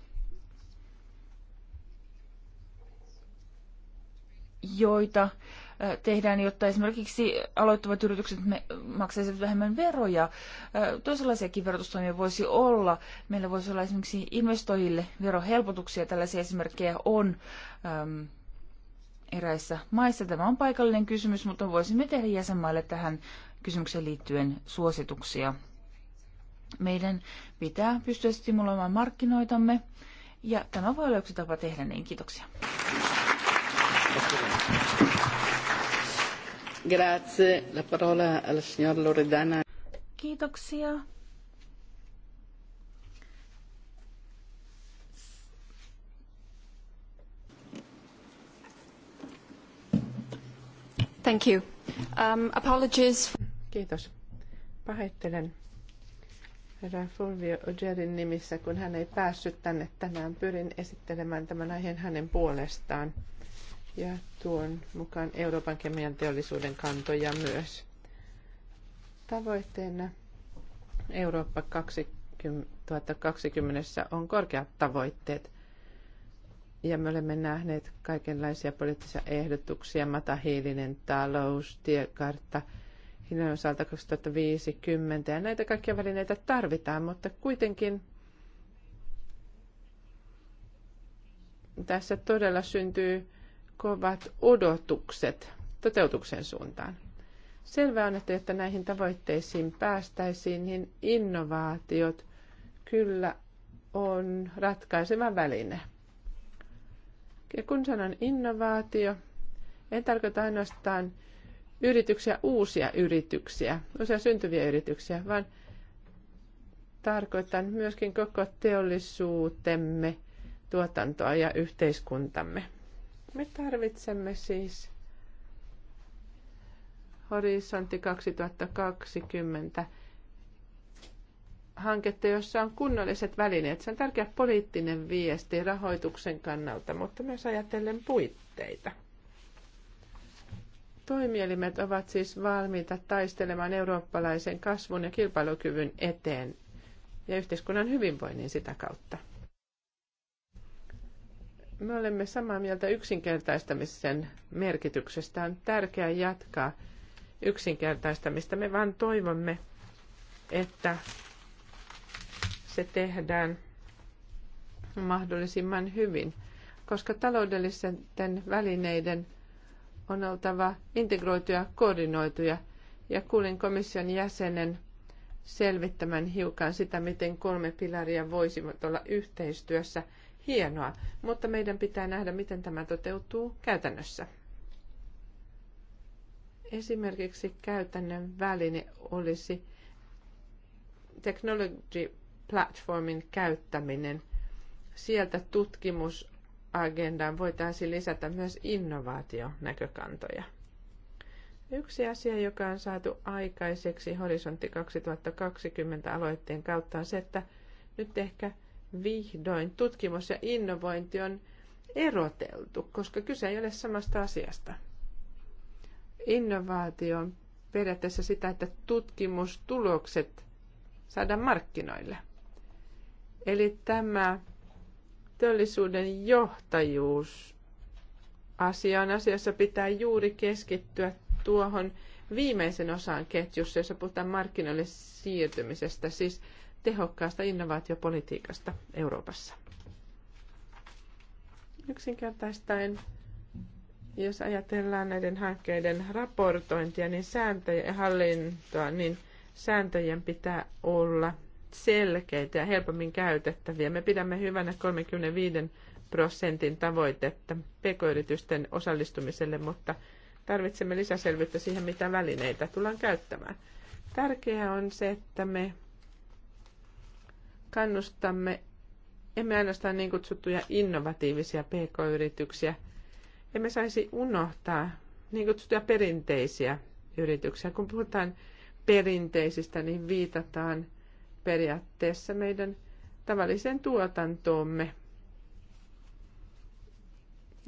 joita äh, tehdään, jotta esimerkiksi aloittavat yritykset maksaisivat vähemmän veroja. Äh, toisenlaisiakin verotustoimia voisi olla. Meillä voisi olla esimerkiksi investoijille verohelpotuksia. Tällaisia esimerkkejä on ähm, eräissä maissa. Tämä on paikallinen kysymys, mutta voisimme tehdä jäsenmaille tähän kysymykseen liittyen suosituksia. Meidän pitää pystyä stimuloimaan markkinoitamme ja tämä voi olla yksi tapa tehdä niin. Kiitoksia. Grazie. La parola alla signor Loredana. Kiitoksia. Thank you. Um, apologies. Kiitos. Pahoittelen herra Fulvio Ogerin nimissä, kun hän ei päässyt tänne tänään. Pyrin esittelemään tämän aiheen hänen puolestaan ja tuon mukaan Euroopan kemian teollisuuden kantoja myös. Tavoitteena Eurooppa 2020 on korkeat tavoitteet – ja me olemme nähneet kaikenlaisia poliittisia ehdotuksia, matahiilinen talous, tiekartta, hinnan osalta 2050, ja näitä kaikkia välineitä tarvitaan, mutta kuitenkin tässä todella syntyy kovat odotukset toteutuksen suuntaan. Selvä on, että jotta näihin tavoitteisiin päästäisiin, niin innovaatiot kyllä on ratkaiseva väline. Ja kun sanon innovaatio, en tarkoita ainoastaan yrityksiä, uusia yrityksiä, uusia syntyviä yrityksiä, vaan tarkoitan myöskin koko teollisuutemme tuotantoa ja yhteiskuntamme. Me tarvitsemme siis horisontti 2020 hanketta, jossa on kunnolliset välineet. Se on tärkeä poliittinen viesti rahoituksen kannalta, mutta myös ajatellen puitteita. Toimielimet ovat siis valmiita taistelemaan eurooppalaisen kasvun ja kilpailukyvyn eteen ja yhteiskunnan hyvinvoinnin sitä kautta. Me olemme samaa mieltä yksinkertaistamisen merkityksestä. On tärkeää jatkaa yksinkertaistamista. Me vain toivomme, että se tehdään mahdollisimman hyvin, koska taloudellisten välineiden on oltava integroituja, koordinoituja. Ja kuulin komission jäsenen selvittämään hiukan sitä, miten kolme pilaria voisivat olla yhteistyössä. Hienoa, mutta meidän pitää nähdä, miten tämä toteutuu käytännössä. Esimerkiksi käytännön väline olisi Technology platformin käyttäminen. Sieltä tutkimusagendaan voitaisiin lisätä myös innovaationäkökantoja. Yksi asia, joka on saatu aikaiseksi Horisontti 2020 aloitteen kautta on se, että nyt ehkä vihdoin tutkimus ja innovointi on eroteltu, koska kyse ei ole samasta asiasta. Innovaatio on periaatteessa sitä, että tutkimustulokset saadaan markkinoille – Eli tämä teollisuuden johtajuus asiaan asiassa pitää juuri keskittyä tuohon viimeisen osan ketjussa, jossa puhutaan markkinoille siirtymisestä, siis tehokkaasta innovaatiopolitiikasta Euroopassa. Yksinkertaistaen, jos ajatellaan näiden hankkeiden raportointia niin sääntöjä ja hallintoa, niin sääntöjen pitää olla selkeitä ja helpommin käytettäviä. Me pidämme hyvänä 35 prosentin tavoitetta pk-yritysten osallistumiselle, mutta tarvitsemme lisäselvyyttä siihen, mitä välineitä tullaan käyttämään. Tärkeää on se, että me kannustamme emme ainoastaan niin kutsuttuja innovatiivisia pk-yrityksiä, emme saisi unohtaa niin kutsuttuja perinteisiä yrityksiä. Kun puhutaan perinteisistä, niin viitataan – periaatteessa meidän tavalliseen tuotantoomme.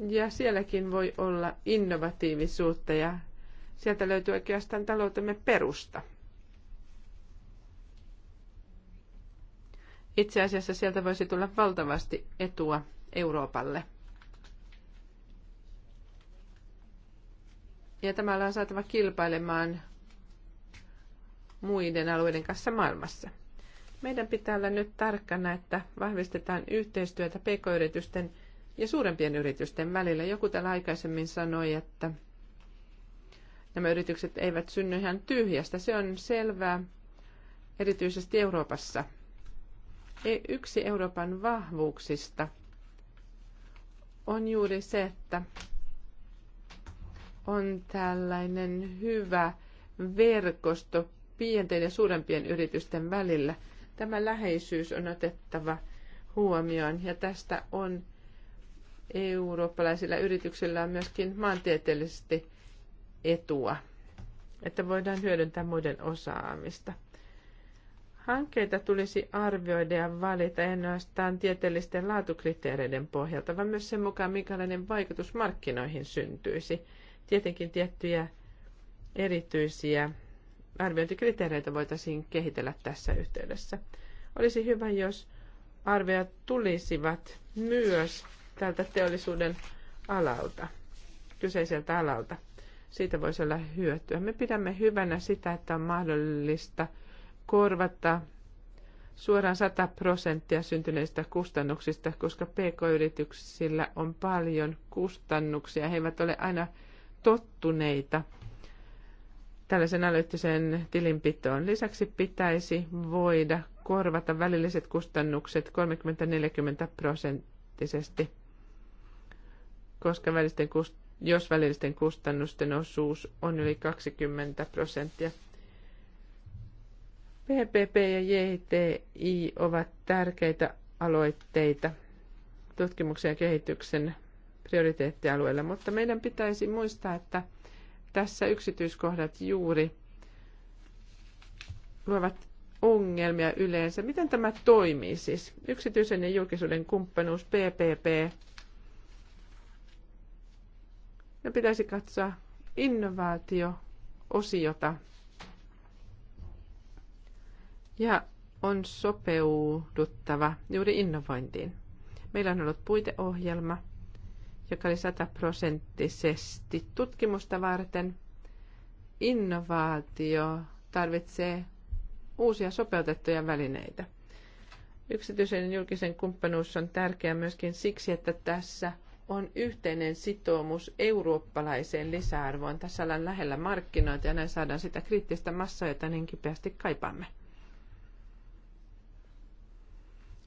Ja sielläkin voi olla innovatiivisuutta ja sieltä löytyy oikeastaan taloutemme perusta. Itse asiassa sieltä voisi tulla valtavasti etua Euroopalle. Ja tämä on saatava kilpailemaan muiden alueiden kanssa maailmassa. Meidän pitää olla nyt tarkkana, että vahvistetaan yhteistyötä pk-yritysten ja suurempien yritysten välillä. Joku täällä aikaisemmin sanoi, että nämä yritykset eivät synny ihan tyhjästä. Se on selvää, erityisesti Euroopassa. E- yksi Euroopan vahvuuksista on juuri se, että on tällainen hyvä verkosto pienten ja suurempien yritysten välillä – Tämä läheisyys on otettava huomioon ja tästä on eurooppalaisilla yrityksillä on myöskin maantieteellisesti etua, että voidaan hyödyntää muiden osaamista. Hankkeita tulisi arvioida ja valita ainoastaan tieteellisten laatukriteereiden pohjalta, vaan myös sen mukaan, minkälainen vaikutus markkinoihin syntyisi. Tietenkin tiettyjä erityisiä arviointikriteereitä voitaisiin kehitellä tässä yhteydessä. Olisi hyvä, jos arvejat tulisivat myös tältä teollisuuden alalta, kyseiseltä alalta. Siitä voisi olla hyötyä. Me pidämme hyvänä sitä, että on mahdollista korvata suoraan 100 prosenttia syntyneistä kustannuksista, koska pk-yrityksillä on paljon kustannuksia. He eivät ole aina tottuneita – tällaisen älyttiseen tilinpitoon. Lisäksi pitäisi voida korvata välilliset kustannukset 30-40 prosenttisesti, koska välisten kust- jos välillisten kustannusten osuus on yli 20 prosenttia. PPP ja JTI ovat tärkeitä aloitteita tutkimuksen ja kehityksen prioriteettialueella, mutta meidän pitäisi muistaa, että – tässä yksityiskohdat juuri luovat ongelmia yleensä. Miten tämä toimii siis? Yksityisen ja julkisuuden kumppanuus, PPP. Ja pitäisi katsoa innovaatio-osiota. Ja on sopeuduttava juuri innovointiin. Meillä on ollut puiteohjelma – joka oli sataprosenttisesti tutkimusta varten. Innovaatio tarvitsee uusia sopeutettuja välineitä. Yksityisen ja julkisen kumppanuus on tärkeää myöskin siksi, että tässä on yhteinen sitoumus eurooppalaiseen lisäarvoon. Tässä ollaan lähellä markkinoita ja näin saadaan sitä kriittistä massaa, jota niin kipeästi kaipaamme.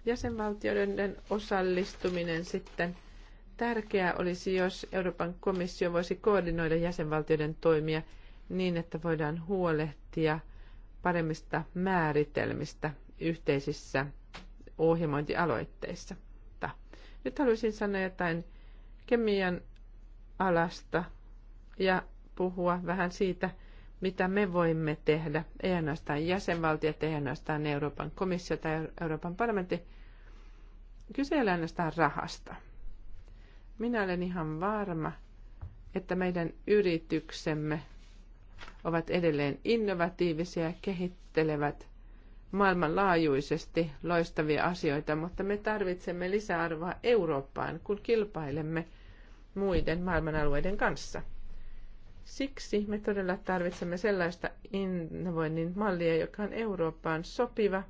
Jäsenvaltioiden osallistuminen sitten Tärkeää olisi, jos Euroopan komissio voisi koordinoida jäsenvaltioiden toimia niin, että voidaan huolehtia paremmista määritelmistä yhteisissä ohjelmointialoitteissa. Nyt haluaisin sanoa jotain kemian alasta ja puhua vähän siitä, mitä me voimme tehdä, ei ainoastaan jäsenvaltiot, ei ainoastaan Euroopan komissio tai Euroopan parlamentti. Kyse ei ole ainoastaan rahasta. Minä olen ihan varma, että meidän yrityksemme ovat edelleen innovatiivisia ja kehittelevät maailmanlaajuisesti loistavia asioita, mutta me tarvitsemme lisäarvoa Eurooppaan, kun kilpailemme muiden maailmanalueiden kanssa. Siksi me todella tarvitsemme sellaista innovoinnin mallia, joka on Eurooppaan sopiva,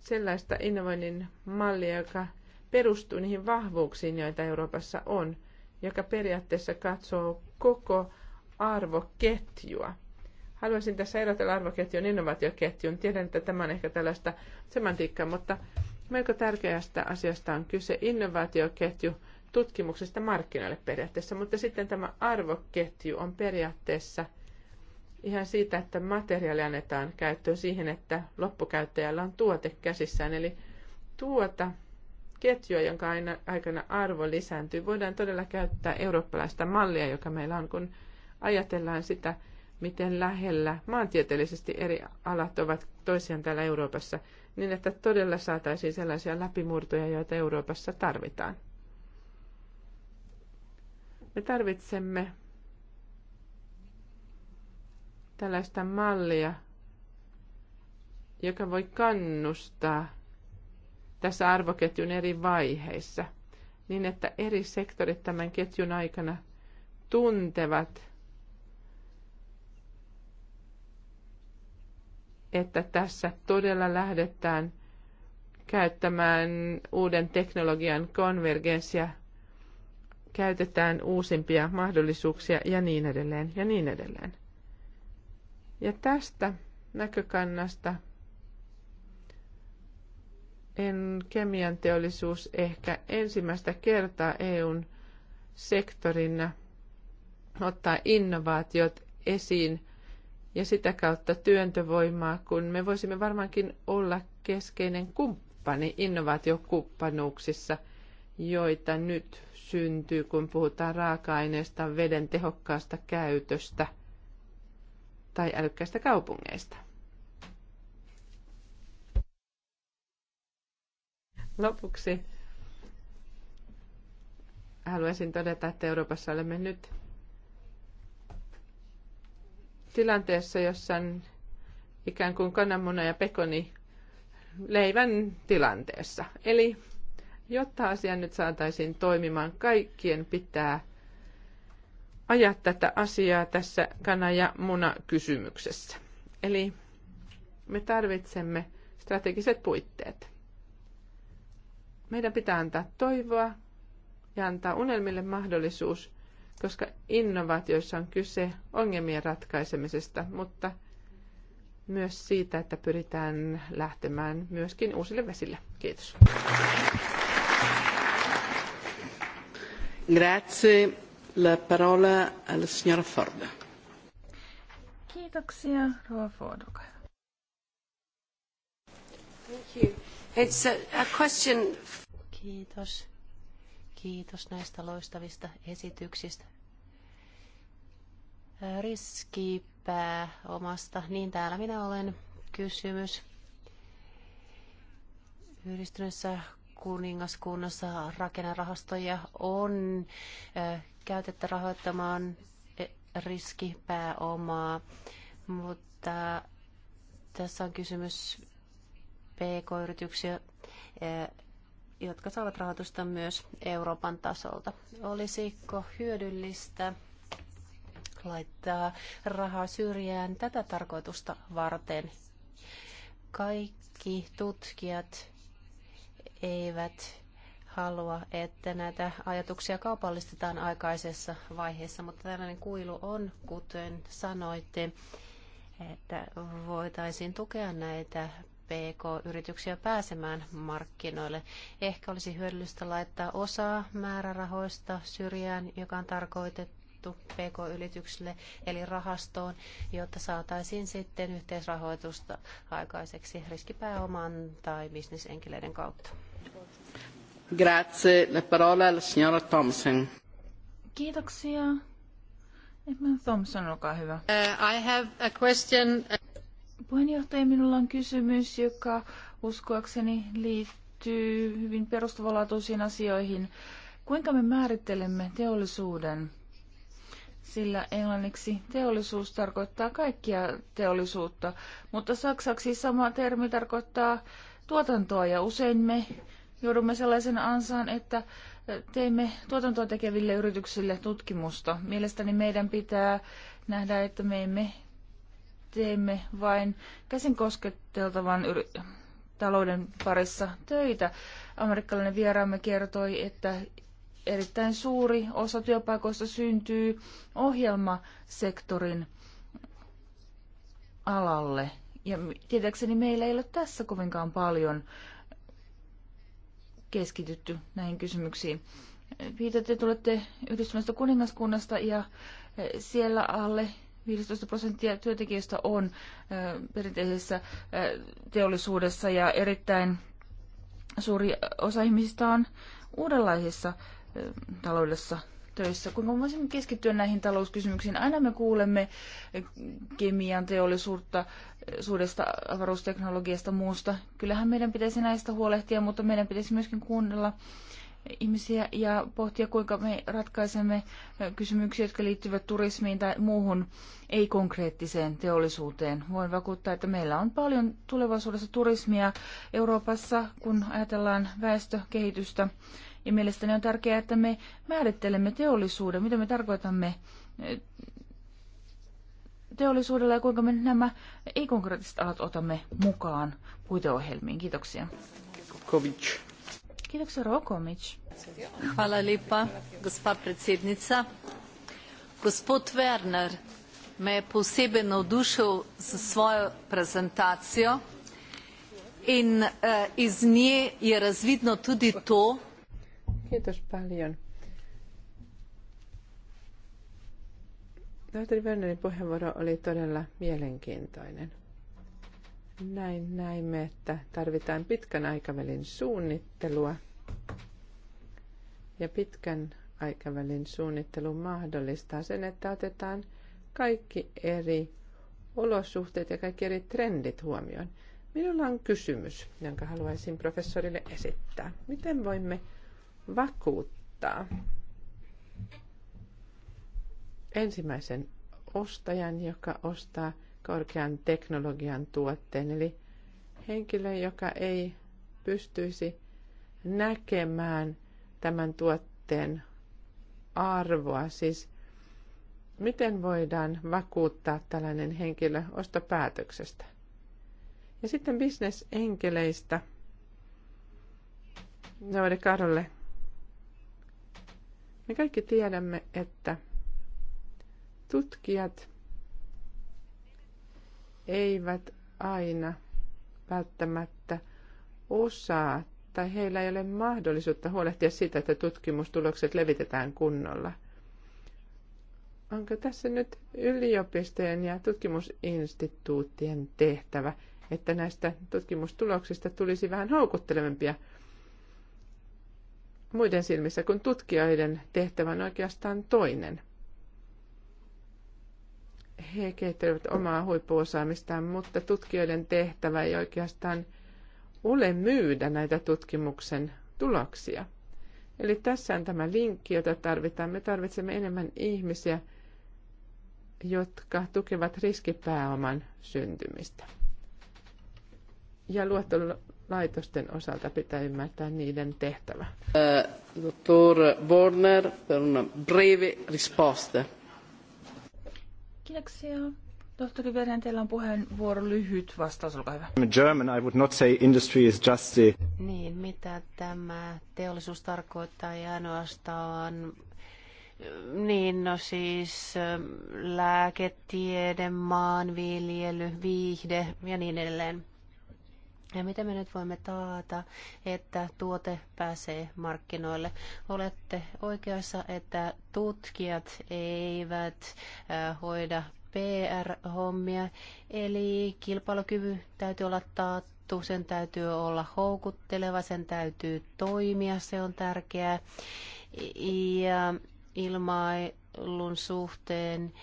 sellaista innovoinnin mallia, joka perustuu niihin vahvuuksiin, joita Euroopassa on, joka periaatteessa katsoo koko arvoketjua. Haluaisin tässä erotella arvoketjun innovaatioketjun. Tiedän, että tämä on ehkä tällaista semantiikkaa, mutta melko tärkeästä asiasta on kyse innovaatioketju tutkimuksesta markkinoille periaatteessa, mutta sitten tämä arvoketju on periaatteessa ihan siitä, että materiaali annetaan käyttöön siihen, että loppukäyttäjällä on tuote käsissään, eli tuota ketjua, jonka aina, aikana arvo lisääntyy. Voidaan todella käyttää eurooppalaista mallia, joka meillä on, kun ajatellaan sitä, miten lähellä maantieteellisesti eri alat ovat toisiaan täällä Euroopassa, niin että todella saataisiin sellaisia läpimurtoja, joita Euroopassa tarvitaan. Me tarvitsemme tällaista mallia, joka voi kannustaa tässä arvoketjun eri vaiheissa, niin että eri sektorit tämän ketjun aikana tuntevat, että tässä todella lähdetään käyttämään uuden teknologian konvergenssia, käytetään uusimpia mahdollisuuksia ja niin edelleen ja niin edelleen. Ja tästä näkökannasta en kemian teollisuus ehkä ensimmäistä kertaa EUn sektorina ottaa innovaatiot esiin ja sitä kautta työntövoimaa, kun me voisimme varmaankin olla keskeinen kumppani innovaatiokumppanuuksissa, joita nyt syntyy, kun puhutaan raaka-aineesta, veden tehokkaasta käytöstä tai älykkäistä kaupungeista. Lopuksi haluaisin todeta, että Euroopassa olemme nyt tilanteessa, jossa on ikään kuin kananmuna ja pekoni leivän tilanteessa. Eli jotta asia nyt saataisiin toimimaan, kaikkien pitää ajaa tätä asiaa tässä kana- ja munakysymyksessä. kysymyksessä Eli me tarvitsemme strategiset puitteet. Meidän pitää antaa toivoa ja antaa unelmille mahdollisuus, koska innovaatioissa on kyse ongelmien ratkaisemisesta, mutta myös siitä, että pyritään lähtemään myöskin uusille vesille. Kiitos. Grazie. La parola al signora Ford. Kiitoksia, Rova Ford. Thank you. It's a, a question. Kiitos. Kiitos näistä loistavista esityksistä. Riskipää omasta. Niin täällä minä olen. Kysymys. Yhdistyneessä kuningaskunnassa rakennerahastoja on käytettä rahoittamaan e, riskipääomaa, mutta tässä on kysymys pk-yrityksiä, eh, jotka saavat rahoitusta myös Euroopan tasolta. Olisiko hyödyllistä laittaa rahaa syrjään tätä tarkoitusta varten? Kaikki tutkijat eivät halua, että näitä ajatuksia kaupallistetaan aikaisessa vaiheessa, mutta tällainen kuilu on, kuten sanoitte, että voitaisiin tukea näitä PK-yrityksiä pääsemään markkinoille. Ehkä olisi hyödyllistä laittaa osa määrärahoista syrjään, joka on tarkoitettu PK-yrityksille, eli rahastoon, jotta saataisiin sitten yhteisrahoitusta aikaiseksi riskipääoman tai bisnesenkeleiden kautta. Grazie. La parola alla signora Thompson. Kiitoksia. Edmund Thompson, olkaa hyvä. Uh, I have a question. Puheenjohtaja, minulla on kysymys, joka uskoakseni liittyy hyvin perustavanlaatuisiin asioihin. Kuinka me määrittelemme teollisuuden? Sillä englanniksi teollisuus tarkoittaa kaikkia teollisuutta, mutta saksaksi sama termi tarkoittaa tuotantoa ja usein me joudumme sellaisen ansaan, että teimme tuotantoa tekeville yrityksille tutkimusta. Mielestäni meidän pitää nähdä, että me emme teemme vain käsin kosketeltavan talouden parissa töitä. Amerikkalainen vieraamme kertoi, että erittäin suuri osa työpaikoista syntyy ohjelmasektorin alalle. Ja tietääkseni meillä ei ole tässä kovinkaan paljon keskitytty näihin kysymyksiin. Viitatte, tulette yhdistyneestä kuningaskunnasta ja eh, siellä alle 15 prosenttia työntekijöistä on perinteisessä teollisuudessa ja erittäin suuri osa ihmisistä on uudenlaisissa taloudessa töissä. Kuinka voisimme keskittyä näihin talouskysymyksiin? Aina me kuulemme kemian teollisuutta, suudesta, avaruusteknologiasta, muusta. Kyllähän meidän pitäisi näistä huolehtia, mutta meidän pitäisi myöskin kuunnella ihmisiä ja pohtia, kuinka me ratkaisemme kysymyksiä, jotka liittyvät turismiin tai muuhun ei-konkreettiseen teollisuuteen. Voin vakuuttaa, että meillä on paljon tulevaisuudessa turismia Euroopassa, kun ajatellaan väestökehitystä. Ja mielestäni on tärkeää, että me määrittelemme teollisuuden, mitä me tarkoitamme teollisuudella ja kuinka me nämä ei-konkreettiset alat otamme mukaan puiteohjelmiin. Kiitoksia. Kovic. Kiitoksia, Hvala lepa, gospa predsednica. Gospod Werner me je posebej navdušil s svojo prezentacijo in äh, iz nje je razvidno tudi to. Tohtori puheenvuoro oli todella mielenkiintoinen. Näin näimme, että tarvitaan pitkän aikavälin suunnittelua ja pitkän aikavälin suunnittelu mahdollistaa sen, että otetaan kaikki eri olosuhteet ja kaikki eri trendit huomioon. Minulla on kysymys, jonka haluaisin professorille esittää. Miten voimme vakuuttaa ensimmäisen ostajan, joka ostaa korkean teknologian tuotteen. Eli henkilö, joka ei pystyisi näkemään tämän tuotteen arvoa, siis miten voidaan vakuuttaa tällainen henkilö ostopäätöksestä. Ja sitten bisnesenkeleistä. Noide Karolle. Me kaikki tiedämme, että tutkijat eivät aina välttämättä osaa tai heillä ei ole mahdollisuutta huolehtia siitä, että tutkimustulokset levitetään kunnolla. Onko tässä nyt yliopistojen ja tutkimusinstituuttien tehtävä, että näistä tutkimustuloksista tulisi vähän houkuttelevampia muiden silmissä, kun tutkijoiden tehtävä on oikeastaan toinen – he kehittelevät omaa huippuosaamistaan, mutta tutkijoiden tehtävä ei oikeastaan ole myydä näitä tutkimuksen tuloksia. Eli tässä on tämä linkki, jota tarvitaan. Me tarvitsemme enemmän ihmisiä, jotka tukevat riskipääoman syntymistä. Ja luottolaitosten osalta pitää ymmärtää niiden tehtävä. Uh, eh, Dottor Borner, per una breve risposta. Kiitoksia. Tohtori Verhen, teillä on puheenvuoro lyhyt vastaus, olkaa hyvä. German, I would not say industry is just the... Niin, mitä tämä teollisuus tarkoittaa ja ainoastaan niin, no siis lääketiede, maanviljely, viihde ja niin edelleen. Ja miten me nyt voimme taata, että tuote pääsee markkinoille? Olette oikeassa, että tutkijat eivät hoida PR-hommia, eli kilpailukyvy täytyy olla taattu, sen täytyy olla houkutteleva, sen täytyy toimia, se on tärkeää. Ja ilmailun suhteen äh,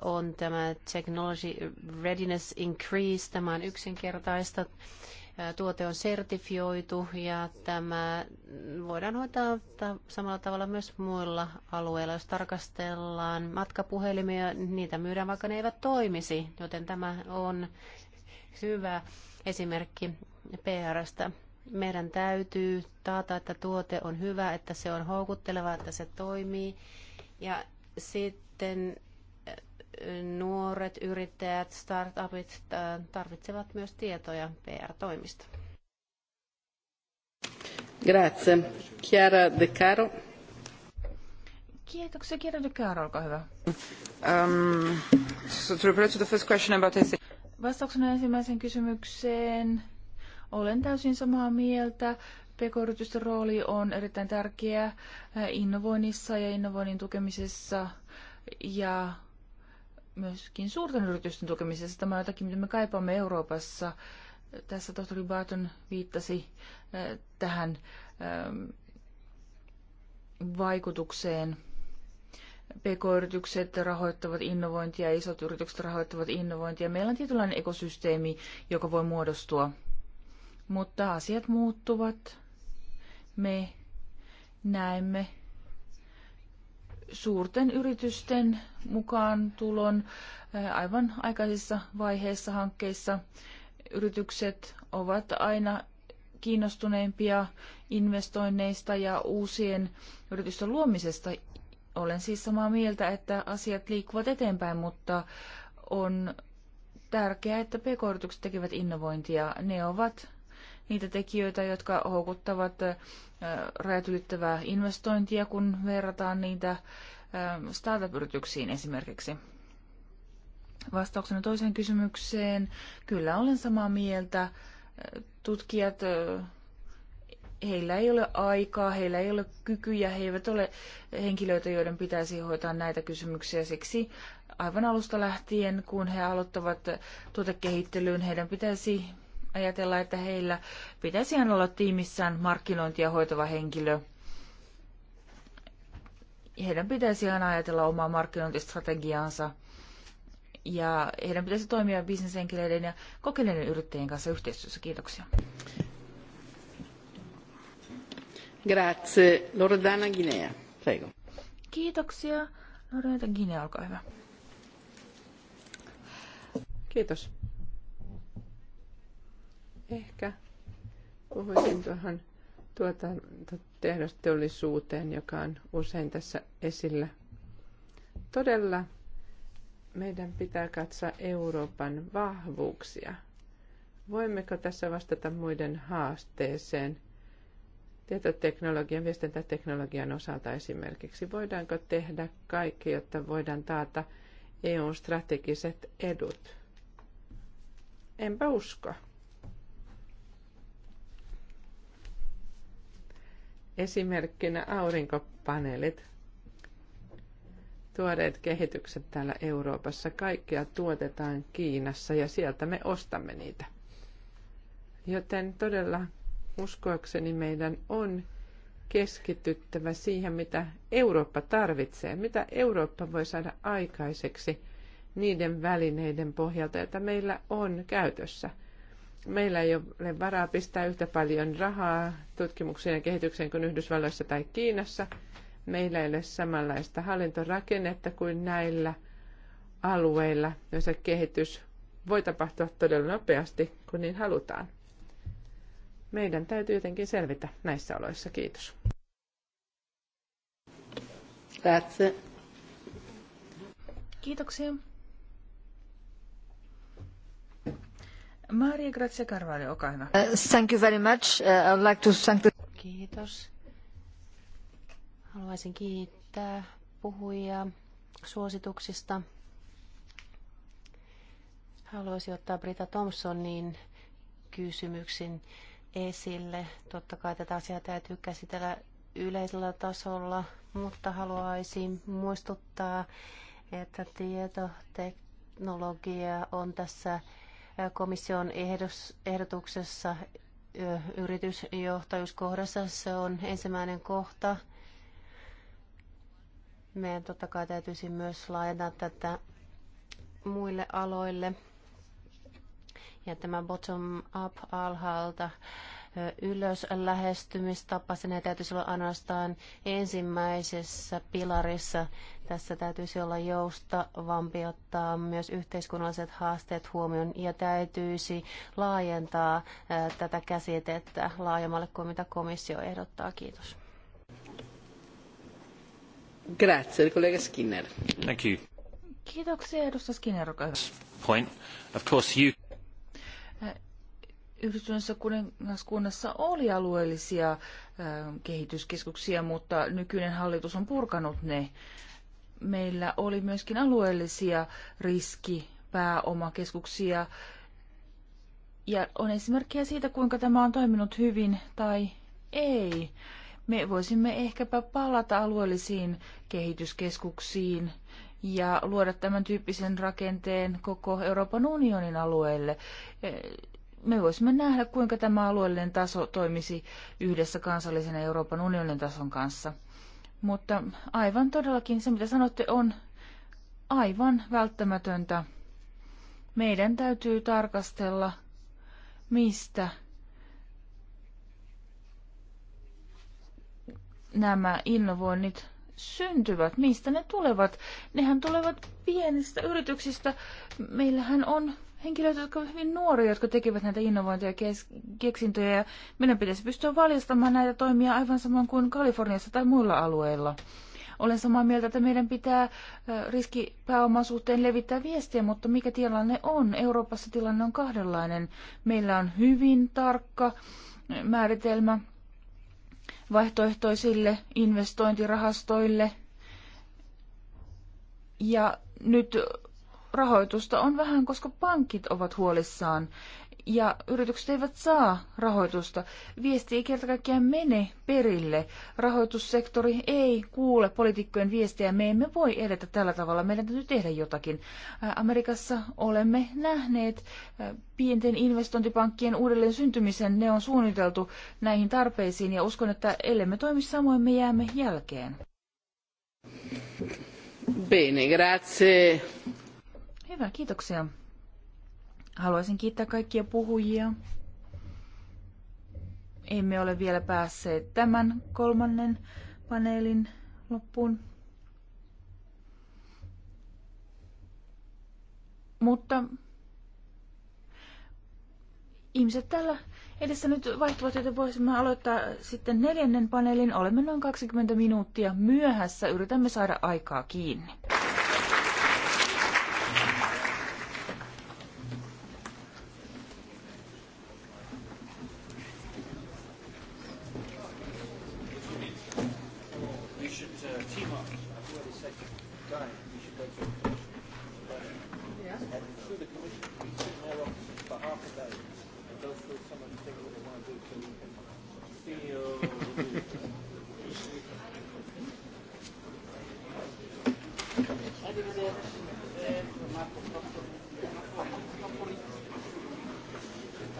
on tämä Technology Readiness Increase. Tämä on yksinkertaista. Tuote on sertifioitu ja tämä voidaan hoitaa samalla tavalla myös muilla alueilla. Jos tarkastellaan matkapuhelimia, niitä myydään vaikka ne eivät toimisi, joten tämä on hyvä esimerkki PRstä meidän täytyy taata, että tuote on hyvä, että se on houkutteleva, että se toimii. Ja sitten nuoret yrittäjät, startupit tarvitsevat myös tietoja PR-toimista. Grazie. Chiara De Caro. Kiitoksia. Chiara De Caro, olkaa hyvä. Um, so to reply to the first question about this... Vastauksena ensimmäiseen kysymykseen. Olen täysin samaa mieltä. PK-yritysten rooli on erittäin tärkeä eh, innovoinnissa ja innovoinnin tukemisessa ja myöskin suurten yritysten tukemisessa. Tämä on jotakin, mitä me kaipaamme Euroopassa. Tässä tohtori Barton viittasi äh, tähän ähm, vaikutukseen. PK-yritykset rahoittavat innovointia, isot yritykset rahoittavat innovointia. Meillä on tietynlainen ekosysteemi, joka voi muodostua. Mutta asiat muuttuvat. Me näemme suurten yritysten mukaan tulon aivan aikaisissa vaiheissa hankkeissa. Yritykset ovat aina kiinnostuneimpia investoinneista ja uusien yritysten luomisesta. Olen siis samaa mieltä, että asiat liikkuvat eteenpäin, mutta on tärkeää, että pk-yritykset tekevät innovointia. Ne ovat niitä tekijöitä, jotka houkuttavat rajat ylittävää investointia, kun verrataan niitä startup-yrityksiin esimerkiksi. Vastauksena toiseen kysymykseen, kyllä olen samaa mieltä. Tutkijat, heillä ei ole aikaa, heillä ei ole kykyjä, he eivät ole henkilöitä, joiden pitäisi hoitaa näitä kysymyksiä. Siksi aivan alusta lähtien, kun he aloittavat tuotekehittelyyn, heidän pitäisi ajatella, että heillä pitäisi aina olla tiimissään markkinointia hoitava henkilö. Heidän pitäisi aina ajatella omaa markkinointistrategiaansa ja heidän pitäisi toimia bisnesenkeleiden ja kokeneiden yrittäjien kanssa yhteistyössä. Kiitoksia. Grazie. Loredana Guinea, prego. Kiitoksia. Loredana Guinea, olkaa hyvä. Kiitos. Ehkä puhuisin tuohon tehdasteollisuuteen, joka on usein tässä esillä. Todella meidän pitää katsoa Euroopan vahvuuksia. Voimmeko tässä vastata muiden haasteeseen? Tietoteknologian, viestintäteknologian osalta esimerkiksi. Voidaanko tehdä kaikki, jotta voidaan taata EUn strategiset edut? Enpä usko. Esimerkkinä aurinkopaneelit. Tuoreet kehitykset täällä Euroopassa. kaikkia tuotetaan Kiinassa ja sieltä me ostamme niitä. Joten todella uskoakseni meidän on keskityttävä siihen, mitä Eurooppa tarvitsee, mitä Eurooppa voi saada aikaiseksi niiden välineiden pohjalta, joita meillä on käytössä – meillä ei ole varaa pistää yhtä paljon rahaa tutkimukseen ja kehitykseen kuin Yhdysvalloissa tai Kiinassa. Meillä ei ole samanlaista hallintorakennetta kuin näillä alueilla, joissa kehitys voi tapahtua todella nopeasti, kun niin halutaan. Meidän täytyy jotenkin selvitä näissä oloissa. Kiitos. That's it. Kiitoksia. Maria Grazia Carvalho, olkaa hyvä. Uh, thank you very much. Uh, I would like to thank the... Kiitos. Haluaisin kiittää puhujia suosituksista. Haluaisin ottaa Brita Thompsonin kysymyksen esille. Totta kai tätä asiaa täytyy käsitellä yleisellä tasolla, mutta haluaisin muistuttaa, että tietoteknologia on tässä komission ehdotuksessa yritysjohtajuuskohdassa. Se on ensimmäinen kohta. Meidän totta kai täytyisi myös laajentaa tätä muille aloille. Ja tämä bottom up alhaalta ylös lähestymistapa. Sen täytyisi olla ainoastaan ensimmäisessä pilarissa. Tässä täytyisi olla joustavampi ottaa myös yhteiskunnalliset haasteet huomioon ja täytyisi laajentaa tätä käsitettä laajemmalle kuin mitä komissio ehdottaa. Kiitos. Grazie, kollega Skinner. Thank you. Kiitoksia, edustaja Skinner, Point. Of course you... Yhdistyneessä kuningaskunnassa oli alueellisia kehityskeskuksia, mutta nykyinen hallitus on purkanut ne. Meillä oli myöskin alueellisia riskipääomakeskuksia. Ja on esimerkkejä siitä, kuinka tämä on toiminut hyvin tai ei. Me voisimme ehkäpä palata alueellisiin kehityskeskuksiin ja luoda tämän tyyppisen rakenteen koko Euroopan unionin alueelle me voisimme nähdä, kuinka tämä alueellinen taso toimisi yhdessä kansallisen ja Euroopan unionin tason kanssa. Mutta aivan todellakin se, mitä sanotte, on aivan välttämätöntä. Meidän täytyy tarkastella, mistä nämä innovoinnit syntyvät, mistä ne tulevat. Nehän tulevat pienistä yrityksistä. Meillähän on henkilöitä, jotka ovat hyvin nuoria, jotka tekevät näitä innovointeja ja keksintöjä. Ja meidän pitäisi pystyä valjastamaan näitä toimia aivan samoin kuin Kaliforniassa tai muilla alueilla. Olen samaa mieltä, että meidän pitää riskipääoman suhteen levittää viestiä, mutta mikä tilanne on? Euroopassa tilanne on kahdenlainen. Meillä on hyvin tarkka määritelmä vaihtoehtoisille investointirahastoille. Ja nyt rahoitusta on vähän, koska pankit ovat huolissaan ja yritykset eivät saa rahoitusta. Viesti ei kerta kaikkiaan mene perille. Rahoitussektori ei kuule poliitikkojen viestejä. Me emme voi edetä tällä tavalla. Meidän täytyy tehdä jotakin. Amerikassa olemme nähneet pienten investointipankkien uudelleen syntymisen. Ne on suunniteltu näihin tarpeisiin ja uskon, että ellemme toimi samoin, me jäämme jälkeen. Bene, grazie. Hyvä, kiitoksia. Haluaisin kiittää kaikkia puhujia. Emme ole vielä päässeet tämän kolmannen paneelin loppuun. Mutta ihmiset täällä edessä nyt vaihtuvat, joten voisimme aloittaa sitten neljännen paneelin. Olemme noin 20 minuuttia myöhässä. Yritämme saada aikaa kiinni.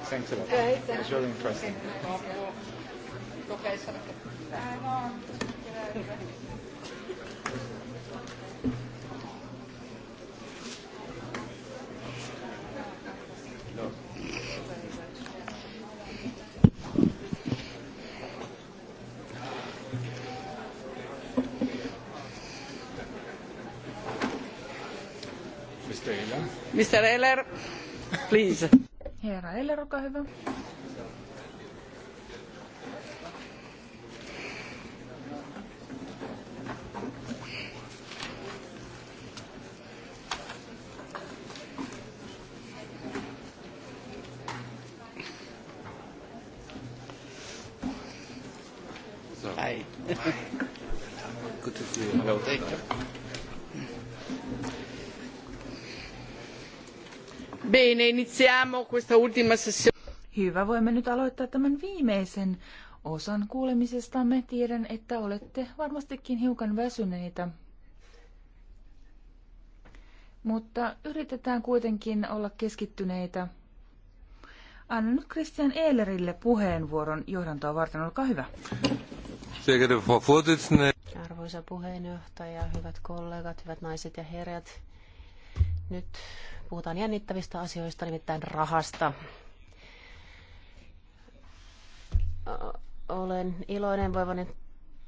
Thanks a lot. Right. It was really interesting. Mr. Ehler, please. Herra Eller, olkaa hyvä. Bene, iniziamo questa ultima sessione. Hyvä, voimme nyt aloittaa tämän viimeisen osan kuulemisestamme. Tiedän, että olette varmastikin hiukan väsyneitä. Mutta yritetään kuitenkin olla keskittyneitä. Annan nyt Christian Ehlerille puheenvuoron johdantoa varten. Olkaa hyvä. Arvoisa puheenjohtaja, hyvät kollegat, hyvät naiset ja herrat. Nyt Puhutaan jännittävistä asioista, nimittäin rahasta. Olen iloinen voivani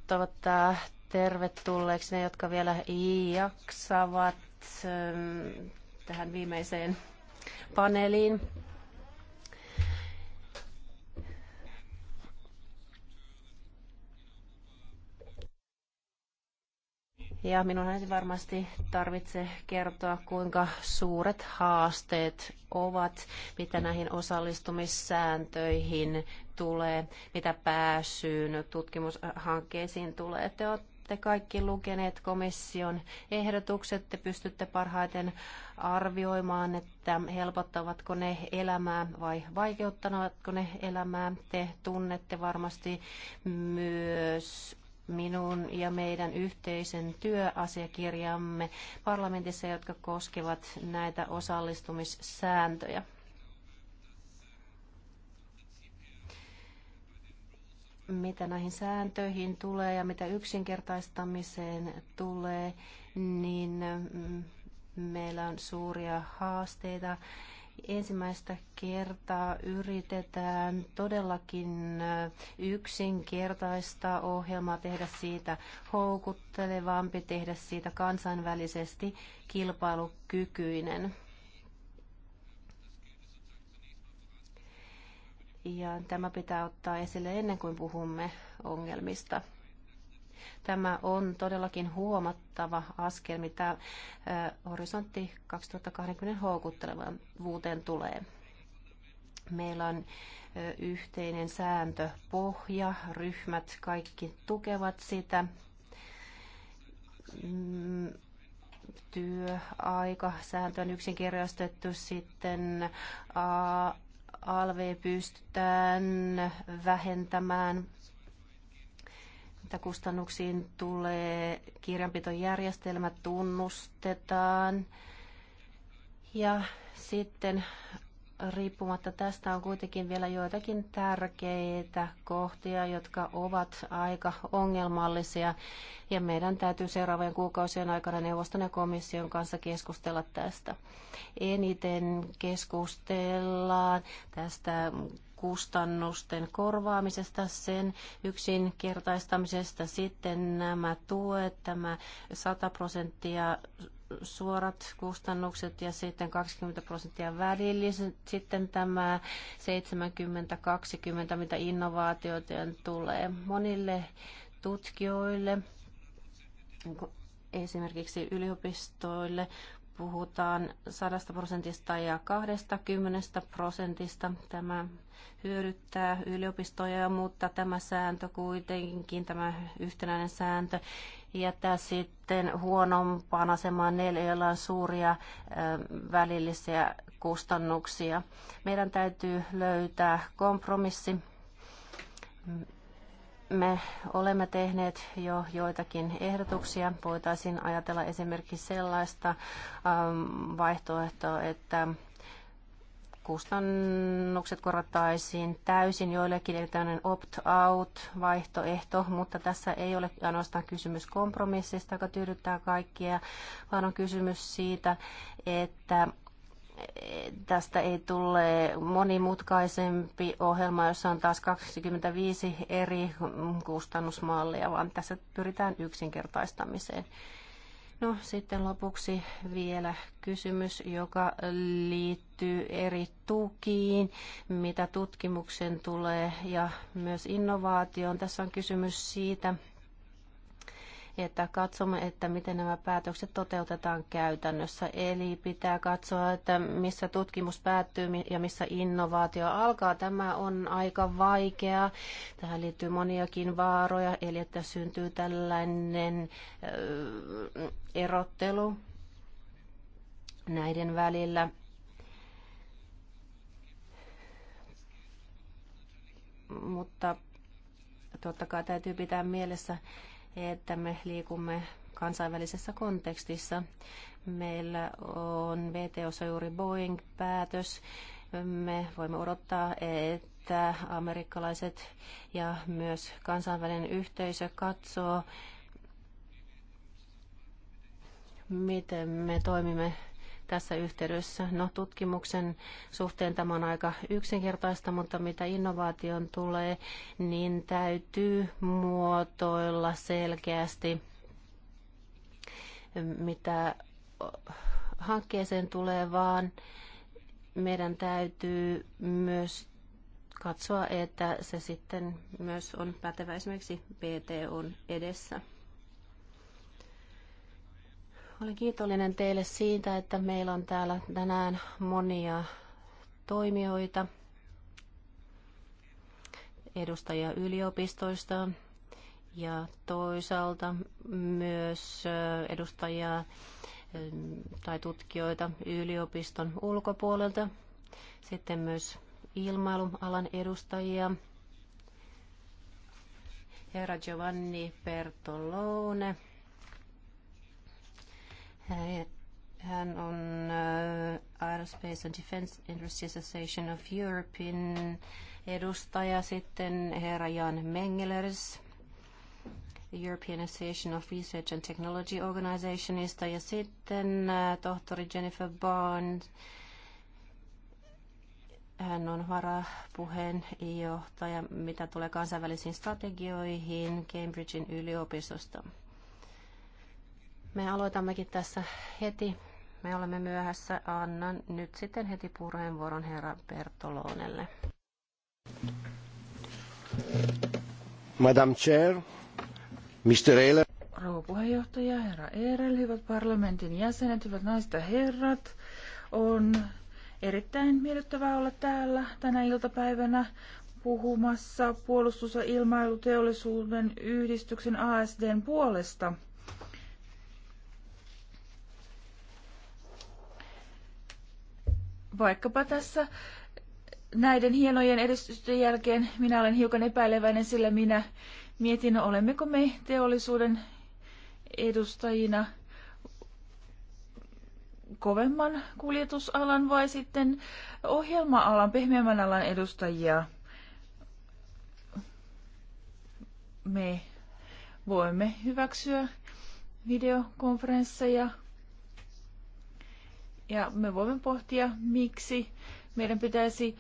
toivottaa tervetulleeksi ne, jotka vielä jaksavat tähän viimeiseen paneeliin. Ja minun ei varmasti tarvitse kertoa, kuinka suuret haasteet ovat, mitä näihin osallistumissääntöihin tulee, mitä pääsyyn tutkimushankkeisiin tulee. Te olette kaikki lukeneet komission ehdotukset, te pystytte parhaiten arvioimaan, että helpottavatko ne elämää vai vaikeuttavatko ne elämää. Te tunnette varmasti myös minun ja meidän yhteisen työasiakirjamme parlamentissa, jotka koskevat näitä osallistumissääntöjä. Mitä näihin sääntöihin tulee ja mitä yksinkertaistamiseen tulee, niin mm, meillä on suuria haasteita ensimmäistä kertaa yritetään todellakin äh, yksinkertaista ohjelmaa, tehdä siitä houkuttelevampi, tehdä siitä kansainvälisesti kilpailukykyinen. Ja tämä pitää ottaa esille ennen kuin puhumme ongelmista. Tämä on todellakin huomattava askel, mitä horisontti 2020 houkuttelevuuteen tulee. Meillä on yhteinen sääntö, pohja, ryhmät, kaikki tukevat sitä. Mm, työaika, sääntö on yksinkertaistettu sitten alve pystytään vähentämään mitä kustannuksiin tulee, kirjanpitojärjestelmä tunnustetaan. Ja sitten riippumatta tästä on kuitenkin vielä joitakin tärkeitä kohtia, jotka ovat aika ongelmallisia. Ja meidän täytyy seuraavien kuukausien aikana neuvoston ja komission kanssa keskustella tästä. Eniten keskustellaan tästä kustannusten korvaamisesta, sen yksinkertaistamisesta, sitten nämä tuet, tämä 100 prosenttia suorat kustannukset ja sitten 20 prosenttia välilliset. Sitten tämä 70-20, mitä innovaatioiden tulee monille tutkijoille, esimerkiksi yliopistoille puhutaan 100 prosentista ja 20 prosentista. Tämä hyödyttää yliopistoja, mutta tämä sääntö kuitenkin, tämä yhtenäinen sääntö, jättää sitten huonompaan asemaan ne, joilla on suuria välillisiä kustannuksia. Meidän täytyy löytää kompromissi me olemme tehneet jo joitakin ehdotuksia. Voitaisiin ajatella esimerkiksi sellaista ähm, vaihtoehtoa, että kustannukset korottaisiin täysin joillekin, eli tämmöinen opt-out vaihtoehto, mutta tässä ei ole ainoastaan kysymys kompromissista, joka tyydyttää kaikkia, vaan on kysymys siitä, että tästä ei tule monimutkaisempi ohjelma, jossa on taas 25 eri kustannusmallia, vaan tässä pyritään yksinkertaistamiseen. No sitten lopuksi vielä kysymys, joka liittyy eri tukiin, mitä tutkimuksen tulee ja myös innovaatioon. Tässä on kysymys siitä, että katsomme, että miten nämä päätökset toteutetaan käytännössä. Eli pitää katsoa, että missä tutkimus päättyy ja missä innovaatio alkaa. Tämä on aika vaikea. Tähän liittyy moniakin vaaroja, eli että syntyy tällainen erottelu näiden välillä. Mutta totta kai täytyy pitää mielessä, että me liikumme kansainvälisessä kontekstissa. Meillä on VTOssa juuri Boeing-päätös. Me voimme odottaa, että amerikkalaiset ja myös kansainvälinen yhteisö katsoo, miten me toimimme tässä yhteydessä. No, tutkimuksen suhteen tämä on aika yksinkertaista, mutta mitä innovaation tulee, niin täytyy muotoilla selkeästi, mitä hankkeeseen tulee, vaan meidän täytyy myös katsoa, että se sitten myös on pätevä esimerkiksi PTOn edessä. Olen kiitollinen teille siitä, että meillä on täällä tänään monia toimijoita, edustajia yliopistoista ja toisaalta myös edustajia tai tutkijoita yliopiston ulkopuolelta, sitten myös ilmailualan edustajia. Herra Giovanni Bertolone hän on äh, Aerospace and Defense Industry Association of Europein edustaja, sitten herra Jan Mengelers, European Association of Research and Technology Organizationista ja sitten äh, tohtori Jennifer Bond. Hän on varapuheenjohtaja, mitä tulee kansainvälisiin strategioihin Cambridgein yliopistosta. Me aloitammekin tässä heti. Me olemme myöhässä. Annan nyt sitten heti puheenvuoron herra Bertolonelle. Madam Chair, Mr. Eiler. Rouva puheenjohtaja, herra Eerel, hyvät parlamentin jäsenet, hyvät naiset ja herrat. On erittäin miellyttävää olla täällä tänä iltapäivänä puhumassa puolustus- ja ilmailuteollisuuden yhdistyksen ASDn puolesta – Vaikkapa tässä näiden hienojen edistysten jälkeen minä olen hiukan epäileväinen, sillä minä mietin, no olemmeko me teollisuuden edustajina kovemman kuljetusalan vai sitten ohjelma-alan, pehmeämmän alan edustajia. Me voimme hyväksyä videokonferensseja ja me voimme pohtia, miksi meidän pitäisi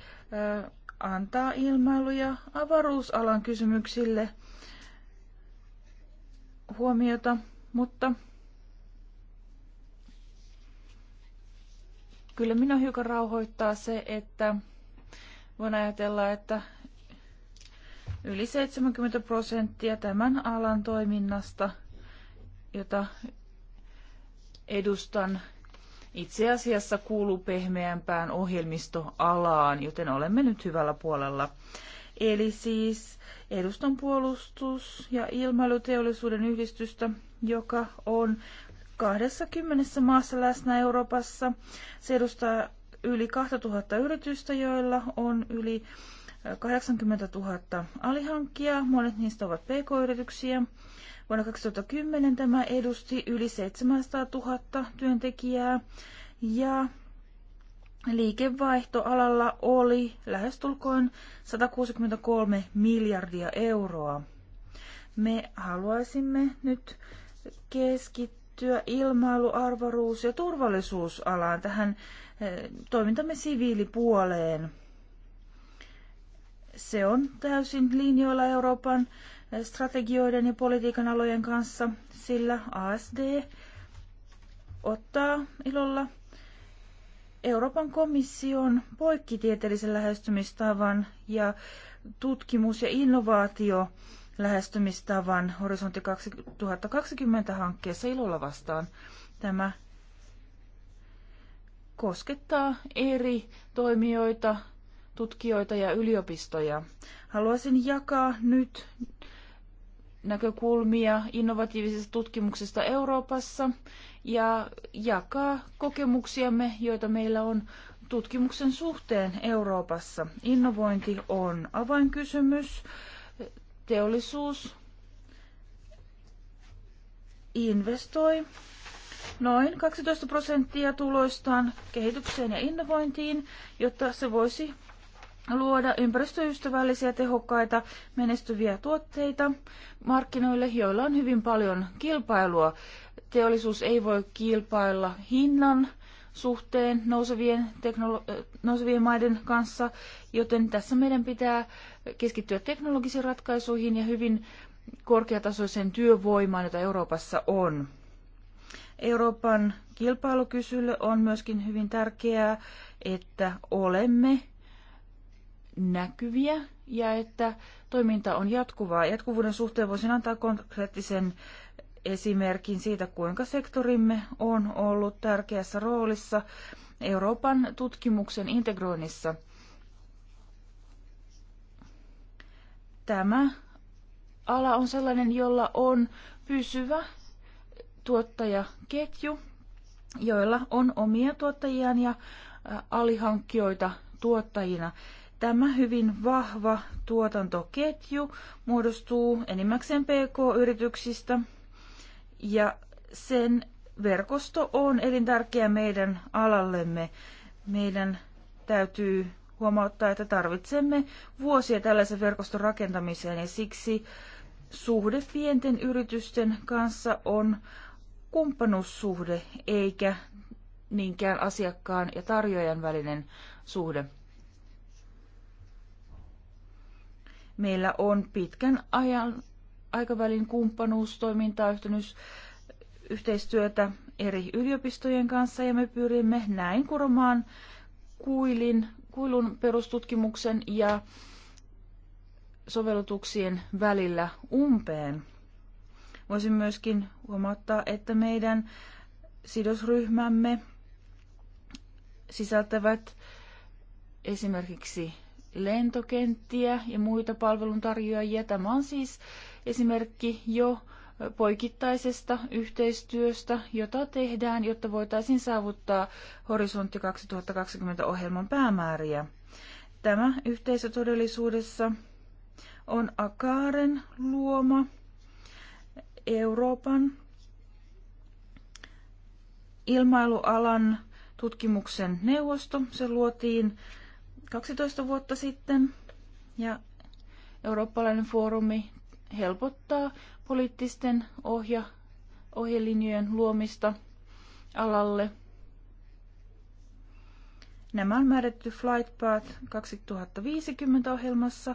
antaa ilmailuja ja avaruusalan kysymyksille huomiota, mutta kyllä minä hiukan rauhoittaa se, että voin ajatella, että yli 70 prosenttia tämän alan toiminnasta, jota edustan itse asiassa kuuluu pehmeämpään ohjelmistoalaan, joten olemme nyt hyvällä puolella. Eli siis edustan puolustus- ja ilmailuteollisuuden yhdistystä, joka on 20 maassa läsnä Euroopassa. Se edustaa yli 2000 yritystä, joilla on yli 80 000 alihankkia. Monet niistä ovat pk-yrityksiä. Vuonna 2010 tämä edusti yli 700 000 työntekijää ja liikevaihtoalalla oli lähestulkoon 163 miljardia euroa. Me haluaisimme nyt keskittyä ilmailu, arvaruus ja turvallisuusalaan tähän eh, toimintamme siviilipuoleen. Se on täysin linjoilla Euroopan strategioiden ja politiikan alojen kanssa, sillä ASD ottaa ilolla Euroopan komission poikkitieteellisen lähestymistavan ja tutkimus- ja innovaatio lähestymistavan Horisontti 2020 hankkeessa ilolla vastaan. Tämä koskettaa eri toimijoita, tutkijoita ja yliopistoja. Haluaisin jakaa nyt näkökulmia innovatiivisesta tutkimuksesta Euroopassa ja jakaa kokemuksiamme, joita meillä on tutkimuksen suhteen Euroopassa. Innovointi on avainkysymys. Teollisuus investoi noin 12 prosenttia tuloistaan kehitykseen ja innovointiin, jotta se voisi luoda ympäristöystävällisiä, tehokkaita, menestyviä tuotteita markkinoille, joilla on hyvin paljon kilpailua. Teollisuus ei voi kilpailla hinnan suhteen nousevien, teknolo- nousevien maiden kanssa, joten tässä meidän pitää keskittyä teknologisiin ratkaisuihin ja hyvin korkeatasoiseen työvoimaan, jota Euroopassa on. Euroopan kilpailukysylle on myöskin hyvin tärkeää, että olemme näkyviä ja että toiminta on jatkuvaa. Jatkuvuuden suhteen voisin antaa konkreettisen esimerkin siitä, kuinka sektorimme on ollut tärkeässä roolissa Euroopan tutkimuksen integroinnissa. Tämä ala on sellainen, jolla on pysyvä tuottajaketju, joilla on omia tuottajiaan ja alihankkijoita tuottajina. Tämä hyvin vahva tuotantoketju muodostuu enimmäkseen PK-yrityksistä ja sen verkosto on elintärkeä meidän alallemme. Meidän täytyy huomauttaa, että tarvitsemme vuosia tällaisen verkoston rakentamiseen ja siksi suhde pienten yritysten kanssa on kumppanuussuhde eikä niinkään asiakkaan ja tarjoajan välinen suhde. Meillä on pitkän ajan aikavälin kumppanuustoimintaa, yhtenys, yhteistyötä eri yliopistojen kanssa ja me pyrimme näin kuromaan kuilin, kuilun perustutkimuksen ja sovellutuksien välillä umpeen. Voisin myöskin huomauttaa, että meidän sidosryhmämme sisältävät esimerkiksi lentokenttiä ja muita palveluntarjoajia. Tämä on siis esimerkki jo poikittaisesta yhteistyöstä, jota tehdään, jotta voitaisiin saavuttaa Horisontti 2020 ohjelman päämääriä. Tämä yhteisötodellisuudessa on Akaaren luoma Euroopan ilmailualan tutkimuksen neuvosto. Se luotiin 12 vuotta sitten ja eurooppalainen foorumi helpottaa poliittisten ohja, ohjelinjojen luomista alalle. Nämä on määrätty Flight Path 2050 ohjelmassa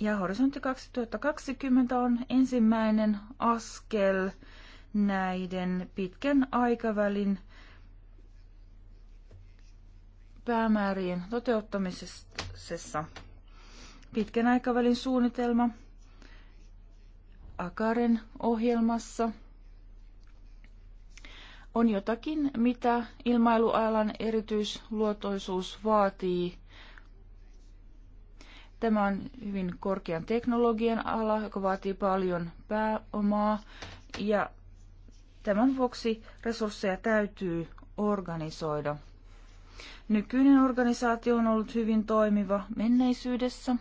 ja Horisontti 2020 on ensimmäinen askel näiden pitkän aikavälin päämäärien toteuttamisessa. Pitkän aikavälin suunnitelma Akaren ohjelmassa on jotakin, mitä ilmailualan erityisluotoisuus vaatii. Tämä on hyvin korkean teknologian ala, joka vaatii paljon pääomaa ja tämän vuoksi resursseja täytyy organisoida. Nykyinen organisaatio on ollut hyvin toimiva menneisyydessä.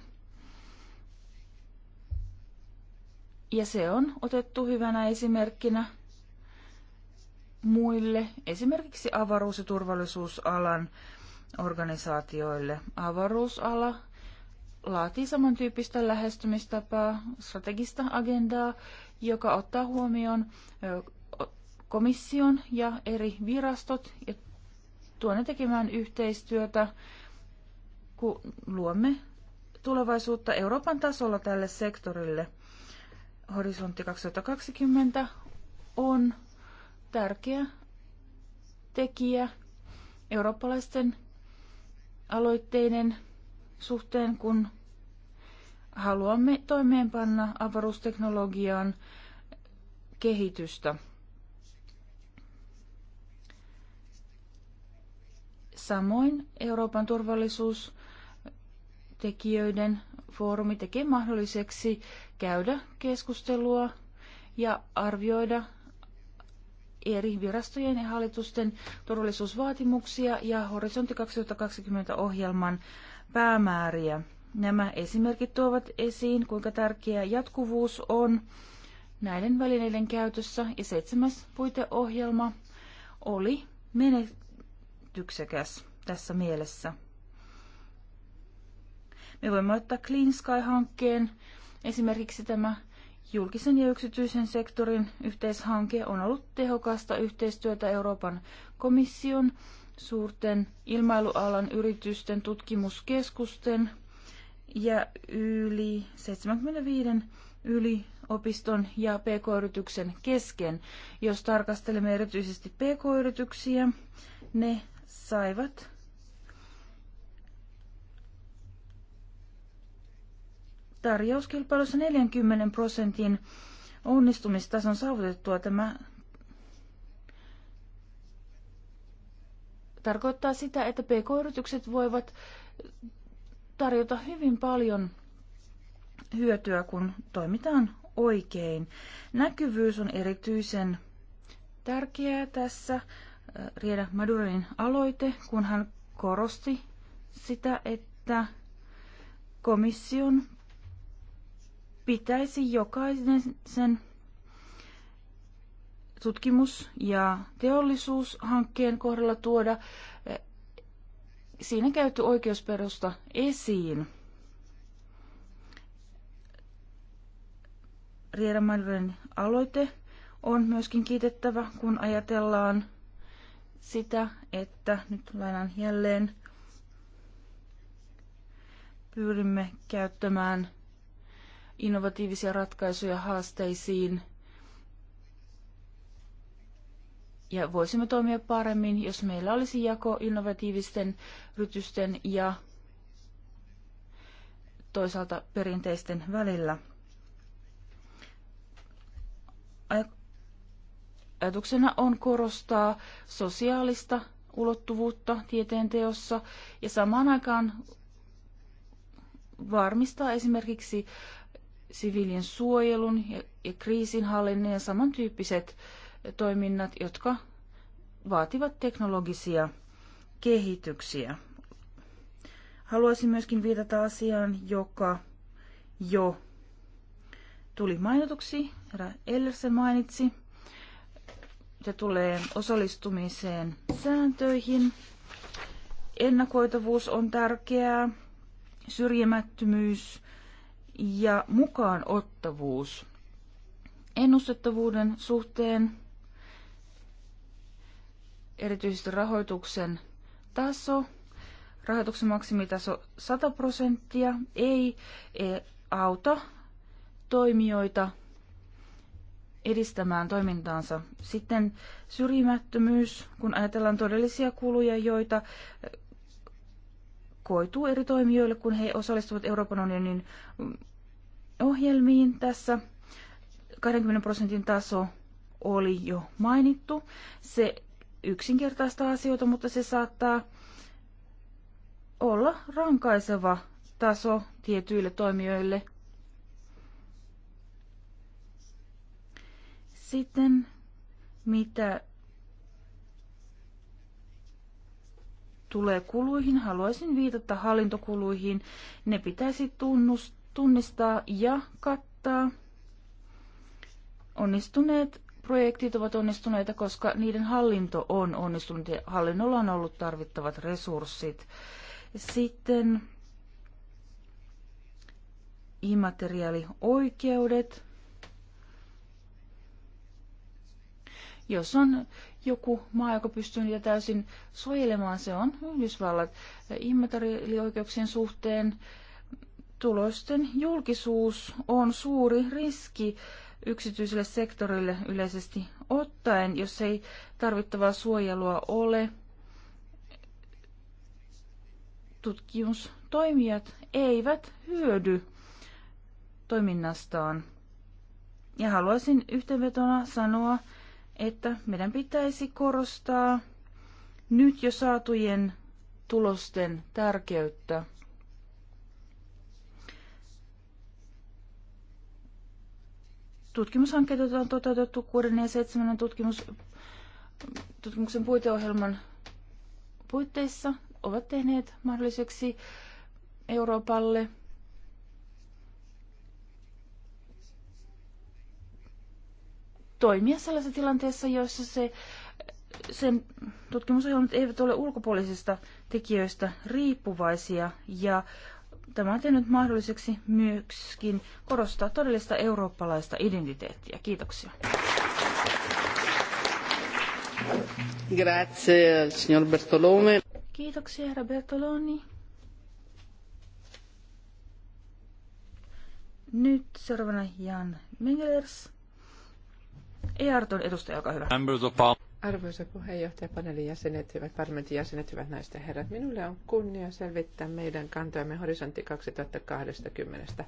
Ja se on otettu hyvänä esimerkkinä muille, esimerkiksi avaruus- ja turvallisuusalan organisaatioille. Avaruusala laatii samantyyppistä lähestymistapaa, strategista agendaa, joka ottaa huomioon komission ja eri virastot ja tuonne tekemään yhteistyötä, kun luomme tulevaisuutta Euroopan tasolla tälle sektorille. Horisontti 2020 on tärkeä tekijä eurooppalaisten aloitteiden suhteen, kun haluamme toimeenpanna avaruusteknologiaan kehitystä. Samoin Euroopan turvallisuustekijöiden foorumi tekee mahdolliseksi käydä keskustelua ja arvioida eri virastojen ja hallitusten turvallisuusvaatimuksia ja Horisontti 2020 ohjelman päämääriä. Nämä esimerkit tuovat esiin, kuinka tärkeä jatkuvuus on näiden välineiden käytössä ja seitsemäs puiteohjelma oli menestyksekäs tässä mielessä. Me voimme ottaa Clean Sky-hankkeen. Esimerkiksi tämä julkisen ja yksityisen sektorin yhteishanke on ollut tehokasta yhteistyötä Euroopan komission, suurten ilmailualan yritysten, tutkimuskeskusten ja yli 75 yliopiston ja pk-yrityksen kesken. Jos tarkastelemme erityisesti pk-yrityksiä, ne saivat tarjouskilpailussa 40 prosentin onnistumistason saavutettua tämä tarkoittaa sitä, että pk-yritykset voivat tarjota hyvin paljon hyötyä, kun toimitaan oikein. Näkyvyys on erityisen tärkeää tässä. Rieda Madurin aloite, kun hän korosti sitä, että komission pitäisi jokaisen sen tutkimus- ja teollisuushankkeen kohdalla tuoda eh, siinä käytty oikeusperusta esiin. Riedämällinen aloite on myöskin kiitettävä, kun ajatellaan sitä, että nyt lainan jälleen pyrimme käyttämään innovatiivisia ratkaisuja haasteisiin ja voisimme toimia paremmin, jos meillä olisi jako innovatiivisten yritysten ja toisaalta perinteisten välillä Ajatuksena on korostaa sosiaalista ulottuvuutta tieteen teossa ja samaan aikaan varmistaa esimerkiksi siviilien suojelun ja, ja kriisinhallinnan ja samantyyppiset toiminnat, jotka vaativat teknologisia kehityksiä. Haluaisin myöskin viitata asiaan, joka jo tuli mainituksi, herra Ellersen mainitsi, mitä tulee osallistumiseen sääntöihin. Ennakoitavuus on tärkeää, syrjimättömyys ja mukaanottavuus. Ennustettavuuden suhteen erityisesti rahoituksen taso, rahoituksen maksimitaso 100 prosenttia ei auta toimijoita edistämään toimintaansa. Sitten syrjimättömyys, kun ajatellaan todellisia kuluja, joita koituu eri toimijoille, kun he osallistuvat Euroopan unionin mm, ohjelmiin tässä. 20 prosentin taso oli jo mainittu. Se yksinkertaista asioita, mutta se saattaa olla rankaiseva taso tietyille toimijoille – Sitten mitä tulee kuluihin, haluaisin viitata hallintokuluihin. Ne pitäisi tunnistaa ja kattaa. Onnistuneet projektit ovat onnistuneita, koska niiden hallinto on onnistunut ja hallinnolla on ollut tarvittavat resurssit. Sitten immateriaalioikeudet. Jos on joku maa, joka pystyy niitä täysin suojelemaan, se on Yhdysvallat. Immateriaalioikeuksien suhteen tulosten julkisuus on suuri riski yksityiselle sektorille yleisesti ottaen, jos ei tarvittavaa suojelua ole. Tutkimustoimijat eivät hyödy toiminnastaan. Ja haluaisin yhteenvetona sanoa, että meidän pitäisi korostaa nyt jo saatujen tulosten tärkeyttä. Tutkimushankkeita on toteutettu 6 ja 7 tutkimus, tutkimuksen puiteohjelman puitteissa, ovat tehneet mahdolliseksi Euroopalle – toimia sellaisessa tilanteessa, jossa se, sen tutkimusohjelmat eivät ole ulkopuolisista tekijöistä riippuvaisia ja Tämä on tehnyt mahdolliseksi myöskin korostaa todellista eurooppalaista identiteettiä. Kiitoksia. Grazie, signor Bertolome. Kiitoksia, herra Bertoloni. Nyt seuraavana Jan Mengelers. Earton edustaja, olkaa hyvä. Arvoisa puheenjohtaja, paneelin jäsenet, hyvät parlamentin jäsenet, hyvät naiset ja herrat. Minulle on kunnia selvittää meidän kantojamme horisontti 2020.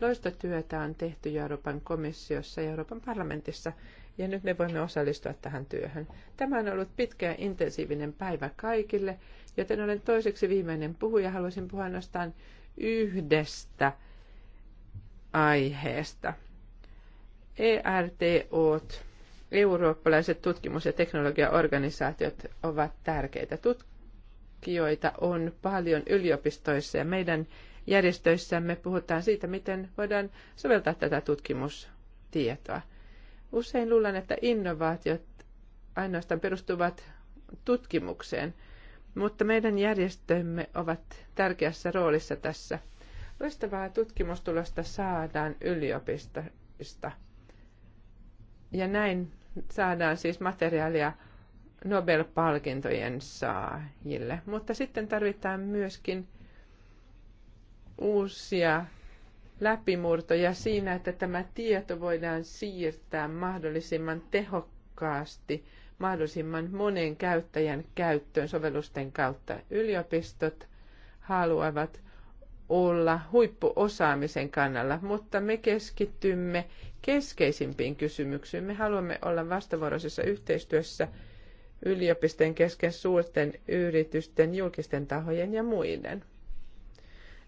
Loistotyötä on tehty Euroopan komissiossa ja Euroopan parlamentissa, ja nyt me voimme osallistua tähän työhön. Tämä on ollut pitkä ja intensiivinen päivä kaikille, joten olen toiseksi viimeinen puhuja. Haluaisin puhua nostaan yhdestä aiheesta. ERTOt, eurooppalaiset tutkimus- ja teknologiaorganisaatiot ovat tärkeitä. Tutkijoita on paljon yliopistoissa ja meidän järjestöissämme puhutaan siitä, miten voidaan soveltaa tätä tutkimustietoa. Usein luulen, että innovaatiot ainoastaan perustuvat tutkimukseen, mutta meidän järjestöimme ovat tärkeässä roolissa tässä. Loistavaa tutkimustulosta saadaan yliopistosta. Ja näin saadaan siis materiaalia Nobel-palkintojen saajille. Mutta sitten tarvitaan myöskin uusia läpimurtoja siinä, että tämä tieto voidaan siirtää mahdollisimman tehokkaasti mahdollisimman monen käyttäjän käyttöön sovellusten kautta. Yliopistot haluavat olla huippuosaamisen kannalla, mutta me keskitymme keskeisimpiin kysymyksiin. Me haluamme olla vastavuoroisessa yhteistyössä yliopistojen kesken suurten yritysten, julkisten tahojen ja muiden.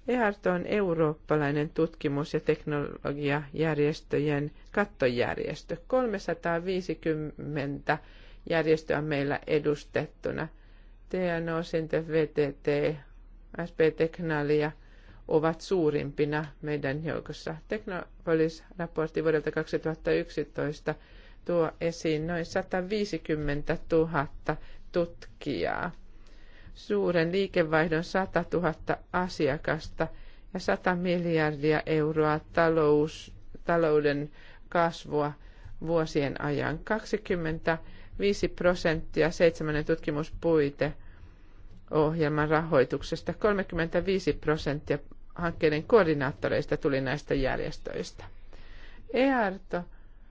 EARTO on eurooppalainen tutkimus- ja teknologiajärjestöjen kattojärjestö. 350 järjestöä on meillä edustettuna. TNO, Sintef, VTT, SP Teknalia – ovat suurimpina meidän joukossa. teknopolis raportti vuodelta 2011 tuo esiin noin 150 000 tutkijaa, suuren liikevaihdon 100 000 asiakasta ja 100 miljardia euroa talous, talouden kasvua vuosien ajan. 25 prosenttia seitsemännen tutkimuspuite ohjelman rahoituksesta, 35 prosenttia hankkeiden koordinaattoreista tuli näistä järjestöistä. EARTO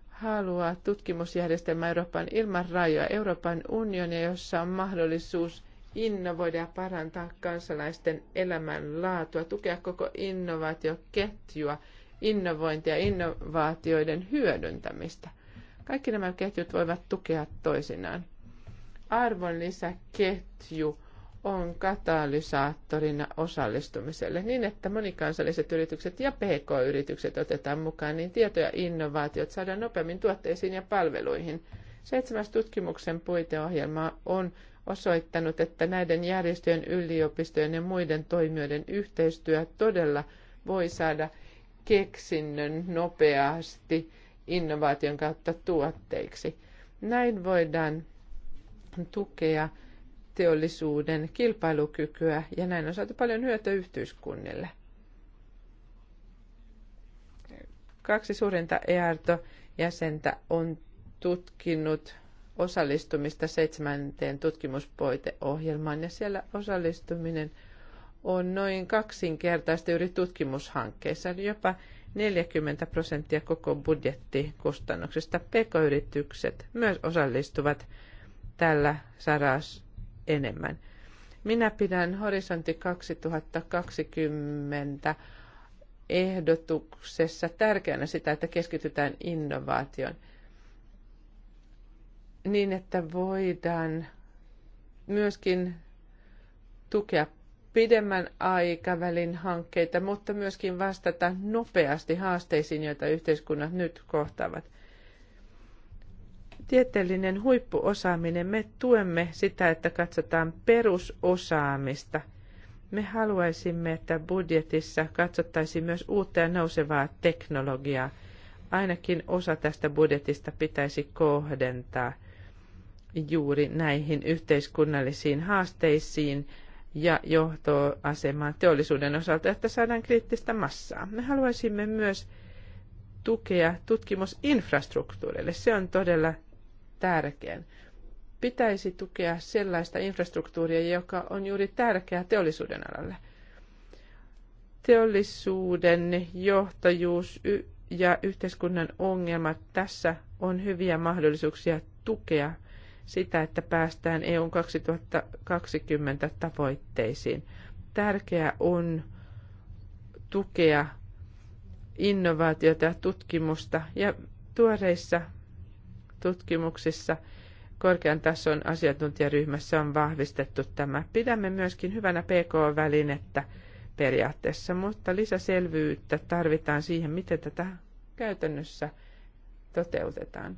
haluaa tutkimusjärjestelmä Euroopan ilman rajoja, Euroopan unionia, jossa on mahdollisuus innovoida ja parantaa kansalaisten elämänlaatua, tukea koko innovaatioketjua, innovointia ja innovaatioiden hyödyntämistä. Kaikki nämä ketjut voivat tukea toisinaan. Arvonlisäketju on katalysaattorina osallistumiselle niin, että monikansalliset yritykset ja pk-yritykset otetaan mukaan, niin tieto ja innovaatiot saadaan nopeammin tuotteisiin ja palveluihin. Seitsemäs tutkimuksen puiteohjelma on osoittanut, että näiden järjestöjen, yliopistojen ja muiden toimijoiden yhteistyö todella voi saada keksinnön nopeasti innovaation kautta tuotteiksi. Näin voidaan tukea teollisuuden kilpailukykyä ja näin on saatu paljon hyötyä yhteiskunnille. Kaksi suurinta EARTO-jäsentä on tutkinut osallistumista seitsemänteen tutkimuspoiteohjelmaan ja siellä osallistuminen on noin kaksinkertaista yli tutkimushankkeissa, eli jopa 40 prosenttia koko budjettikustannuksista. PK-yritykset myös osallistuvat tällä saralla enemmän. Minä pidän Horisontti 2020 ehdotuksessa tärkeänä sitä, että keskitytään innovaatioon niin, että voidaan myöskin tukea pidemmän aikavälin hankkeita, mutta myöskin vastata nopeasti haasteisiin, joita yhteiskunnat nyt kohtaavat. Tieteellinen huippuosaaminen, me tuemme sitä, että katsotaan perusosaamista. Me haluaisimme, että budjetissa katsottaisiin myös uutta ja nousevaa teknologiaa. Ainakin osa tästä budjetista pitäisi kohdentaa juuri näihin yhteiskunnallisiin haasteisiin ja johtoasemaan teollisuuden osalta, että saadaan kriittistä massaa. Me haluaisimme myös tukea tutkimusinfrastruktuurille. Se on todella tärkeän. Pitäisi tukea sellaista infrastruktuuria, joka on juuri tärkeää teollisuuden alalle. Teollisuuden johtajuus ja yhteiskunnan ongelmat tässä on hyviä mahdollisuuksia tukea sitä, että päästään EUn 2020 tavoitteisiin. Tärkeää on tukea innovaatiota ja tutkimusta ja tuoreissa tutkimuksissa korkean tason asiantuntijaryhmässä on vahvistettu tämä. Pidämme myöskin hyvänä PK-välinettä periaatteessa, mutta lisäselvyyttä tarvitaan siihen, miten tätä käytännössä toteutetaan.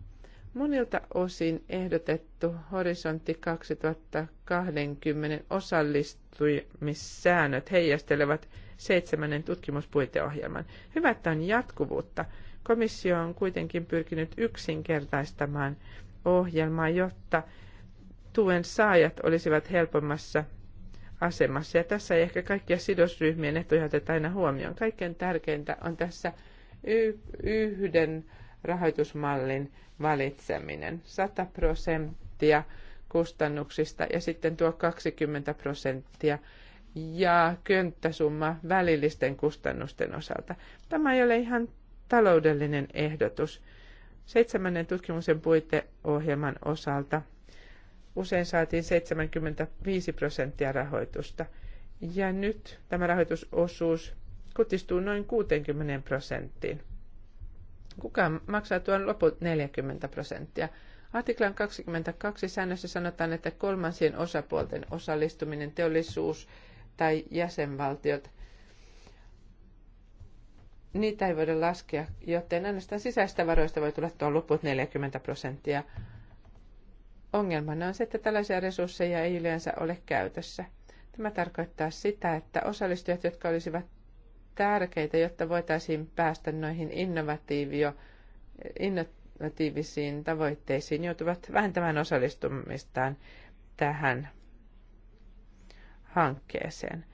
Monilta osin ehdotettu horisontti 2020 osallistumissäännöt heijastelevat seitsemännen tutkimuspuiteohjelman. Hyvä, että on jatkuvuutta – Komissio on kuitenkin pyrkinyt yksinkertaistamaan ohjelmaa, jotta tuen saajat olisivat helpommassa asemassa. Ja tässä ei ehkä kaikkia sidosryhmien etuja oteta aina huomioon. Kaikkein tärkeintä on tässä yhden rahoitusmallin valitseminen. 100 prosenttia kustannuksista ja sitten tuo 20 prosenttia ja könttäsumma välillisten kustannusten osalta. Tämä ei ole ihan taloudellinen ehdotus. Seitsemännen tutkimuksen puiteohjelman osalta usein saatiin 75 prosenttia rahoitusta, ja nyt tämä rahoitusosuus kutistuu noin 60 prosenttiin. Kuka maksaa tuon loput 40 prosenttia? Artiklan 22 säännössä sanotaan, että kolmansien osapuolten osallistuminen, teollisuus tai jäsenvaltiot niitä ei voida laskea, joten ainoastaan sisäistä varoista voi tulla tuon loput 40 prosenttia. Ongelmana on se, että tällaisia resursseja ei yleensä ole käytössä. Tämä tarkoittaa sitä, että osallistujat, jotka olisivat tärkeitä, jotta voitaisiin päästä noihin innovatiivio, innovatiivisiin tavoitteisiin, joutuvat vähentämään osallistumistaan tähän hankkeeseen.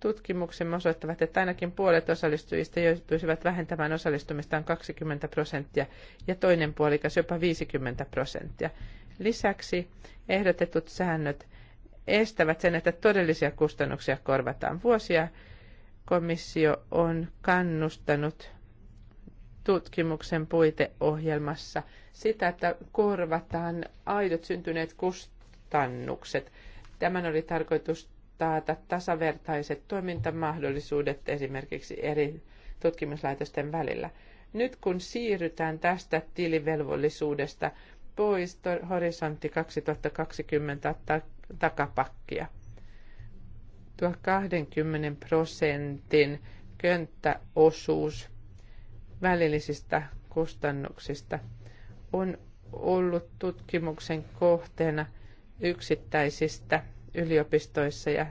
Tutkimuksemme osoittavat, että ainakin puolet osallistujista pyysivät vähentämään osallistumistaan 20 prosenttia ja toinen puolikas jopa 50 prosenttia. Lisäksi ehdotetut säännöt estävät sen, että todellisia kustannuksia korvataan. Vuosia komissio on kannustanut tutkimuksen puiteohjelmassa sitä, että korvataan aidot syntyneet kustannukset. Tämän oli tarkoitus taata tasavertaiset toimintamahdollisuudet esimerkiksi eri tutkimuslaitosten välillä. Nyt kun siirrytään tästä tilivelvollisuudesta pois, horisontti 2020 takapakkia. Tuo 20 prosentin könttäosuus välillisistä kustannuksista on ollut tutkimuksen kohteena yksittäisistä yliopistoissa ja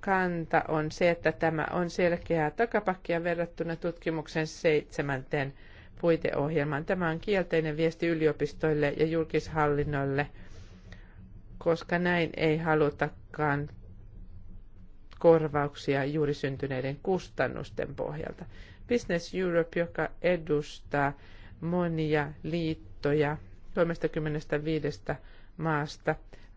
kanta on se, että tämä on selkeää takapakkia verrattuna tutkimuksen seitsemänteen puiteohjelmaan. Tämä on kielteinen viesti yliopistoille ja julkishallinnolle, koska näin ei halutakaan korvauksia juuri syntyneiden kustannusten pohjalta. Business Europe, joka edustaa monia liittoja 35 maasta,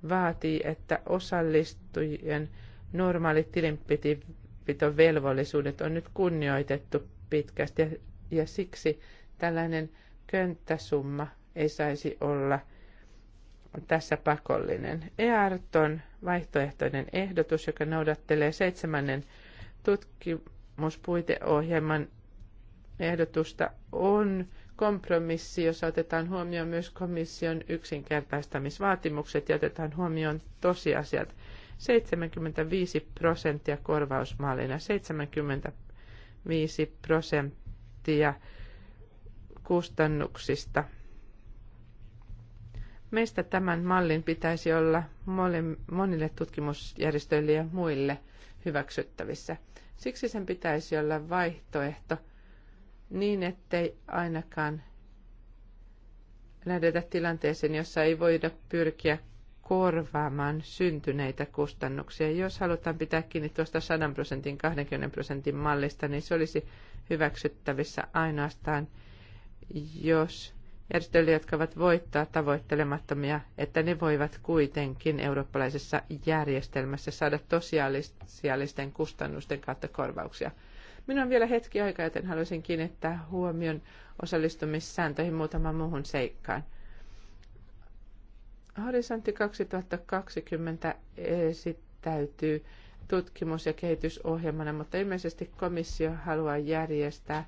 vaatii, että osallistujien normaalit tilinpitovelvollisuudet on nyt kunnioitettu pitkästi ja, ja siksi tällainen könttäsumma ei saisi olla tässä pakollinen. EART on vaihtoehtoinen ehdotus, joka noudattelee seitsemännen tutkimuspuiteohjelman ehdotusta on kompromissi, jossa otetaan huomioon myös komission yksinkertaistamisvaatimukset ja otetaan huomioon tosiasiat. 75 prosenttia korvausmallina, 75 prosenttia kustannuksista. Meistä tämän mallin pitäisi olla monille tutkimusjärjestöille ja muille hyväksyttävissä. Siksi sen pitäisi olla vaihtoehto – niin, ettei ainakaan lähdetä tilanteeseen, jossa ei voida pyrkiä korvaamaan syntyneitä kustannuksia. Jos halutaan pitää kiinni tuosta 100 prosentin, 20 prosentin mallista, niin se olisi hyväksyttävissä ainoastaan, jos järjestöille, jotka ovat voittaa tavoittelemattomia, että ne voivat kuitenkin eurooppalaisessa järjestelmässä saada tosiaalisten kustannusten kautta korvauksia. Minun on vielä hetki aikaa, joten haluaisin kiinnittää huomion osallistumissääntöihin muutamaan muuhun seikkaan. Horisontti 2020 esittäytyy tutkimus- ja kehitysohjelmana, mutta ilmeisesti komissio haluaa järjestää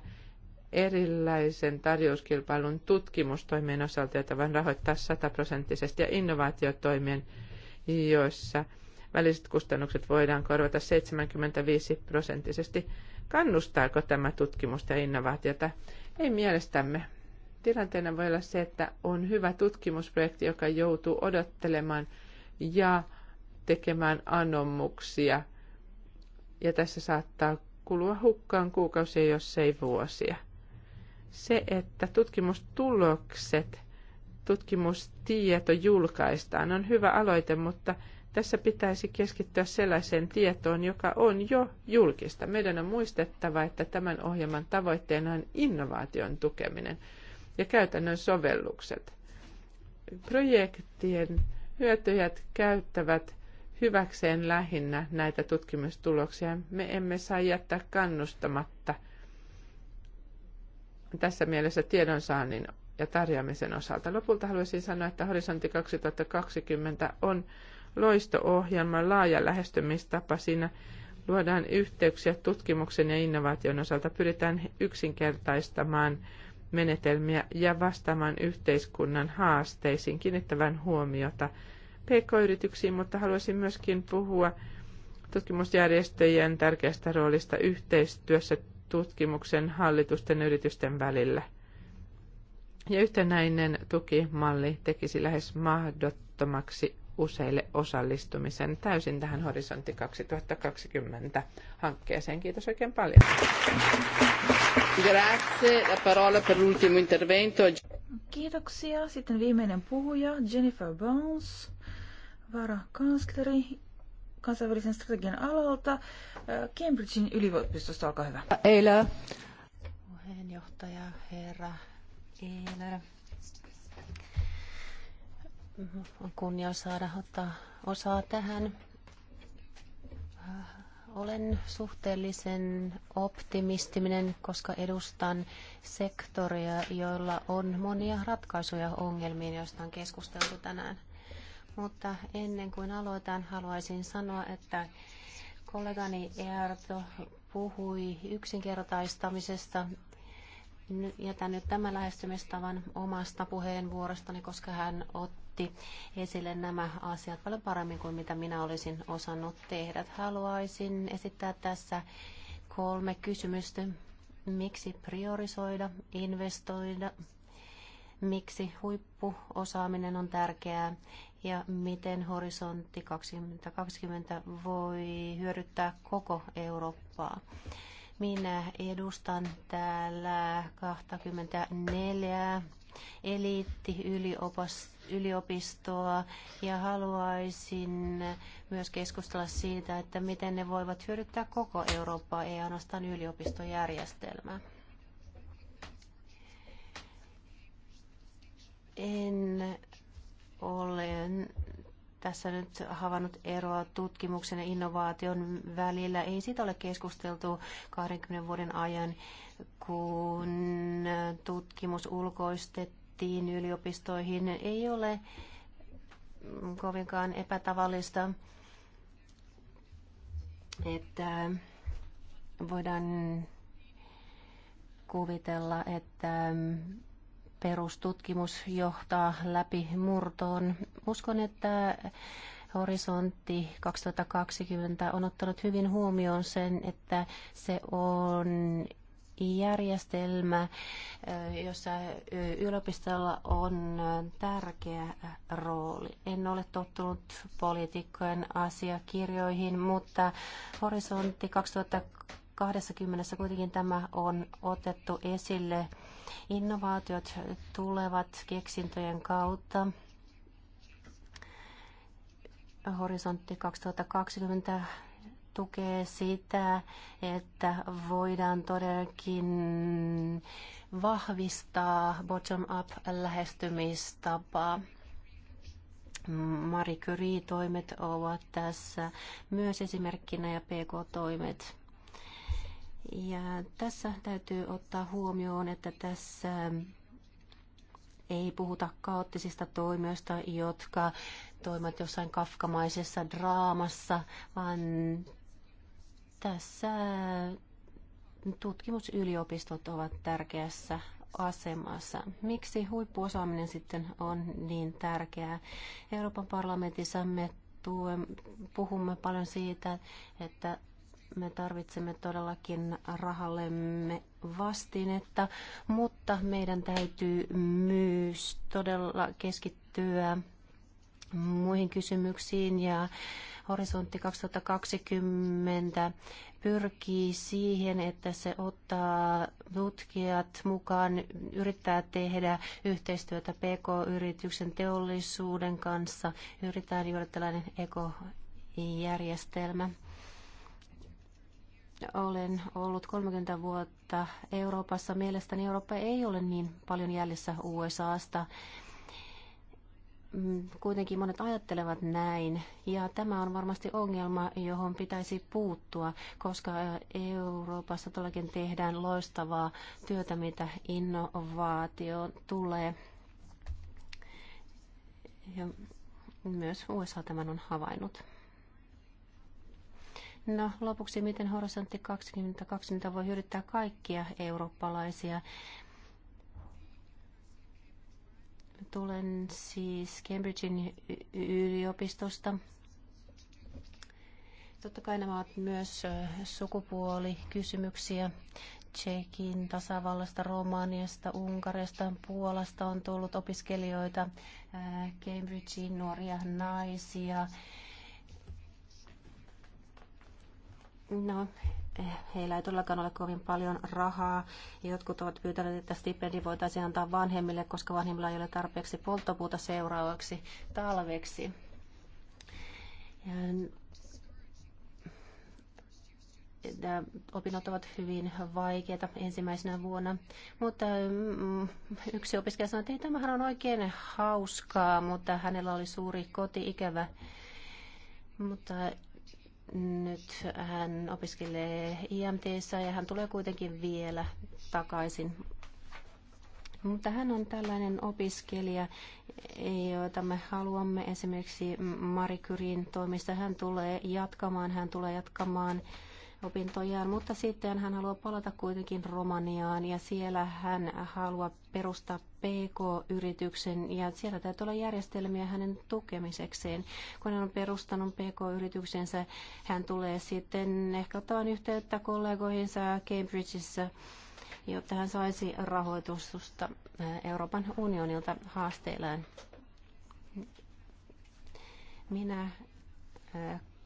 erilaisen tarjouskilpailun tutkimustoimien osalta, jota voin rahoittaa sataprosenttisesti, ja innovaatiotoimien, joissa – väliset kustannukset voidaan korvata 75 prosenttisesti. Kannustaako tämä tutkimusta ja innovaatiota? Ei mielestämme. Tilanteena voi olla se, että on hyvä tutkimusprojekti, joka joutuu odottelemaan ja tekemään anomuksia. Ja tässä saattaa kulua hukkaan kuukausia, jos ei vuosia. Se, että tutkimustulokset, tutkimustieto julkaistaan, on hyvä aloite, mutta tässä pitäisi keskittyä sellaiseen tietoon, joka on jo julkista. Meidän on muistettava, että tämän ohjelman tavoitteena on innovaation tukeminen ja käytännön sovellukset. Projektien hyötyjät käyttävät hyväkseen lähinnä näitä tutkimustuloksia. Me emme saa jättää kannustamatta tässä mielessä tiedonsaannin ja tarjoamisen osalta. Lopulta haluaisin sanoa, että Horisontti 2020 on loisto-ohjelman laaja lähestymistapa. Siinä luodaan yhteyksiä tutkimuksen ja innovaation osalta, pyritään yksinkertaistamaan menetelmiä ja vastaamaan yhteiskunnan haasteisiin, kiinnittävän huomiota pk-yrityksiin, mutta haluaisin myöskin puhua tutkimusjärjestöjen tärkeästä roolista yhteistyössä tutkimuksen hallitusten yritysten välillä. Ja yhtenäinen tukimalli tekisi lähes mahdottomaksi useille osallistumisen täysin tähän Horisontti 2020 hankkeeseen. Kiitos oikein paljon. Grazie. La parola per l'ultimo intervento. Kiitoksia. Sitten viimeinen puhuja, Jennifer Bones, varakansleri kansainvälisen strategian alalta. Äh, Cambridgein yliopistosta, olkaa hyvä. Eila. Puheenjohtaja, herra Eila. On kunnia saada ottaa osaa tähän. Olen suhteellisen optimistinen, koska edustan sektoria, joilla on monia ratkaisuja ongelmiin, joista on keskusteltu tänään. Mutta ennen kuin aloitan, haluaisin sanoa, että kollegani Eerto puhui yksinkertaistamisesta. Jätän nyt tämän lähestymistavan omasta puheenvuorostani, koska hän otti otti esille nämä asiat paljon paremmin kuin mitä minä olisin osannut tehdä. Haluaisin esittää tässä kolme kysymystä. Miksi priorisoida, investoida, miksi huippuosaaminen on tärkeää ja miten horisontti 2020 voi hyödyttää koko Eurooppaa. Minä edustan täällä 24 eliitti yliopas? yliopistoa ja haluaisin myös keskustella siitä, että miten ne voivat hyödyttää koko Eurooppaa, ei ainoastaan yliopistojärjestelmää. En ole tässä nyt havainnut eroa tutkimuksen ja innovaation välillä. Ei siitä ole keskusteltu 20 vuoden ajan, kun tutkimus ulkoistettiin ammattiin, yliopistoihin ei ole kovinkaan epätavallista, että voidaan kuvitella, että perustutkimus johtaa läpi murtoon. Uskon, että Horisontti 2020 on ottanut hyvin huomioon sen, että se on järjestelmä, jossa yliopistolla on tärkeä rooli. En ole tottunut poliitikkojen asiakirjoihin, mutta horisontti 2020 kuitenkin tämä on otettu esille. Innovaatiot tulevat keksintöjen kautta. Horisontti 2020 tukee sitä, että voidaan todellakin vahvistaa bottom-up lähestymistapaa. Marie Curie-toimet ovat tässä myös esimerkkinä ja PK-toimet. Ja tässä täytyy ottaa huomioon, että tässä ei puhuta kaoottisista toimijoista, jotka toimivat jossain kafkamaisessa draamassa, vaan tässä äh, tutkimusyliopistot ovat tärkeässä asemassa. Miksi huippuosaaminen sitten on niin tärkeää? Euroopan parlamentissa me puhumme paljon siitä, että me tarvitsemme todellakin rahallemme vastinetta, mutta meidän täytyy myös todella keskittyä muihin kysymyksiin ja Horisontti 2020 pyrkii siihen, että se ottaa tutkijat mukaan, yrittää tehdä yhteistyötä PK-yrityksen teollisuuden kanssa, yritetään juoda tällainen ekojärjestelmä. Olen ollut 30 vuotta Euroopassa. Mielestäni Eurooppa ei ole niin paljon jäljessä USAsta. Mm, kuitenkin monet ajattelevat näin, ja tämä on varmasti ongelma, johon pitäisi puuttua, koska Euroopassa todellakin tehdään loistavaa työtä, mitä innovaatio tulee. Ja myös USA tämän on havainnut. No lopuksi, miten Horisontti 2020 voi hyödyttää kaikkia eurooppalaisia? Tulen siis Cambridgein yliopistosta. Totta kai nämä ovat myös sukupuolikysymyksiä. Tsekin tasavallasta, Romaniasta, Unkarista, Puolasta on tullut opiskelijoita, Cambridgein nuoria naisia. No, heillä ei todellakaan ole kovin paljon rahaa. Jotkut ovat pyytäneet, että stipendi voitaisiin antaa vanhemmille, koska vanhemmilla ei ole tarpeeksi polttopuuta seuraavaksi talveksi. Ja nämä opinnot ovat hyvin vaikeita ensimmäisenä vuonna. Mutta mm, yksi opiskelija sanoi, että tämähän on oikein hauskaa, mutta hänellä oli suuri koti-ikävä. Mutta nyt hän opiskelee IMTssä ja hän tulee kuitenkin vielä takaisin. Mutta hän on tällainen opiskelija, jota me haluamme esimerkiksi Marie Curien toimista. Hän tulee jatkamaan, hän tulee jatkamaan opintojaan, mutta sitten hän haluaa palata kuitenkin Romaniaan ja siellä hän haluaa perustaa PK-yrityksen ja siellä täytyy olla järjestelmiä hänen tukemisekseen. Kun hän on perustanut PK-yrityksensä, hän tulee sitten ehkä ottamaan yhteyttä kollegoihinsa Cambridgeissa jotta hän saisi rahoitusta Euroopan unionilta haasteillaan. Minä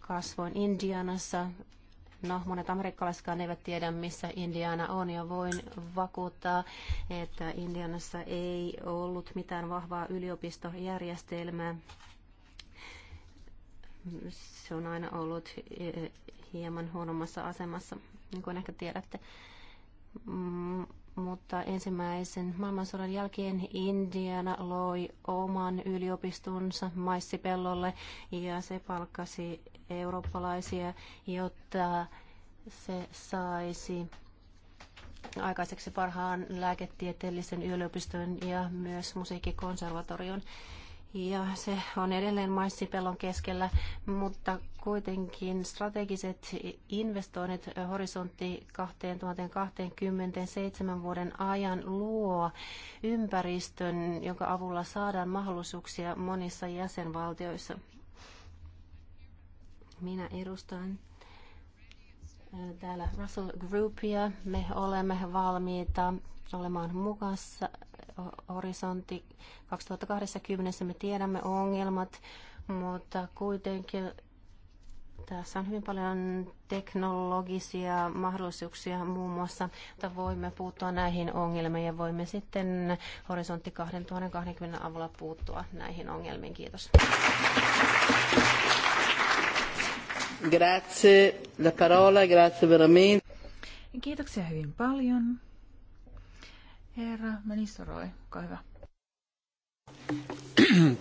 kasvoin Indianassa No, monet amerikkalaiskaan eivät tiedä, missä Indiana on, ja voin vakuuttaa, että Indianassa ei ollut mitään vahvaa yliopistojärjestelmää. Se on aina ollut hieman huonommassa asemassa, niin kuin ehkä tiedätte. Mm, mutta ensimmäisen maailmansodan jälkeen Indiana loi oman yliopistonsa maissipellolle ja se palkkasi eurooppalaisia, jotta se saisi aikaiseksi parhaan lääketieteellisen yliopiston ja myös musiikkikonservatorion. Ja se on edelleen maissipellon keskellä, mutta kuitenkin strategiset investoinnit horisontti 2027 vuoden ajan luo ympäristön, jonka avulla saadaan mahdollisuuksia monissa jäsenvaltioissa. Minä edustan täällä Russell Groupia. Me olemme valmiita olemaan mukassa horisontti 2020. Me tiedämme ongelmat, mutta kuitenkin tässä on hyvin paljon teknologisia mahdollisuuksia muun muassa, että voimme puuttua näihin ongelmiin ja voimme sitten horisontti 2020 avulla puuttua näihin ongelmiin. Kiitos. Grazie la parola, grazie veramente. Kiitoksia hyvin paljon. Herra Ministeroi, olkaa hyvä.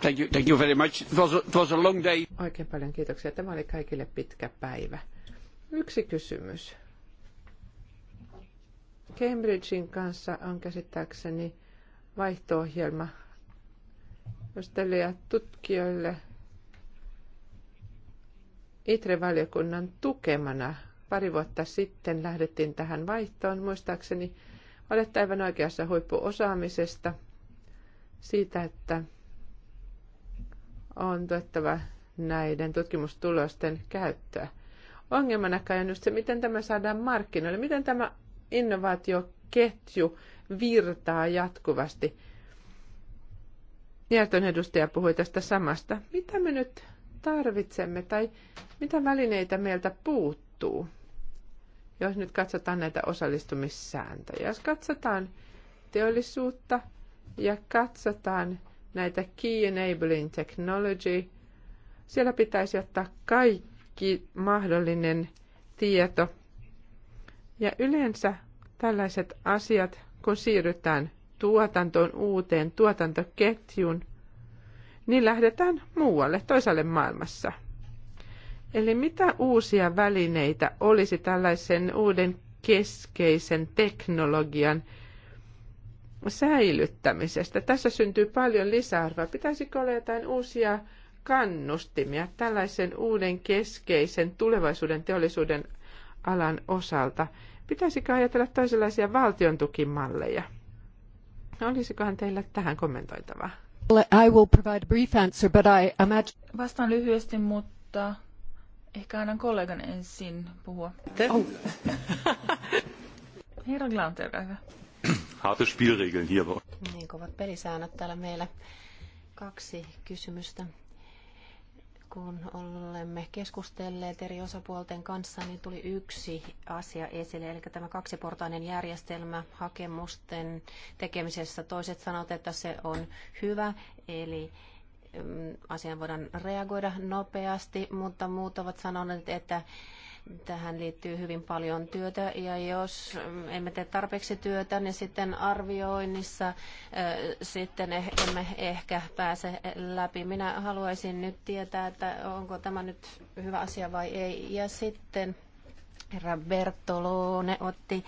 Thank you, thank you very much. It was, a, it was a long day. Oikein paljon kiitoksia. Tämä oli kaikille pitkä päivä. Yksi kysymys. Cambridgein kanssa on käsittääkseni vaihto-ohjelma tutkijoille – ITRE-valiokunnan tukemana pari vuotta sitten lähdettiin tähän vaihtoon. Muistaakseni olette aivan oikeassa huippuosaamisesta, siitä, että on tuettava näiden tutkimustulosten käyttöä. Ongelmana kai on just se, miten tämä saadaan markkinoille, miten tämä innovaatioketju virtaa jatkuvasti. Järtön edustaja puhui tästä samasta. Mitä me nyt tarvitsemme tai mitä välineitä meiltä puuttuu, jos nyt katsotaan näitä osallistumissääntöjä. Jos katsotaan teollisuutta ja katsotaan näitä Key Enabling Technology, siellä pitäisi ottaa kaikki mahdollinen tieto. Ja yleensä tällaiset asiat, kun siirrytään tuotantoon uuteen tuotantoketjun, niin lähdetään muualle, toisalle maailmassa. Eli mitä uusia välineitä olisi tällaisen uuden keskeisen teknologian säilyttämisestä? Tässä syntyy paljon lisäarvoa. Pitäisikö olla jotain uusia kannustimia tällaisen uuden keskeisen tulevaisuuden teollisuuden alan osalta? Pitäisikö ajatella toisenlaisia valtion tukimalleja? Olisikohan teillä tähän kommentoitavaa? Vastaan lyhyesti, mutta ehkä annan kollegan ensin puhua. Oh. Herra Glanter, hyvä. Harte Spielregeln hier. Niin kovat pelisäännöt täällä meillä. Kaksi kysymystä kun olemme keskustelleet eri osapuolten kanssa, niin tuli yksi asia esille, eli tämä kaksiportainen järjestelmä hakemusten tekemisessä. Toiset sanovat, että se on hyvä, eli mm, asiaan voidaan reagoida nopeasti, mutta muut ovat sanoneet, että Tähän liittyy hyvin paljon työtä ja jos emme tee tarpeeksi työtä, niin sitten arvioinnissa sitten eh, emme ehkä pääse läpi. Minä haluaisin nyt tietää, että onko tämä nyt hyvä asia vai ei. Ja sitten herra Bertolone otti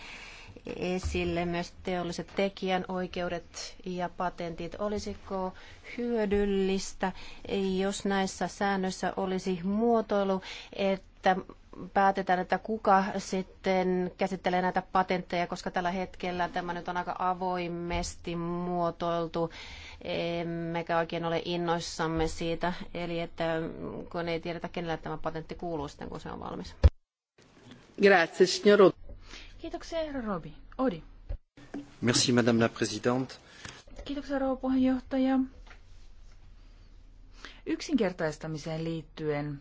esille myös teolliset tekijänoikeudet ja patentit. Olisiko hyödyllistä, jos näissä säännöissä olisi muotoilu, että päätetään, että kuka sitten käsittelee näitä patentteja, koska tällä hetkellä tämä nyt on aika avoimesti muotoiltu, emmekä oikein ole innoissamme siitä, eli että kun ei tiedetä, kenelle tämä patentti kuuluu sitten, kun se on valmis. Grazie, signor Kiitoksia, herra Robi. Odi. Merci, madame la présidente. Kiitoksia, rouva puheenjohtaja. Yksinkertaistamiseen liittyen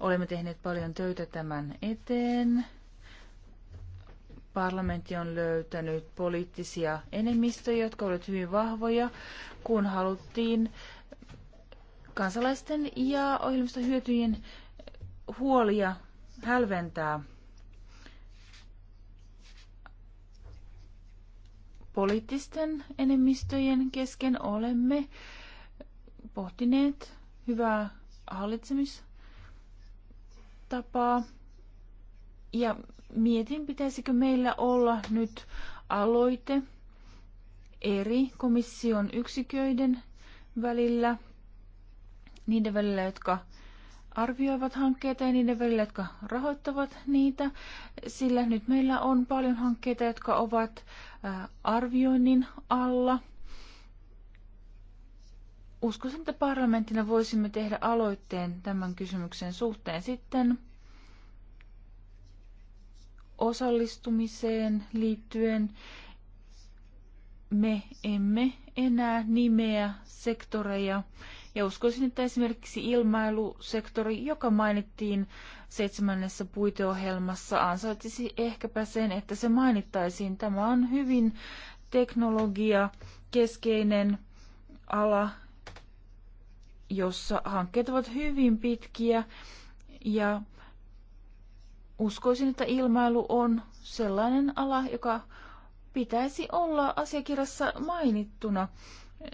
Olemme tehneet paljon töitä tämän eteen. Parlamentti on löytänyt poliittisia enemmistöjä, jotka olivat hyvin vahvoja, kun haluttiin kansalaisten ja ohjelmistohyötyjen huolia hälventää. Poliittisten enemmistöjen kesken olemme pohtineet hyvää hallitsemista tapaa. Ja mietin, pitäisikö meillä olla nyt aloite eri komission yksiköiden välillä, niiden välillä, jotka arvioivat hankkeita ja niiden välillä, jotka rahoittavat niitä, sillä nyt meillä on paljon hankkeita, jotka ovat arvioinnin alla – uskoisin, että parlamenttina voisimme tehdä aloitteen tämän kysymyksen suhteen sitten osallistumiseen liittyen. Me emme enää nimeä sektoreja. Ja uskoisin, että esimerkiksi ilmailusektori, joka mainittiin seitsemännessä puiteohjelmassa, ansaitsisi ehkäpä sen, että se mainittaisiin. Tämä on hyvin teknologia keskeinen ala jossa hankkeet ovat hyvin pitkiä ja uskoisin, että ilmailu on sellainen ala, joka pitäisi olla asiakirjassa mainittuna.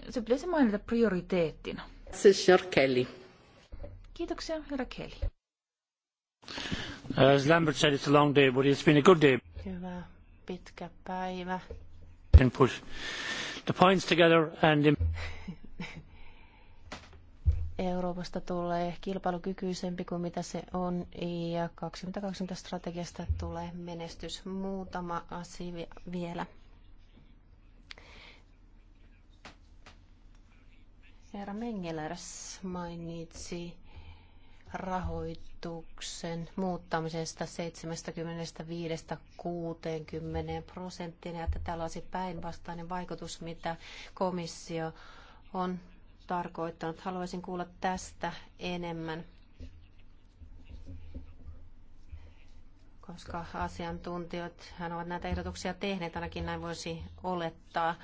Se pitäisi mainita prioriteettina. Kelly. Kiitoksia, herra Kelly. As Lambert said, it's a long day, but it's been a good day. Hyvä, pitkä päivä. And put the points together and... Euroopasta tulee kilpailukykyisempi kuin mitä se on ja 2020 strategiasta tulee menestys. Muutama asia vielä. Herra Mengelers mainitsi rahoituksen muuttamisesta 75-60 prosenttia että tällä olisi päinvastainen vaikutus, mitä komissio on tarkoittanut. Haluaisin kuulla tästä enemmän, koska asiantuntijat hän ovat näitä ehdotuksia tehneet, ainakin näin voisi olettaa.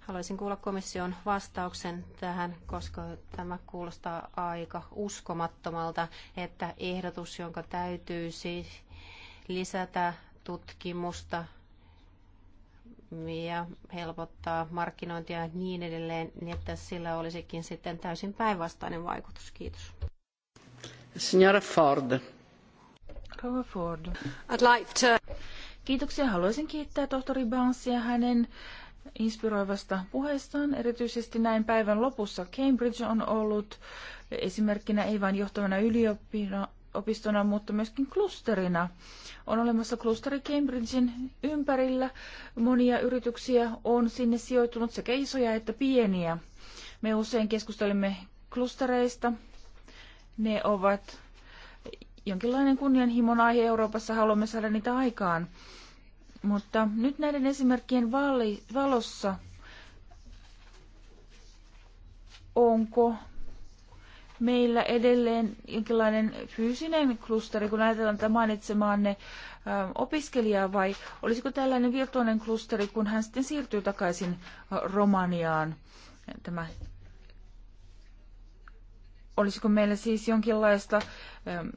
Haluaisin kuulla komission vastauksen tähän, koska tämä kuulostaa aika uskomattomalta, että ehdotus, jonka täytyisi lisätä tutkimusta ja helpottaa markkinointia ja niin edelleen, niin että sillä olisikin sitten täysin päinvastainen vaikutus. Kiitos. Signora Ford. Rova Ford. I'd like to... Kiitoksia. Haluaisin kiittää tohtori Bansia hänen inspiroivasta puheestaan. Erityisesti näin päivän lopussa Cambridge on ollut esimerkkinä ei vain johtavana ylioppina, yliopistona, mutta myöskin klusterina. On olemassa klusteri Cambridgein ympärillä. Monia yrityksiä on sinne sijoittunut sekä isoja että pieniä. Me usein keskustelemme klustereista. Ne ovat jonkinlainen kunnianhimon aihe Euroopassa, haluamme saada niitä aikaan. Mutta nyt näiden esimerkkien valossa, onko meillä edelleen jonkinlainen fyysinen klusteri, kun ajatellaan tätä mainitsemaanne ähm, opiskelijaa, vai olisiko tällainen virtuaalinen klusteri, kun hän sitten siirtyy takaisin äh, Romaniaan? Tämä olisiko meillä siis jonkinlaista ähm,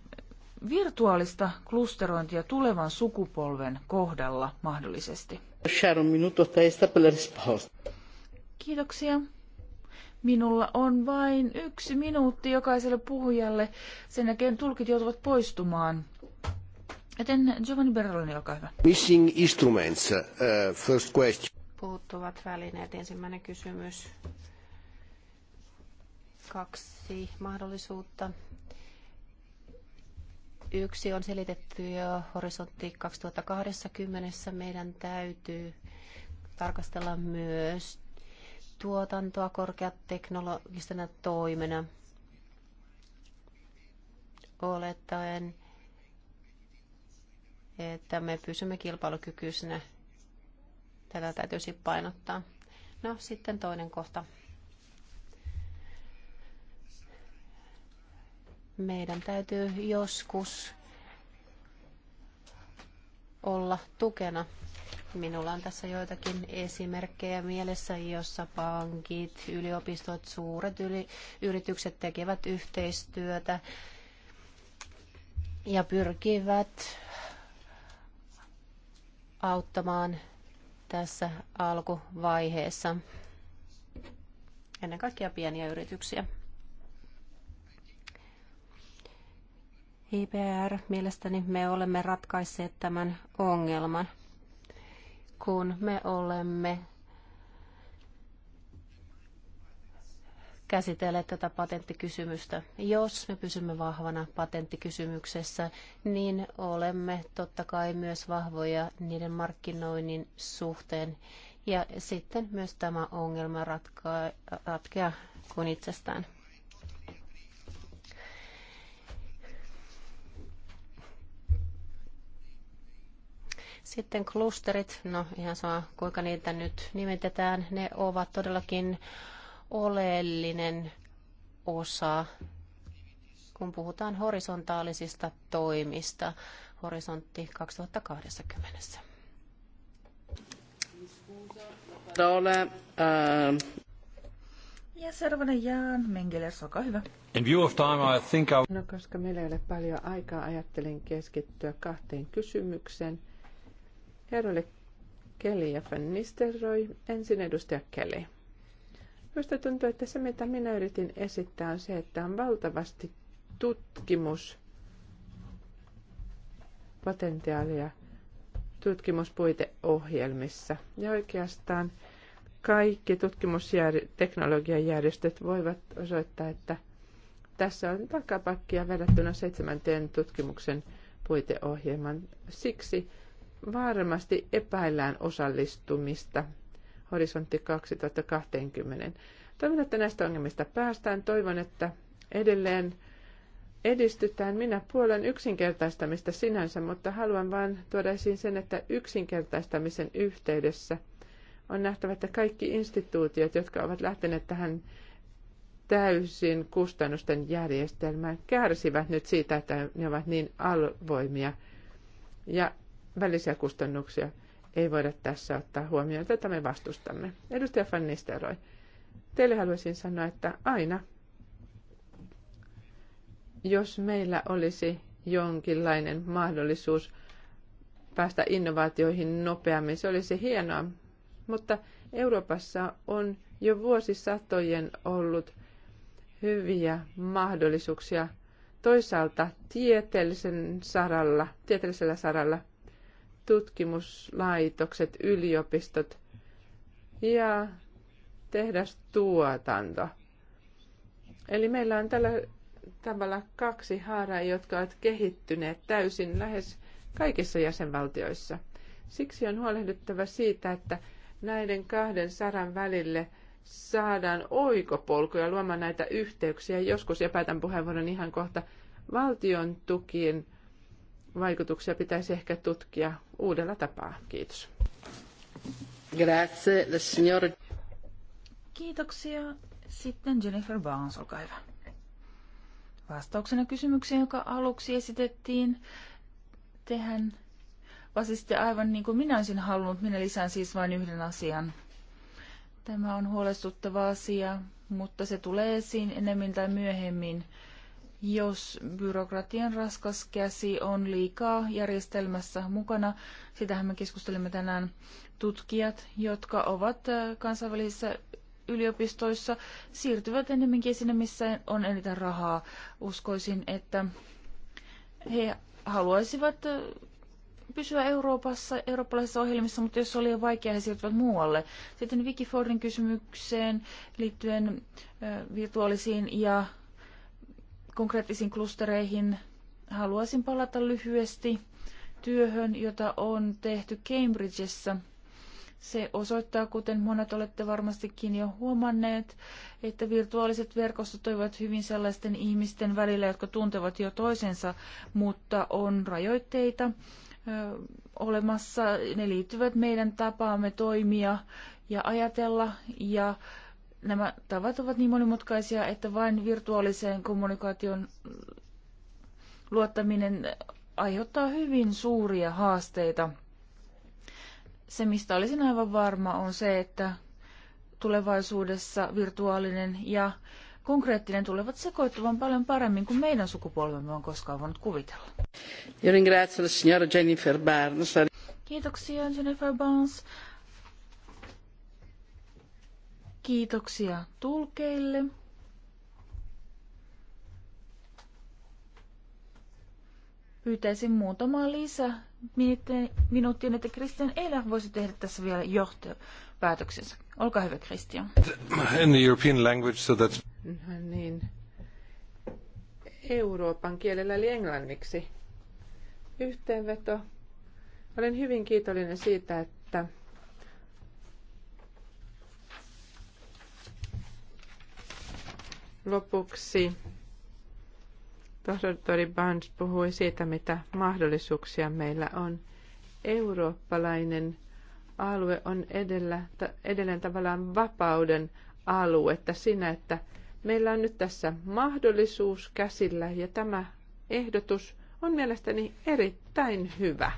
virtuaalista klusterointia tulevan sukupolven kohdalla mahdollisesti? Kiitoksia. Minulla on vain yksi minuutti jokaiselle puhujalle. Sen jälkeen tulkit joutuvat poistumaan. Joten Giovanni Berloni, olkaa hyvä. Missing instruments, uh, first question. Puuttuvat välineet, ensimmäinen kysymys. Kaksi mahdollisuutta. Yksi on selitetty jo horisontti 2020. Meidän täytyy tarkastella myös tuotantoa korkeateknologisena toimena olettaen, että me pysymme kilpailukykyisenä. Tätä täytyisi painottaa. No sitten toinen kohta. Meidän täytyy joskus olla tukena Minulla on tässä joitakin esimerkkejä mielessä, jossa pankit, yliopistot, suuret yli, yritykset tekevät yhteistyötä ja pyrkivät auttamaan tässä alkuvaiheessa ennen kaikkea pieniä yrityksiä. IPR, mielestäni me olemme ratkaisseet tämän ongelman kun me olemme käsitelleet tätä patenttikysymystä. Jos me pysymme vahvana patenttikysymyksessä, niin olemme totta kai myös vahvoja niiden markkinoinnin suhteen. Ja sitten myös tämä ongelma ratkeaa kuin itsestään. Sitten klusterit, no ihan sama kuinka niitä nyt nimetetään, ne ovat todellakin oleellinen osa, kun puhutaan horisontaalisista toimista horisontti 2020. Ole, äh. ja seuraavana Jaan Mengeles, olkaa hyvä. In view of time, I think I... No koska meillä ei ole paljon aikaa, ajattelin keskittyä kahteen kysymykseen. Herroille Kelly ja Van Nistelrooy. Ensin edustaja Kelly. Minusta tuntuu, että se mitä minä yritin esittää on se, että on valtavasti tutkimuspotentiaalia, tutkimuspuiteohjelmissa. Ja oikeastaan kaikki järjestöt voivat osoittaa, että tässä on takapakkia verrattuna seitsemänteen tutkimuksen puiteohjelman. Siksi varmasti epäillään osallistumista horisontti 2020. Toivon, että näistä ongelmista päästään. Toivon, että edelleen edistytään. Minä puolen yksinkertaistamista sinänsä, mutta haluan vain tuoda esiin sen, että yksinkertaistamisen yhteydessä on nähtävä, että kaikki instituutiot, jotka ovat lähteneet tähän täysin kustannusten järjestelmään, kärsivät nyt siitä, että ne ovat niin alvoimia. Ja välisiä kustannuksia ei voida tässä ottaa huomioon. Tätä me vastustamme. Edustaja Van teille haluaisin sanoa, että aina, jos meillä olisi jonkinlainen mahdollisuus päästä innovaatioihin nopeammin, se olisi hienoa. Mutta Euroopassa on jo vuosisatojen ollut hyviä mahdollisuuksia toisaalta tieteellisen saralla, tieteellisellä saralla – tutkimuslaitokset, yliopistot ja tehdastuotanto. Eli meillä on tällä tavalla kaksi haaraa, jotka ovat kehittyneet täysin lähes kaikissa jäsenvaltioissa. Siksi on huolehdittava siitä, että näiden kahden saran välille saadaan oikopolkuja luomaan näitä yhteyksiä. Joskus, ja päätän puheenvuoron ihan kohta, valtion tukien – vaikutuksia pitäisi ehkä tutkia uudella tapaa. Kiitos. Grazie, signor. Kiitoksia. Sitten Jennifer Barnes, olkaa hyvä. Vastauksena kysymykseen, joka aluksi esitettiin, tehän vastasitte aivan niin kuin minä olisin halunnut. Minä lisään siis vain yhden asian. Tämä on huolestuttava asia, mutta se tulee esiin enemmän tai myöhemmin jos byrokratian raskas käsi on liikaa järjestelmässä mukana. Sitähän me keskustelimme tänään tutkijat, jotka ovat kansainvälisissä yliopistoissa, siirtyvät ennemminkin sinne, missä on eniten rahaa. Uskoisin, että he haluaisivat pysyä Euroopassa, eurooppalaisissa ohjelmissa, mutta jos se vaikea, he siirtyvät muualle. Sitten Wikifordin kysymykseen liittyen virtuaalisiin ja konkreettisiin klustereihin. Haluaisin palata lyhyesti työhön, jota on tehty Cambridgeissa. Se osoittaa, kuten monet olette varmastikin jo huomanneet, että virtuaaliset verkostot toivat hyvin sellaisten ihmisten välillä, jotka tuntevat jo toisensa, mutta on rajoitteita olemassa. Ne liittyvät meidän tapaamme toimia ja ajatella ja nämä tavat ovat niin monimutkaisia, että vain virtuaaliseen kommunikaation luottaminen aiheuttaa hyvin suuria haasteita. Se, mistä olisin aivan varma, on se, että tulevaisuudessa virtuaalinen ja konkreettinen tulevat sekoittuvan paljon paremmin kuin meidän sukupolvemme on koskaan voinut kuvitella. Kiitoksia Jennifer Barnes. Kiitoksia tulkeille. Pyytäisin muutamaa lisää minuuttia, että Christian Eilä voisi tehdä tässä vielä johtopäätöksensä. Olkaa hyvä, Christian. In the European language, so that's... No niin. Euroopan kielellä eli englanniksi. Yhteenveto. Olen hyvin kiitollinen siitä, että Lopuksi tohtori Barnes puhui siitä, mitä mahdollisuuksia meillä on. Eurooppalainen alue on edellä, edelleen tavallaan vapauden alue, että siinä, että meillä on nyt tässä mahdollisuus käsillä ja tämä ehdotus on mielestäni erittäin hyvä.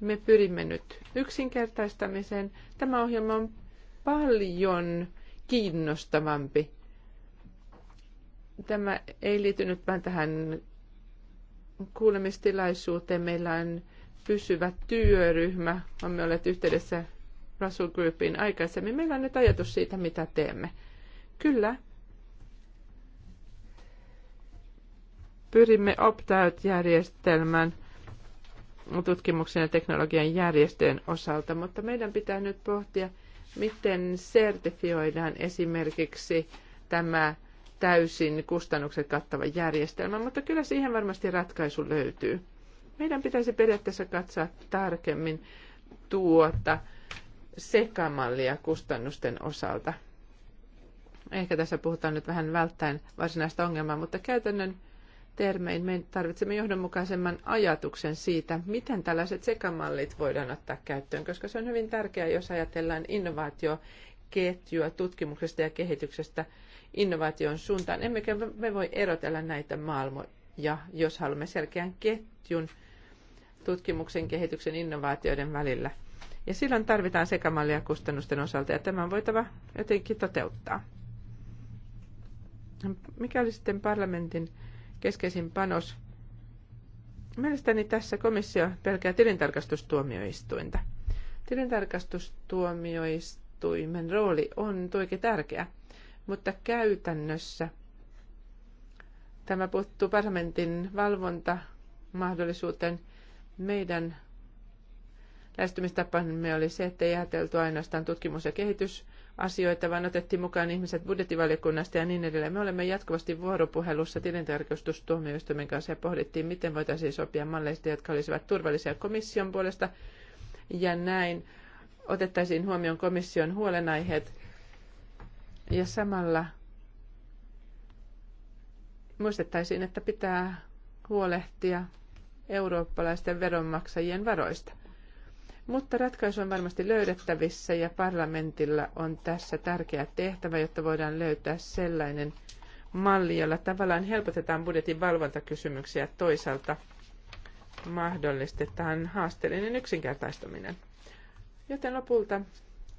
Me pyrimme nyt yksinkertaistamiseen. Tämä ohjelma on paljon kiinnostavampi Tämä ei liity nyt vain tähän kuulemistilaisuuteen. Meillä on pysyvä työryhmä. Olemme olleet yhteydessä Russell Groupin aikaisemmin. Meillä on nyt ajatus siitä, mitä teemme. Kyllä. Pyrimme opt-out-järjestelmän tutkimuksen ja teknologian järjestöjen osalta, mutta meidän pitää nyt pohtia, miten sertifioidaan esimerkiksi tämä täysin kustannukset kattava järjestelmä, mutta kyllä siihen varmasti ratkaisu löytyy. Meidän pitäisi periaatteessa katsoa tarkemmin tuota sekamallia kustannusten osalta. Ehkä tässä puhutaan nyt vähän välttäen varsinaista ongelmaa, mutta käytännön termein me tarvitsemme johdonmukaisemman ajatuksen siitä, miten tällaiset sekamallit voidaan ottaa käyttöön, koska se on hyvin tärkeää, jos ajatellaan innovaatioketjua tutkimuksesta ja kehityksestä innovaation suuntaan. Emmekä me voi erotella näitä maailmoja, jos haluamme selkeän ketjun tutkimuksen, kehityksen, innovaatioiden välillä. Ja silloin tarvitaan sekamallia kustannusten osalta, ja tämä on voitava jotenkin toteuttaa. Mikä oli sitten parlamentin keskeisin panos? Mielestäni tässä komissio pelkää tilintarkastustuomioistuinta. Tilintarkastustuomioistuimen rooli on tuikin tärkeä mutta käytännössä tämä puuttuu parlamentin valvontamahdollisuuteen. Meidän lähestymistapamme oli se, että ei ajateltu ainoastaan tutkimus- ja kehitysasioita, vaan otettiin mukaan ihmiset budjettivaliokunnasta ja niin edelleen. Me olemme jatkuvasti vuoropuhelussa tilintarkastustuomioistuimen kanssa ja pohdittiin, miten voitaisiin sopia malleista, jotka olisivat turvallisia komission puolesta. Ja näin otettaisiin huomioon komission huolenaiheet ja samalla muistettaisiin, että pitää huolehtia eurooppalaisten veronmaksajien varoista. Mutta ratkaisu on varmasti löydettävissä ja parlamentilla on tässä tärkeä tehtävä, jotta voidaan löytää sellainen malli, jolla tavallaan helpotetaan budjetin valvontakysymyksiä toisaalta mahdollistetaan haasteellinen yksinkertaistaminen. Joten lopulta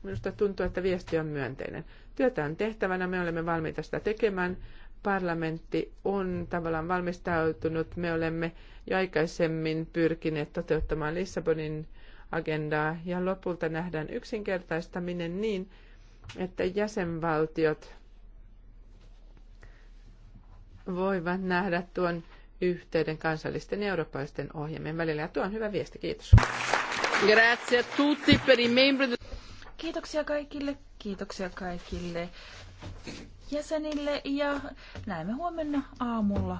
Minusta tuntuu, että viesti on myönteinen. Työtä on tehtävänä, me olemme valmiita sitä tekemään. Parlamentti on tavallaan valmistautunut. Me olemme jo aikaisemmin pyrkineet toteuttamaan Lissabonin agendaa ja lopulta nähdään yksinkertaistaminen niin, että jäsenvaltiot voivat nähdä tuon yhteyden kansallisten ja eurooppalaisten ohjelmien välillä. Ja tuo on hyvä viesti. Kiitos. Grazie a tutti per i membri Kiitoksia kaikille, kiitoksia kaikille jäsenille ja näemme huomenna aamulla.